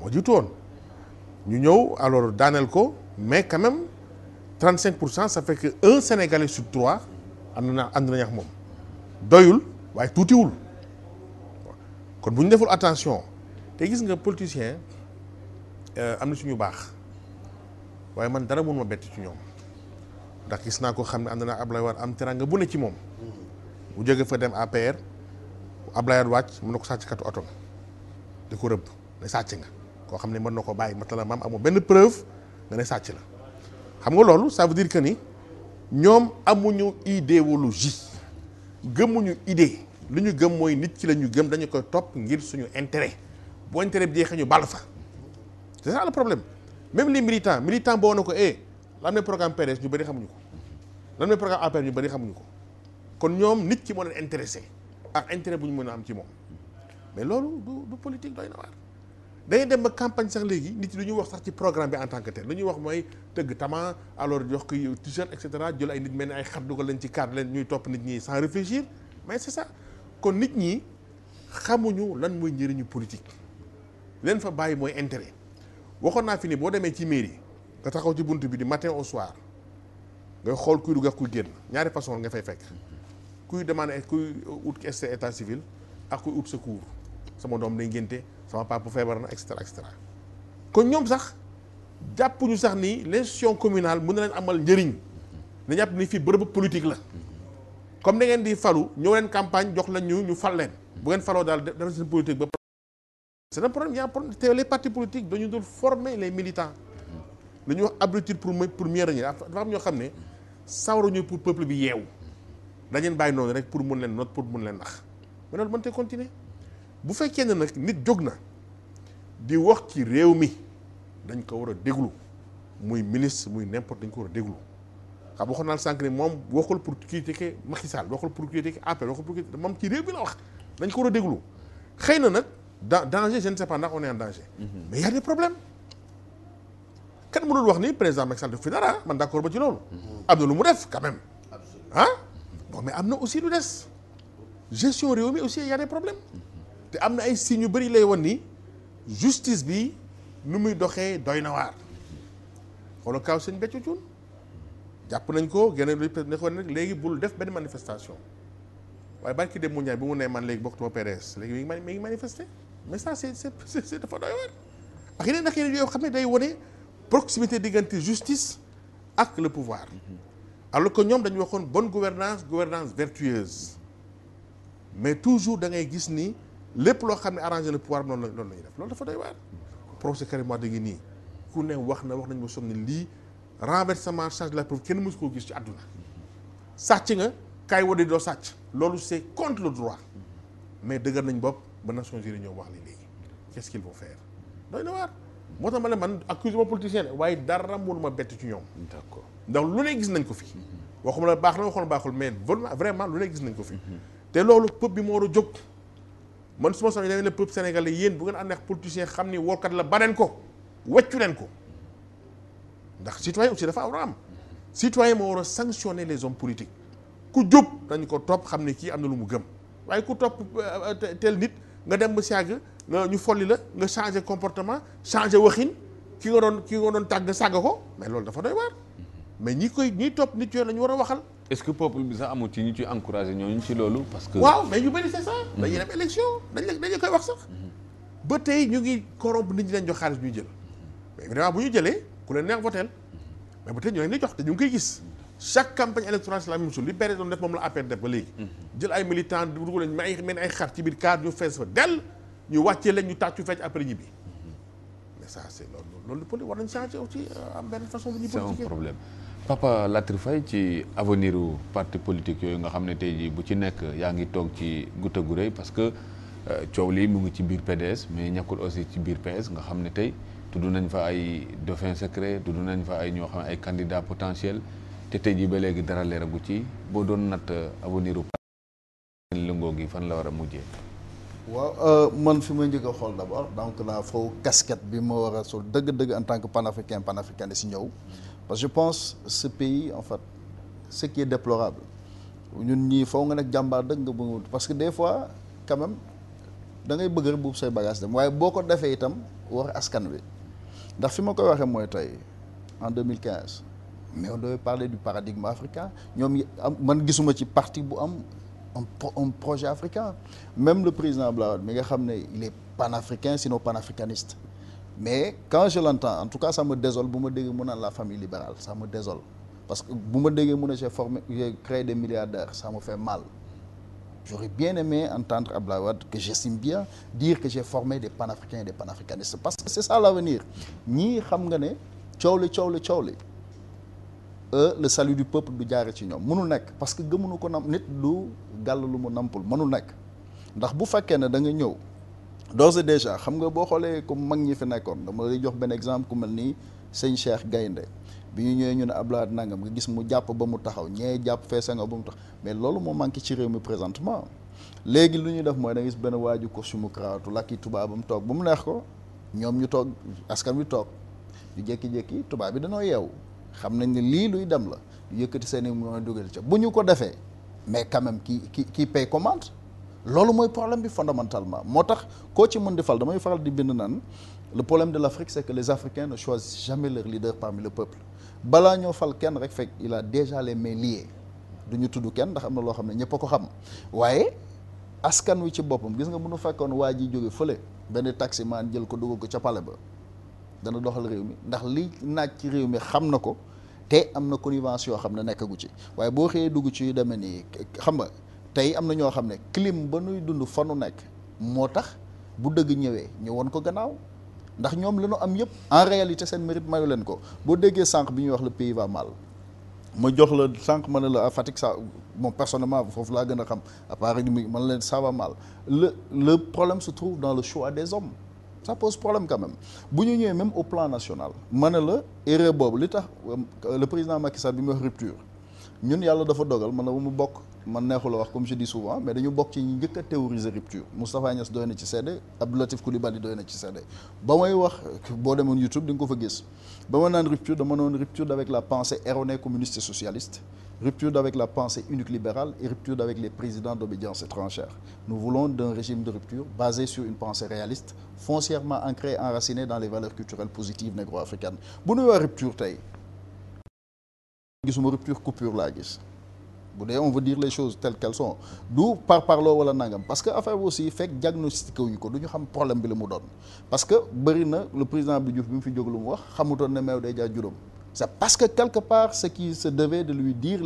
moo jiitu woon ñu ñëw alors daaneel ko mais quand même 35 pour cent sa fekk que un Sénégalais sur trois am na ànd nañ ak moom doyul waaye tuutiwul kon bu ñu deful attention te gis nga politicien Euh, am na suñu baax waaye man dara mun ma bett ci ñoom ndax gis naa ko xam ne ànd naa Ablaye Wade am teranga bu ne ci moom mu jóge fa dem APR Ablaye Wade wàcc mun na ko sàcckatu otom di ko rëbb ne sàcc nga koo xam ne mën na ko bàyyi mata la maam amoo benn preuve nga ne sàcc la xam nga loolu ça veut que ni ñoom amuñu idéologie gëmuñu idée lu ñu gëm mooy nit ki la ñu gëm dañu koy topp ngir suñu intérêt bu intérêt bi jeexee ñu bal fa c'est ça le problème même les militants militants boo na ko eh lan mooy programme PDS ñu bëri xamuñu ko lan mooy programme APR ñu bari xamuñu ko kon ñoom nit ki moo leen intéressé ak intérêt bu ñu mën a am ci moom mais loolu du du politique doy na waar dañuy dem ba campagne sax léegi nit ñi du ñu wax sax ci programme bi en tant que tel lu wax mooy tëgg tama alors jox ko t-shirt et cetera jël ay nit mel ni ay xar ko leen ci cadre leen ñuy topp nit ñi sans réfléchir mais c'est ça kon nit ñi xamuñu lan mooy njëriñu politique leen fa bàyyi mooy intérêt. waxoon naa fi ni boo demee ci mairie nga taxaw ci bunt bi di matin au soir ngay xool kuy dugg ak kuy génn ñaari façon nga fay fekk kuy demande kuy ut état civil ak kuy ut secours sama doom day ngénte sama papa feebar na et cetera et kon ñoom sax jàpp ñu sax ni l'institution communal mën na leen amal njëriñ na jàpp ni fii bërëb politique la comme da ngeen di falu ñëw leen campagne jox la ñu ñu fal leen bu ngeen faloo daal def seen politique ba c'est un problème y' a problème te les partis politiques dañu dul former les militants li ñuy wax abrutir pour première ñi dafa am ñoo xam ne sawaruñu pour peuple bi yeewu dañ bàyyi noonu rek pour mun leen noot pour mun leen nax mais loolu mënut a continuer bu fekkee ne nag nit jóg na di wax ci réew mi dañ ko war a déglu muy ministre muy n'importe dañ ko war a déglu xam waxoon naa sànq ne moom waxul pour critiquer Macky Sall waxul pour critiquer APR waxul pour critiquer moom ci réew mi la wax dañ ko a déglu xëy na nag. dans danger je ne sais pas ndax on est en danger. Mm -hmm. mais y a des problèmes. kenn wax ni président Macky Sall def fi dara man d'accord ba ci loolu. Mhm. am na lu mu def quand même. ah mhm. am na aussi lu des. gestion réew mi aussi y a des problèmes. Mhm. te am na ay signes yu bëri lay won ni justice bi nu muy doxee doy na waar. xoolal kaaw seen beccu cuun jàpp nañ ko gën a ne ko nag léegi bul def benn manifestation waaye barki dem mu ñaay bi mu ne man léegi bokk ma PDS léegi mi ngi manifester mais ça c'est c'est dafa doy waar ak yeneen ak yeneen yoo xam ne day wane proximité diggante justice ak le pouvoir mm-hmm. alors que ñoom dañu waxoon bonne gouvernance gouvernance vertueuse mais toujours da ngay gis ni lépp loo xam ne arrangé la pouvoir noonu la noonu la ñuy def loolu dafa doy waar procès Karim Wade ngi nii ku ne wax na wax nañu ba sonn lii renversement charge la preuve kenn mësu koo gis ci àdduna sàcc nga kaay wadde doo sàcc loolu c'est contre le droit mm-hmm. mais dëgër nañ bopp ba Nations Unies ñoo wax li léegi qu'est-ce moo tax ma ne man accuse ma politicien waaye dara mënu ma bett ci ñoom d'accord ndax lu ne gis nañ ko fi mm-hmm. waxuma la baax na waxoon baaxul mais vraiment lu ne gis nañ ko fi mm-hmm. te loolu peuple bi moo war a jóg man su ma soxla da ne peuple sénégalais yéen bu ngeen ànd ak politicien xam ni workat la baneen ko weccu leen ko ndax citoyen aussi dafa war a am mm-hmm. citoyen moo war a sanctionner les hommes politiques ku jub dañ ko topp xam ne kii am na lu mu gëm waaye ku topp euh, euh, tel nit nga dem ba si yàgg ñu folli la nga changé comportement changé waxin ki nga doon ki nga doon tàgg sàgg ko mais loolu dafa doy waar mais ñi koy ñiy topp nit yooyu la ñu war a waxal. est-ce que peuple bi sax amul ci ñu ci encouragé ñooñu ci loolu parce que. waaw mais ñu bëri c'est ça. Mhm. dañuy koy wax sax. Mhm. ba tey ñu ngi corrompre nit ñi dañ jox xaalis ñuy jël mhm. mais vraiment bu ñu jëlee ku leen neex votel mais ba tey ñoo leen di jox te ñu ngi koy gis. chaque campagne électorale c'est la même chose li bere doon def moom la APR def ay militants dugal leen may mel ay xar ci biir kaar ñu wàccee leen ñu tàccu fecc après ñibbi mais ça loolu loolu nañ changer aussi euh, am benn un problème Papa Latir Faye ci avenir parti politique yooyu nga xam ne tey bu ci nekk yaa ngi toog ci goutte gu rëy parce que euh, coow lii mu ngi ci biir PDS mais ñàkkul aussi ci biir PS nga xam ne tey tudd nañ fa ay dauphin secret tudd nañ fa ay ñoo xam ne ay candidats potentiels te tey jii ba léegi dara leeragu ci boo doon natt avenir u lëngoo gi fan la war a mujjee waaw euh, man fi may njëkk a xool d'abord donc la faux casquette bi ma war a sol dëgg-dëgg en tant que panafricain panafricain si ñëw parce que je pense ce pays en fait ce qui est déplorable ñun ñii foo nga nekk jàmbaar dëgg nga bëgg parce que des fois quand même bëgg rek buub say bagage dem waaye boo ko defee itam war askan wi ndax fi ma koy waxee mooy tey en 2015 mais on devait parler du paradigme africain ñoom am man gisuma ci parti bu am un projet africain même le président Abdoulaye Wade mi nga xam ne il est panafricain sinon panafricaniste mais quand je l'entends en tout cas ça me désole bu ma déggee mu a la famille libérale ça me désole parce que bu ma déggee mu a j'ai formé j'ai créé des milliardaires ça me fait mal j'aurais bien aimé entendre Abdoulaye Wade que j'estime bien dire que j'ai formé des panafricains et des panafricanistes parce que ñii xam nga ne coow li coow li coow li Euh, le salut du peuple du jaare ci ñoom mënul nekk parce que gëmunu ko nam nit lu gàll lu mu nampul mënul nekk ndax bu fekkee ne da nga ñëw d'ores et déjà xam nga boo xoolee comme mag ñi fi nekkoon dama lay jox benn exemple ku mel nii sëñ Cheikh Gaynde bi ñu ñëwee ñu ne Abdoulaye nangam nga gis mu jàpp ba mu taxaw ñee jàpp fee sanga ba mu tax mais loolu moo manqué ci réew mi présentement léegi lu ñuy def mooy da nga gis benn waaju ko sumu karaatu lakki tubaabam toog ba mu neex ko ñoom ñu toog askan wi toog ñu jékki tubaab bi danoo yeewu xam nañ ne lii luy dem la yëkkati seen i mooy dugal ca bu ñu ko defee mais quand même kii kii kii paye loolu mooy problème bi fondamentalement moo tax koo ci mën di fal damay faral di bind naan le problème de l'Afrique c'est que les Africains ne choisissent jamais leur leader parmi le peuple balaa ñoo fal kenn rek fekk il a déjà les mais liées du ñu tudd kenn ndax am na loo xam ne ñëpp a ko xam waaye askan wi ci boppam gis nga mënu fekkoon waa ji jóge fële benn taximaan jël ko dugal ko ca pale ba dana doxal réew mi ndax li naaj ci réew mi xam na ko te am na connivence yoo xam ne nekkagu ci waaye boo xëyee dugg ci yu demee nii xam nga tey am na ñoo xam ne clim ba nuy dund fanu nekk moo tax bu dëgg ñëwee ñu ko gannaaw ndax ñoom li nu am yëpp en réalité seen mérite mayu leen ko boo déggee sànq bi ñuy wax le pays va mal ma jox la sànq ma ne la Fatick ça bon personnellement foofu laa gën a xam à part man leen sa va mal le le problème se trouve dans le choix des hommes ça pose problème quand même bu ñu ñëwee même au plan national ma ne la erreur boobu li tax le président Macky Sall bi mu wax rupture ñun yàlla dafa dogal ne na mu bokk man neexu la wax comme je dis souvent mais dañu bokk ci ñu njëkk a théoriser rupture Moustapha Niass doy na ci seede Abdou Latif Coulibaly doy na ci seede ba may wax boo demoon YouTube di nga ko fa gis ba ma naan rupture dama noon rupture avec la pensée erronée communiste socialiste rupture d'avec la pensée unique libérale et rupture d'avec les présidents d'obédience étrangère. Nous voulons d'un régime de rupture basé sur une pensée réaliste, foncièrement ancrée et enracinée dans les valeurs culturelles positives négro-africaines. bu ñu wax rupture tey gisuma rupture coupure laa gis bu dee on veut dire les choses telles qu'elles sont du par parloo wala nangam parce que affaire aussi fekk diagnostiqué wuñu ko du ñu xam problème bi la mu doon parce que bëri na le président bi Diouf bi mu fi jóg lu mu wax xamutoon ne meew day juróom c'est parce que quelque part ce qui se devait de lui dire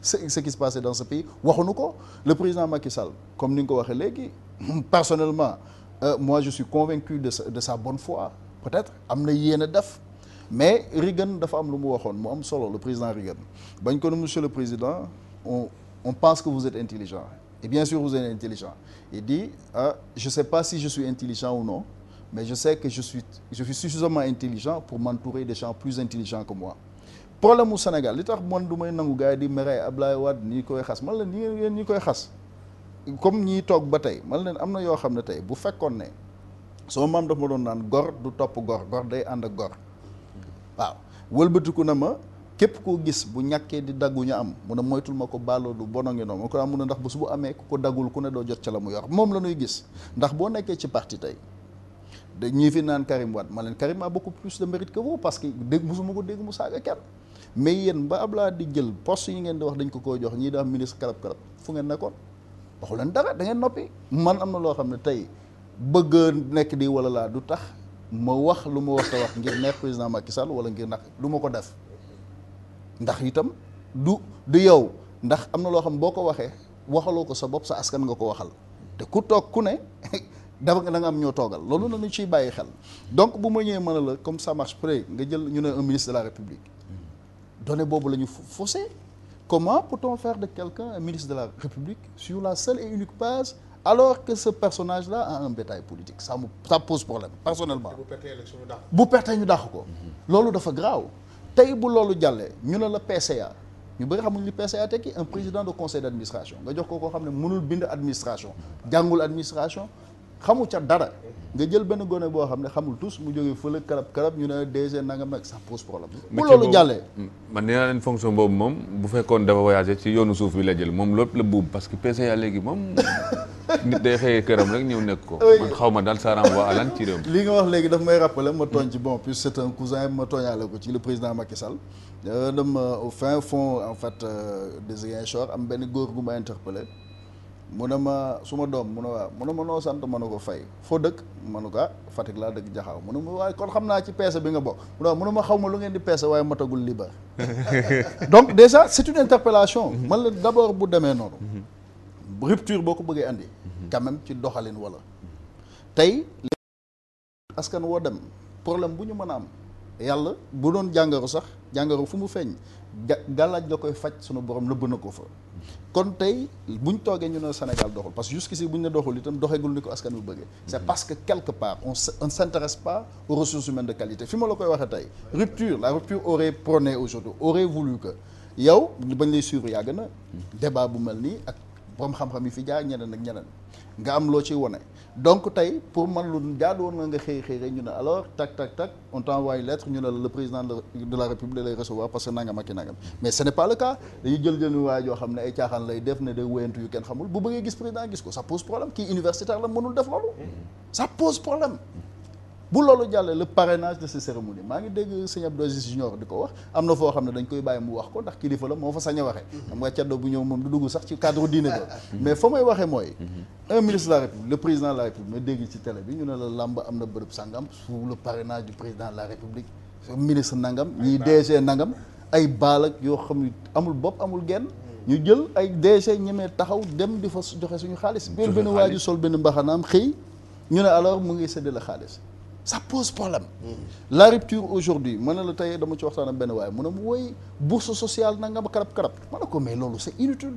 ce qui se passait dans ce pays waxuñu ko le président Macky Sall comme ni nga ko waxee léegi personnellement euh, moi je suis convaincu de sa de sa bonne foi peut-être am na yéen a def mais Reagan dafa am lu mu waxoon mu am solo le président Reagan bañ ko ne monsieur le président on on pense que vous êtes intelligent et bien sûr vous êtes intelligent il dit ah, je sais pas si je suis intelligent ou non mais je sais que je suis je suis suffisamment intelligent pour m'entourer des gens plus intelligents que moi problème mu Sénégal li tax man du may nangu gars yi di mere Ablaye Wade ñi koy xas man la ni ngeen ñi koy xas comme ñiy toog ba tey man leen am na yoo xam ne tey bu fekkoon ne soo maam dafa ma doon naan gor du topp gor gor day ànd ak gor waaw wëlbatiku na ma képp koo gis bu ñàkkee di daggu ñu am mu ne moytul ma ko baaloo du bono ngi noonu ma ko am mu ne ndax bu su bu amee ku ko daggul ku ne doo jot ca la mu yor moom la ñuy gis ndax boo nekkee ci parti tey ñii fi naan Karim Wade ma leen Karim a beaucoup plus de mérite que vous parce que dégg musuma ko dégg mu saaga kenn mais yéen ba Abdoulaye di jël poste ñu ngeen di wax dañ ko koo jox ñii daa ministre karab-karab fu ngeen nekkoon waxu leen dara da ngeen noppi man am na loo xam ne tey bëgg nekk di wala laa du tax ma wax lu ma war ta wax ngir neex président Macky Sall wala ngir nax du ma ko def ndax itam du du yow ndax am na loo xam boo ko waxee waxaloo ko sa bopp sa askan nga ko waxal te ku toog ku ne dafa nga da nga am ñoo toogal loolu na ñu ciy bàyyi xel donc bu ma ñëwee mën a la comme ça marche près nga jël ñu ne un ministre de la république donné boobu la ñu faussé comment peut-on faire de quelqu'un un ministre de la république sur la seule et unique base alors que ce personnage là a un bétail politique ça me ça pose problème personnellement bu pertee ñu dàq ko loolu dafa graaw tey bu loolu jàllee ñu ne la PCA ñu bëri xamuñ li PCA tekki un président de conseil d'administration nga jox ko koo xam ne mënul bind administration jàngul xamu ca dara nga jël benn gone boo xam ne xamul tous mu jóge fële karab karab ñu ne DG nangam nag ça pose problème. bu loolu jàllee. Hmm. ma ne naa leen fonction boobu moom bu fekkoon dafa voyagé ci yoonu suuf bi la jël moom lépp la buub parce que PCA léegi moom nit day xëyee këram rek ñëw nekk ko. man xaw ma daal ça renvoie à lan ci réew mi. li nga wax léegi daf may rappeler ma tooñ ci bon puis c'est un cousin ma tooñaale ko ci le président Macky Sall. Euh, dama euh, fin fond en fait euh, de Ziguinchor am benn góor gu ma interpellé. mu ne ma su ma doom mu ne waa mu ne ma noo sant ma ne ko fay foo dëkk ma ne ko ah Fatick laa dëkk jaxaaw mu ne ma waaye kon xam naa ci peese bi nga bokk mu ne waaw mu ne ma xaw ma lu ngeen di peese waaye matagul li ba donc déjà c'est une interpellation man la d'abord bu demee noonu mhm. rupture boo ko bëggee indi mhm. quand ci doxalin wala tey askan woo dem problème bu ñu mën a am yàlla bu doon jàngaro sax jàngaro fu mu feeñ ga gàllaaj nga koy faj sunu borom nëbb na ko fa kon tey buñ toogee ñu ne Sénégal doxul parce que jusqu'ici buñ ne doxul itam doxegul ni ko askan wi bëggee c'est mm-hmm. parce que quelque part on on s'intéresse pas aux ressources de qualité fi ma la koy waxee tey rupture la rupture aurait prôné aujourd'hui aurait voulu que yow bañ lay suivre yàgg na mm-hmm. débat bu mel nii ak boroom xam-xam yi fi jaar ñeneen ak ñeneen nga am loo ciy wone donc tey pour man lu jaadu woon na nga xëy xëy rek ñu ne alors tac tac tac on t'envoie une lettre ñu ne le président de la république lay recevoir parce que nangam ak i nangam mais ce n'est pas le cas dañuy jël jël waay yoo xam ne ay caaxaan lay def ne day wéyantu yu kenn xamul bu bëggee gis président gis ko ça pose problème kii universitaire la mënul def loolu ça pose problème bu loolu jàllee le parrainage de ces maa ngi dégg sëñ Abdou Junior di ko wax am na foo xam ne dañ koy bàyyi mu wax ko ndax kilifa la moo fa sañ a waxee xam dugg sax ci cadre diine ba mais fa may waxee mooy un ministre de la république le président la république nga dégg ci télé bi ñu ne la làmb am na bërëb sàngam sous le parrainage du président de la république ministre nangam ñiy DG nangam ay baal ak yoo xam ne amul bopp amul genn ñu jël ay DG ñemee taxaw dem di fa joxe suñu xaalis biir benn waaju sol benn mbaxanaam xëy ñu ne alors mu ngi séddale xaalis ça pose problème mm. la rupture aujourd'hui ma ne la tey dama ci waxtaan ak benn waaye mu ne mu woy bourse sociale nangam karab karab ma ne mais loolu c'est inutile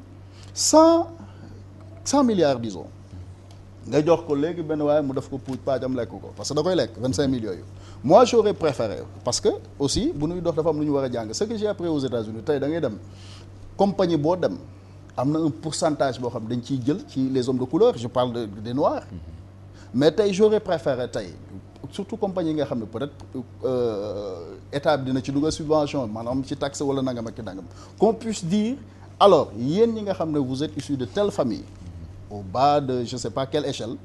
cent cent milliards disons nga jox ko léegi benn waaye mu def ko puuj paajam lekk ko parce que da koy lekk vingt cinq millions yooyu moi j'aurais préféré parce que bu ñuy dox dafa am lu ñu war a jàng ce que j'ai appris tey da ngay dem compagnie boo dem am na un pourcentage boo xam dañ ciy jël ci les hommes de couleur je parle de des noirs mm-hmm. mais tey j'aurais préféré tey surtout compagnie yi nga xam ne peut-être euh, état bi dina ci dugal subvention maanaam ci taxe wala nangam ak nangam qu'on puisse dire alors yéen ñi nga xam ne vous êtes issus de telle famille au bas de je sais pas quelle échelle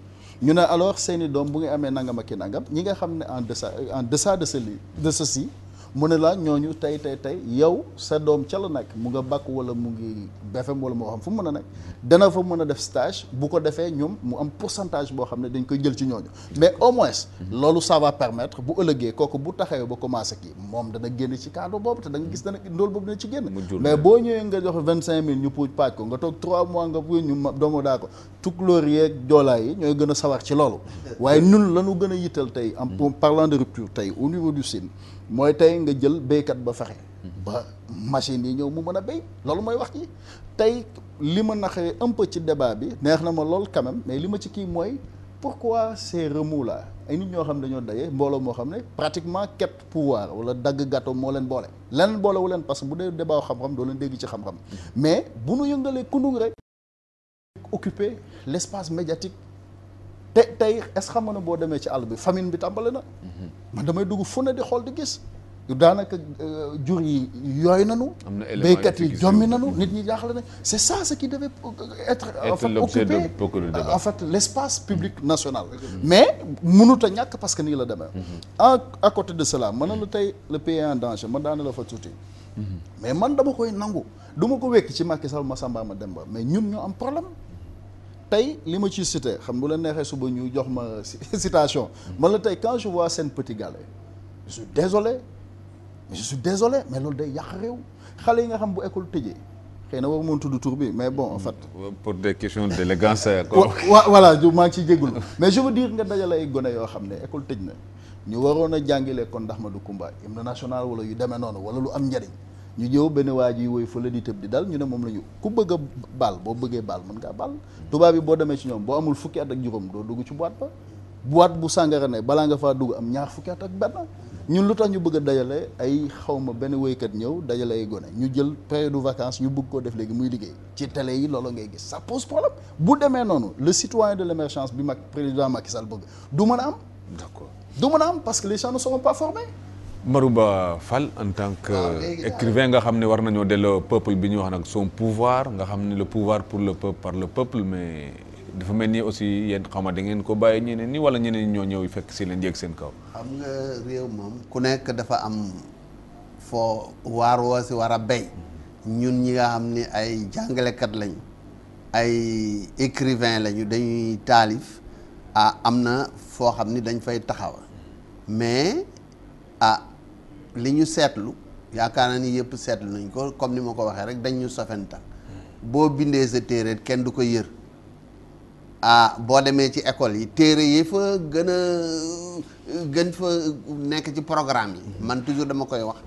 ñu ne alors seeni doom bu nga amee nangam ak nangam ñi nga xam ne en deçà en deçà de celui de ceci mu ne la ñooñu tey tey tey yow sa doom ca la nekk mu nga bàkk wala mu ngi BFM wala moo xam fu mu mën a nekk dana fa mën a def stage bu ko defee ñoom mu am pourcentage boo xam ne dañ koy jël ci ñooñu mais au moins loolu ça va bu ëllëgee kooku bu taxawee ba commencé kii moom dana génn ci cadre boobu te da nga gis dana ndóol boobu dana ci génn mais boo ñëwee nga jox vingt cinq mille ñu puuj paaj ko nga toog trois mois nga puuj ñu doomu daa ko tukulóor yeeg joolaa yi ñooy gën a sawar ci loolu waaye ñun lañu gën a yittal tey am parlant de ructure tey au niveau du Sine mooy tey nga jël béykat ba fexe ba machine yi ñëw mu mën a béy loolu mooy wax ci tey li ma naxee un ci débat bi neex na ma lool quand même mais li ma ci kii mooy pourquoi ces remous là ay nit ñoo xam dañoo daje mbooloo moo xam ne pratiquement képp pouvoir wala dagg gâteau moo leen boole leneen boolewu leen parce que bu dee débat xam-xam doo leen dégg ci xam-xam mais bu nu yëngalee kundung rek occuper médiatique te tey est xam nga ne boo demee ci àll bi famine bi tàmbale na. Mhm. man damay dugg fu ne di xool di gis. daanaka euh, jur yi yooyu nanu. am na béykat yi jommi nanu nit ñi jaaxle ne c' est ça ce qui devait euh, être. en fait occupé en fait l' espace public mhm. national. Mhm. mais mënut a ñàkk parce que nii la demee. en à côté de a mën la tey le pays en danger man daane la fa mais man dama koy nangu du ma ko wekk ci Macky Sall Massamba Mademba mais ñun ñoo am problème. tey li ma ciy cité xam bu la neexee suba ñu jox ma citation man la tey quand je vois seen petit gallé je suis désolé je suis désolé mais loolu day yàq réew xale yi nga xam bu école tëjee xëy na war moon tudd tur bi mais bon en fait mm, pour des questions d'élégance euh, quoi voilà maa ngi ciy jéggul mais je veux dire nga dajale ay gone yoo xam ne école tëj na ñu waroon a jàngile kon ndax ma du kumba hymne national wala yu demee noonu wala lu am njëriñ ñu ñëw benn waa ji woy fële di tëb di dal ñu ne moom la ñu ku bëgg baal boo bëggee baal mën ngaa baal tubaab bi boo demee ci ñoom boo amul fukki at ak juróom doo dugg ci boîte ba boîte bu sàngara ne balaa nga faa dugg am ñaar fukki at ak benn ñun lu tax ñu bëgg dajale ay xawma benn woykat ñëw dajale ay gone ñu jël période vacance ñu bëgg koo def léegi muy liggéey ci télé yi loolu ngay gis ça pose problème bu demee noonu le citoyen de l'émergence bi mag président Macky Sall bëgg du mën a am d'accord du mën a am parce que les gens ne seront maru Marouba Fall en tant que ah, écrivain nga xam ne war nañoo delloo peuple bi ñuy wax nag son pouvoir nga xam ne le pouvoir pour le peuple par le peuple mais dafa mel ni aussi yéen xaw ma da ngeen ko bàyyi ñeneen ñi wala ñeneen ñoo ñëw fekk si leen seen kaw. xam nga réew moom ku nekk dafa am foo waar si war a béy ñun ñi nga ay jàngalekat lañu ay écrivain lañu dañuy taalif ah am na foo xam ni dañ fay taxaw mais. ah li ñu seetlu yaakaar na ni yëpp seetlu nañ ko comme ni ma ko waxee rek dañu ñu boo bindee sa téere kenn du ko yër ah boo demee ci école yi téere yi fa gën a gën fa nekk ci programme yi mm-hmm. man toujours dama koy wax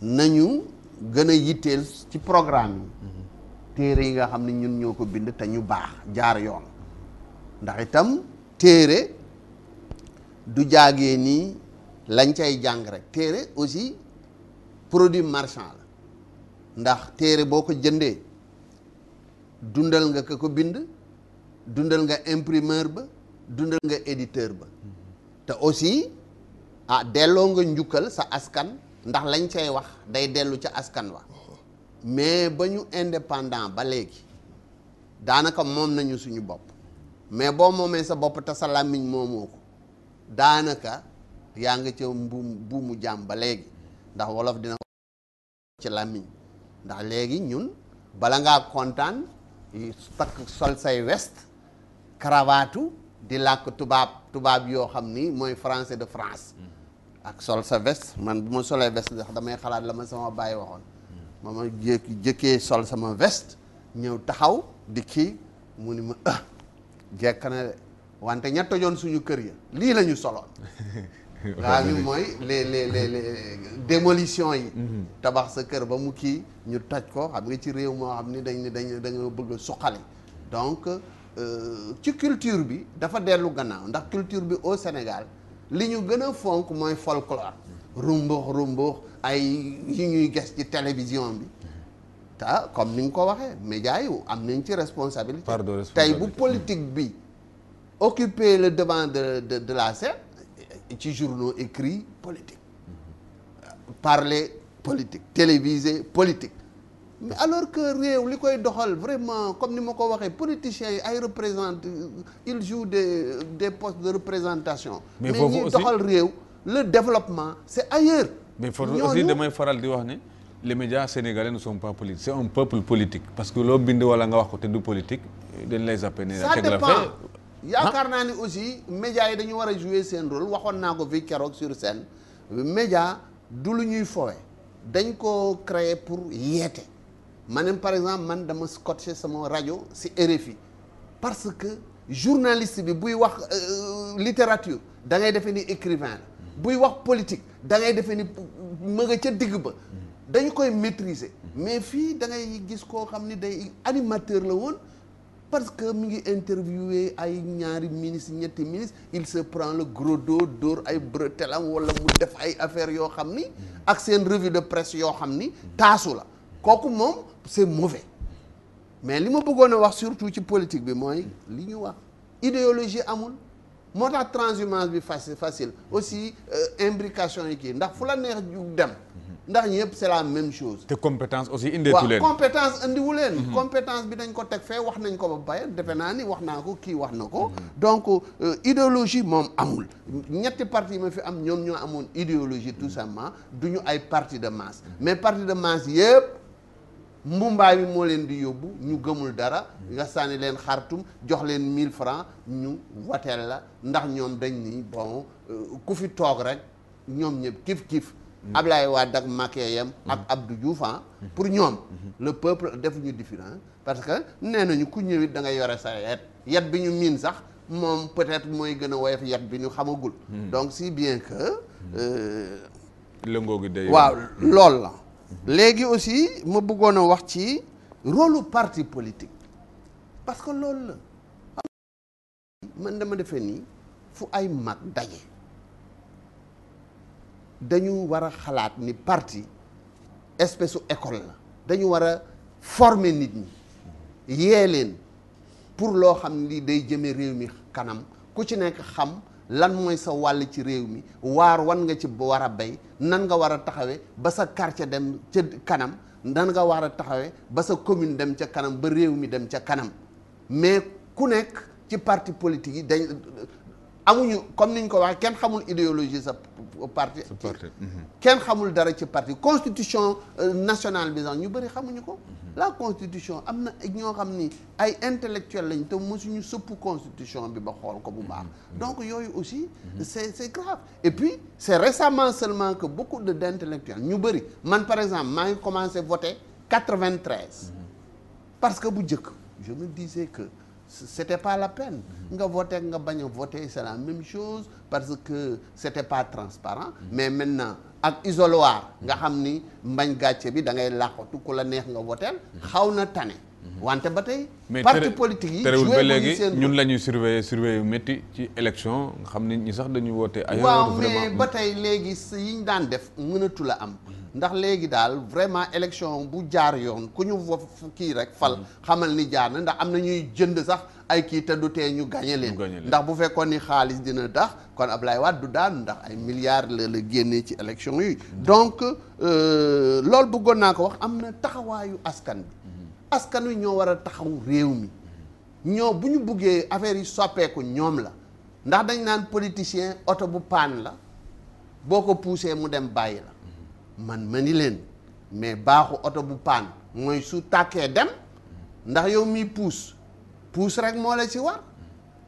nañu gën a yitteel ci programme yi mm-hmm. téere yi nga xam ne ñun ñoo ko bind te ñu baax jaar yoon ndax itam téere du jaagee nii lañ cay jàng rek téere aussi produit marchand la ndax téere boo ko jëndee dundal nga ko ko bind dundal nga imprimeur ba dundal nga éditeur ba te aussi ah delloo nga njukkal sa askan ndax lañ cay wax day dellu ca askan wa mais ba ñu indépendant ba léegi daanaka moom nañu suñu bopp mais boo moomee sa bopp te sa làmmiñ moomoo ko daanaka yaa nga ca mbuum buumu jàmm ba léegi ndax wolof dina ci làmmiñ ndax léegi ñun bala ngaa kontaan takk sol say veste cravatu di làkk tubaab tubaab yoo xam ni mooy français de France mm-hmm. ak sol sa veste man bu ma solee veste ndax damay xalaat la ma sama bàyyi waxoon mm-hmm. ma ma jëkkee sol sama veste ñëw taxaw di kii mu ni ma ah, jekk na de wante ña tojoon suñu kër yi lii lañu ñu soloon raam yi mooy les les les les démolition yi mhm. tabax sa kër ba mu kii ñu toj ko xam nga ci réew moo xam ni dañ dañ dañoo bëgg a suqali donc euh, ci culture bi dafa dellu gannaaw ndax culture bi au Sénégal li ñu gën a fonk mooy folklore rumbux rumbux ay yi ñuy ges ci télévision bi mhm. te comme ni nga ko waxee médias yi am nañ ci responsabilité tey bu politique bi occuper le devant de de de la scène ci journaux écrits politique parler politique télévisé politique mais alors que réew li koy doxal vraiment comme ni ma ko waxee politiciens yi ay représente ils jouent des des postes de représentation mais ñuy doxal réew le développement c'est ailleurs mais foofu aussi damay faral di wax ne les médias sénégalais ne sont pas politiques c'est un peuple politique parce que loo bind wala nga wax ko te du politique dañ lay zappé ne ça dépend yaakaar naa ni aussi média yi dañu war a jouer seen rôle waxoon naa ko fii keroog sur scène média du lu ñuy fowe dañ ko créer pour yeete maanaam par exemple man dama scotché sama rajo si fi parce que journaliste bi buy wax euh, euh, littérature da ngay defee ni écrivain la buy wax politique da ngay defee ni mën ca digg ba mm. dañ koy maîtriser mais fii da ngay gis koo xam ni day animateur la woon parce que mi ngi interviewé ay ñaari ministre ñetti ministre il se prend le gros dos dóor ay bretelam wala mu def ay affaires yoo xam ni ak seen revue de presse yoo xam ni taasu la kooku moom c'est mauvais mais li ma bëggoon a wax surtout ci politique bi mooy li ñu wax idéologie amul moo tax transhumance bi facile facile aussi euh, imbrication yi kii ndax fu la neex ju dem ndax ñëpp c'est la même chose. te compétence aussi indeetu leen waaw compétence indiwu leen. Mhm. compétence bi dañ ko teg fee wax nañ ko ba pare defe naa ni wax naa ko kii wax na ko. donc euh, idéologie moom amul. ñetti parti ma fi am ñoom ñoo amoon idéologie tout simplement du ñu ay partie de masse mais parti de masse yëpp. mbumbaay bi moo leen di yóbbu ñu gëmul dara nga sànni leen xartum jox leen 1000 francs ñu wateel la ndax ñoom dañ ni bon euh, ku fi toog rek ñoom ñëpp kif kif Ablaye waa ak Macky yam ak mm-hmm. Abdou Diouf ah, mm-hmm. pour ñoom mm-hmm. le peuple def ñu différent parce que nee nañu ku ñëwit da ngay yore sa yet yet bi ñu miin sax moom peut-être mooy gën a woyof yet bi ñu xamagul donc si bien que euh, lëngoo gi day waaw lool la léegi aussi ma bëggoon a wax ci rôlu parti politique parce que loolu la man dama defee nii fu ay mag daje dañu war a xalaat ni parti espèce su école la dañu war a former nit ñi yee leen pour loo xam ni day jëme réew mi kanam ku ci nekk xam lan mooy sa wàll ci réew mi waar wan nga ci war a bay nan nga war a taxawee ba sa quartier dem ca kanam nan nga war a taxawee ba sa commune dem ca kanam ba réew mi dem ca kanam mais ku nekk ci parti politique yi dañ amuñu comme niñ ko waxee kenn xamul idéologie sa parti mm-hmm. kenn xamul dara ci parti constitution euh, nationale bi sax ñu bëri xamuñu ko mm-hmm. la constitution am na ñoo xam ni ay intellectuel lañ te suñu sëpp constitution bi ba xool ko bu baax mm-hmm. donc yooyu aussi c'est c'est grave et puis c'est récemment seulement que beaucoup de d'intellectuels ñu bëri man par exemple maa ngi commencé voter 93 parce que bu njëkk je me disais que c'était pas la peine nga voté nga bañ a voté c'est la même chose parce que c'était pas transparent mm-hmm. mais maintenant ak isoloir nga xam ni mbañ gàcce bi da ngay làqatu ku la neex nga voteel mm-hmm. xaw na tane mm-hmm. wante ba tey parti politique yi terewul ba léegi ñun la ñuy surveiller surveiller métti ci élection nga xam ni ñi sax dañuy woote ailleurs waaw mais ba tey léegi yi ñu daan def mënatul a am ndax léegi daal vraiment élection bu jaar yoon ku ñu wa kii rek fal mm-hmm. xamal ni jaar na ndax am na ñuy jënd sax ay kii te du tee ñu gañe leen ndax bu fekkoon ni xaalis dina tax kon Ablaye Wade du daanu ndax ay milliards la la génnee ci élection yi mm-hmm. donc euh, loolu bëggoon naa ko wax am na taxawaayu askan bi mm-hmm. askan wi ñoo war a taxaw réew mi ñoo bu ñu buggee affaire yu soppeeku ñoom la ndax dañ naan politicien oto bu paan la boo ko poussé mu dem bàyyi la man ma ni leen mais baaxu oto bu paan mooy su tàkkee dem ndax yow mii puus puus rek moo la ci war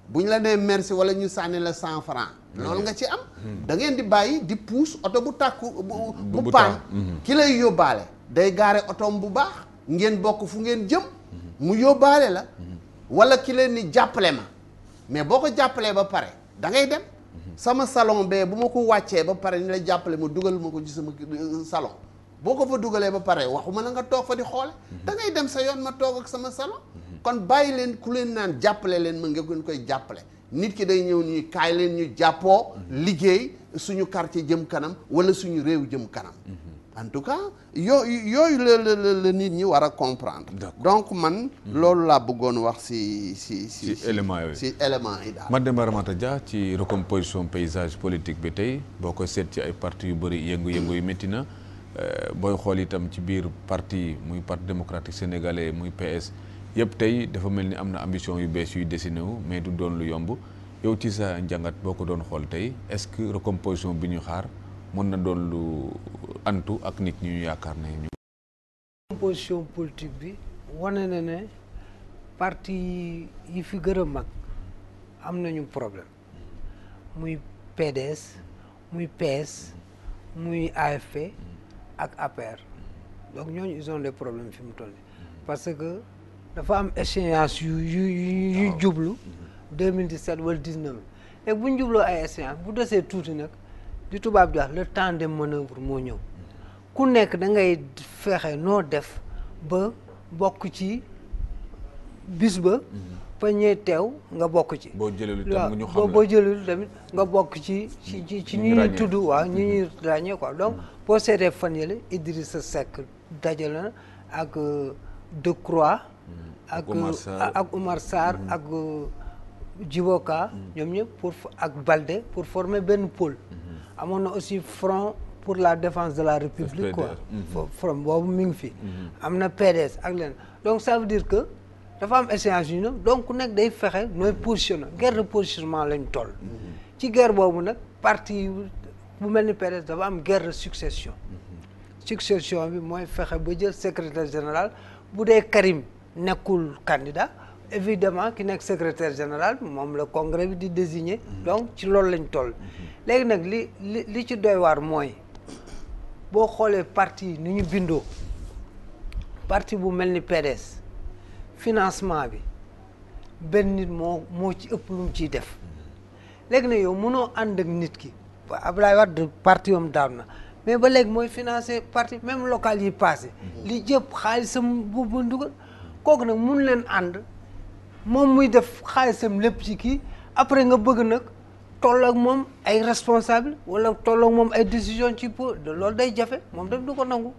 bu ñu la nee merci wala ñu sànni la cent franc loolu nga ci am da ngeen di bàyyi di puus oto bu tàkku bu bu paan mhm. ki lay yóbbaale day gaare otoom bu baax ngeen bokk fu ngeen jëm mu yóbbaale la mhm. wala ki leen ni jàppale ma mais boo ko jàppalee ba pare da ngay dem sama salon bee bu ma ko wàccee ba pare ni la jàppale ma dugal ma ko ci sama salon boo ko fa dugalee ba pare waxuma la nga toog fa di xool dangay dem sa yoon ma toog ak sama salon kon bàyyi leen ku leen naan jàppale leen ma nga gën koy jàppale nit ki day ñëw nii kaay leen ñu jàppoo liggéey suñu quartier jëm kanam wala suñu réew jëm kanam en tout cas yoo yooyu la la la nit ñi war a comprendre. donc man. Mhm. loolu laa bëggoon wax si si si. si élément yi daal. Mademba Ramata Dia ci recomposition paysage politique bi tey boo ko seet ci ay partie yu bëri yëngu-yëngu yu métti na euh, booy xool itam ci biir parti muy parti démocratique sénégalais muy PS yëpp tey dafa mel ni am na ambition yu bees yuy dessiné wu mais du doon lu yomb yow ci sa njàngat boo ko doon xool tey est-ce que recomposition bi ñu xaar. mën na doon lu antu ak nit ñu yaakaar ne ñu. composition politique bi wane na ne parti yi fi gën mag am nañu problème muy PDS muy PS muy AFP ak APR donc ñooñu ils ont problème fi mu toll parce que dafa am échéance yu yu yu ah. jublu 2017 wala 19 et bu ñu jubloo ay échéance bu desee tuuti nag. di tubaab di wax le temps de manœuvre moo ñëw ku nekk da ngay fexe noo def ba bokk ci bis ba. Mhm. fa teew nga bokk ci. boo jëlelu boo jëlelu tamit nga bokk ci ci ci ci ñi ñuy tudd waaw ñi ñuy mhm. ràññee quoi donc mhm. boo seetee fan yële Idrissa Seck dajale na ak euh, Decroix. ak ak Oumar Sarr euh, ak euh, Djiboka ñoom ñëpp pour ak Balde pour former benn pôle. amoon na aussi front pour la défense de la république quoi mhm. front boobu mi ngi fi mhm. am na PDS ak leen donc ça veut dire que dafa am échéance donc ku nekk day fexe nooy positionné guerre de positionnement lañ toll mhm. ci guerre boobu nag parti bu mel ni PDS dafa am guerre de succession succession bi mooy fexe ba jël secrétaire général bu dee Karim nekkul candidat évidemment ki nekk secrétaire général moom la congrès bi di désigner. Mhm. donc ci loolu lañ toll. Mhm. léegi nag li li ci doy mooy boo xoolee parti ni ñu bindoo parti bu mel ni PDS financement bi benn nit moo moo ci ëpp lu mu ciy def mhm. léegi nag yow mënoo ànd ak nit ki Abdoulaye Wade parti am daam na mais ba léegi mooy financer parti même local yi passé li jëpp xaalisam bu bu dugal kooku nag mun leen ànd moom muy def xaalisam lépp ci kii après nga bëgg nag toll ak moom ay responsable wala toll moom ay décision ci pour de loolu day jafe moom daf du ko nangu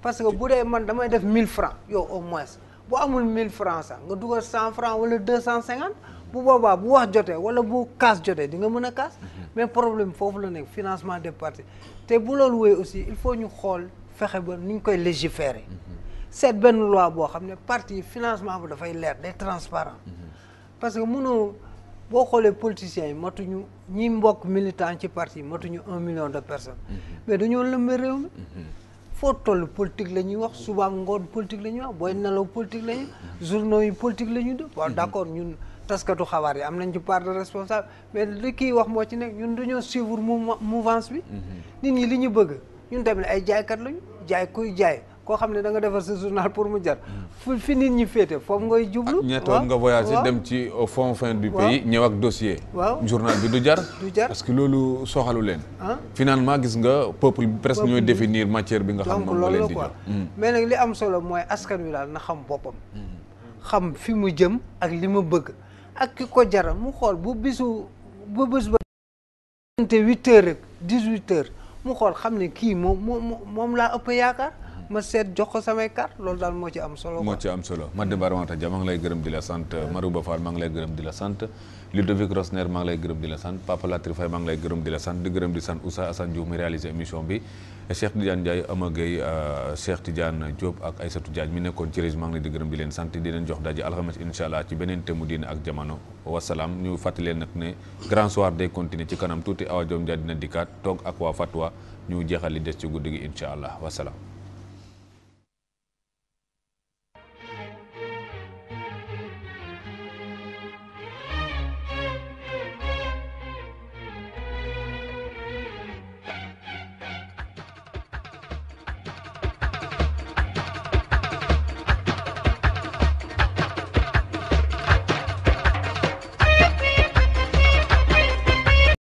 parce que bu dee man damay def mille francs yow au moins bu amul mille francs sax nga dugal cent francs wala 250 bu boobaa bu wax jotee wala bu kaas jotee di nga mën a kaas mhm. mais problème foofu la nekk financement de partis te bu loolu wéy aussi il faut ñu xool fexe ba ni ñu koy légiférer mhm. seet benn loi boo xam ne parti financement bu dafay leer day transparent mhm. parce que munoo boo xoolee politiciens yi matuñu ñi mbokk militant ci parti matuñu un million de personne mhm. mais dañoo lëmbe réew mi mhm. foo toll politique la ñuy wax suba ngoon politique la ñuy wax booy nelaw politique la ñuy journaux yi politique la ñuy def waaw d'accord ñun taskatu xabaar yi am nañ ci part de responsable mais li kii wax moo ci nekk ñun dañoo suivre mouvance bi nit ñi li ñu bëgg ñun tamit ay jaaykat lañu jaay kuy jaay koo xam ne danga defar sa journal pour mu jar fu fi nit ñi féete foofu ngay jublu ah, ñettoon nga voyagé dem ci au fond fin du pays ñëw ak dossier waaw journal bi du jar du jar parce que loolu soxalu leen ah. finalement gis nga peuple bi presque ñooy définir matière bi nga xam moom nga leen di jox hmm. mais nag li am solo mooy askan wi daal na xam boppam hmm. xam fi mu jëm ak li mu bëgg ak ki ko jar mu xool bu bisu bu bés ba te huit rek dix huit heures xool xam ne kii moom laa ëpp yaakaar ma seet jox ko samay carte lool daal moo ci am solo. moo ci am solo Mate Baramata Dia maa ngi lay gërëm di la sant Marouba Fall maa ngi lay gërëm di la sant Ludovic Rosner maa lay gërëm di la sant Papa Latri Faye maa ngi lay gërëm di la sant di gërëm di sant Oussa Assane Diouf mi réalisé émission bi Cheikh Tidiane Ndiaye Ama Gueye euh, Cheikh Tidiane Diop ak Aïssatou Diagne mi nekkoon ci régie maa ngi leen di gërëm di leen sant di leen jox daje alxames incha allah ci beneen thème mu diine ak jamono wasalaam ñu fàttali leen nag ne grand soir day continuer ci kanam tuuti Awa Diom Dia dina dikkaat toog ak waa Fatwa ñu jeexal li des ci gi incha allah wasalaam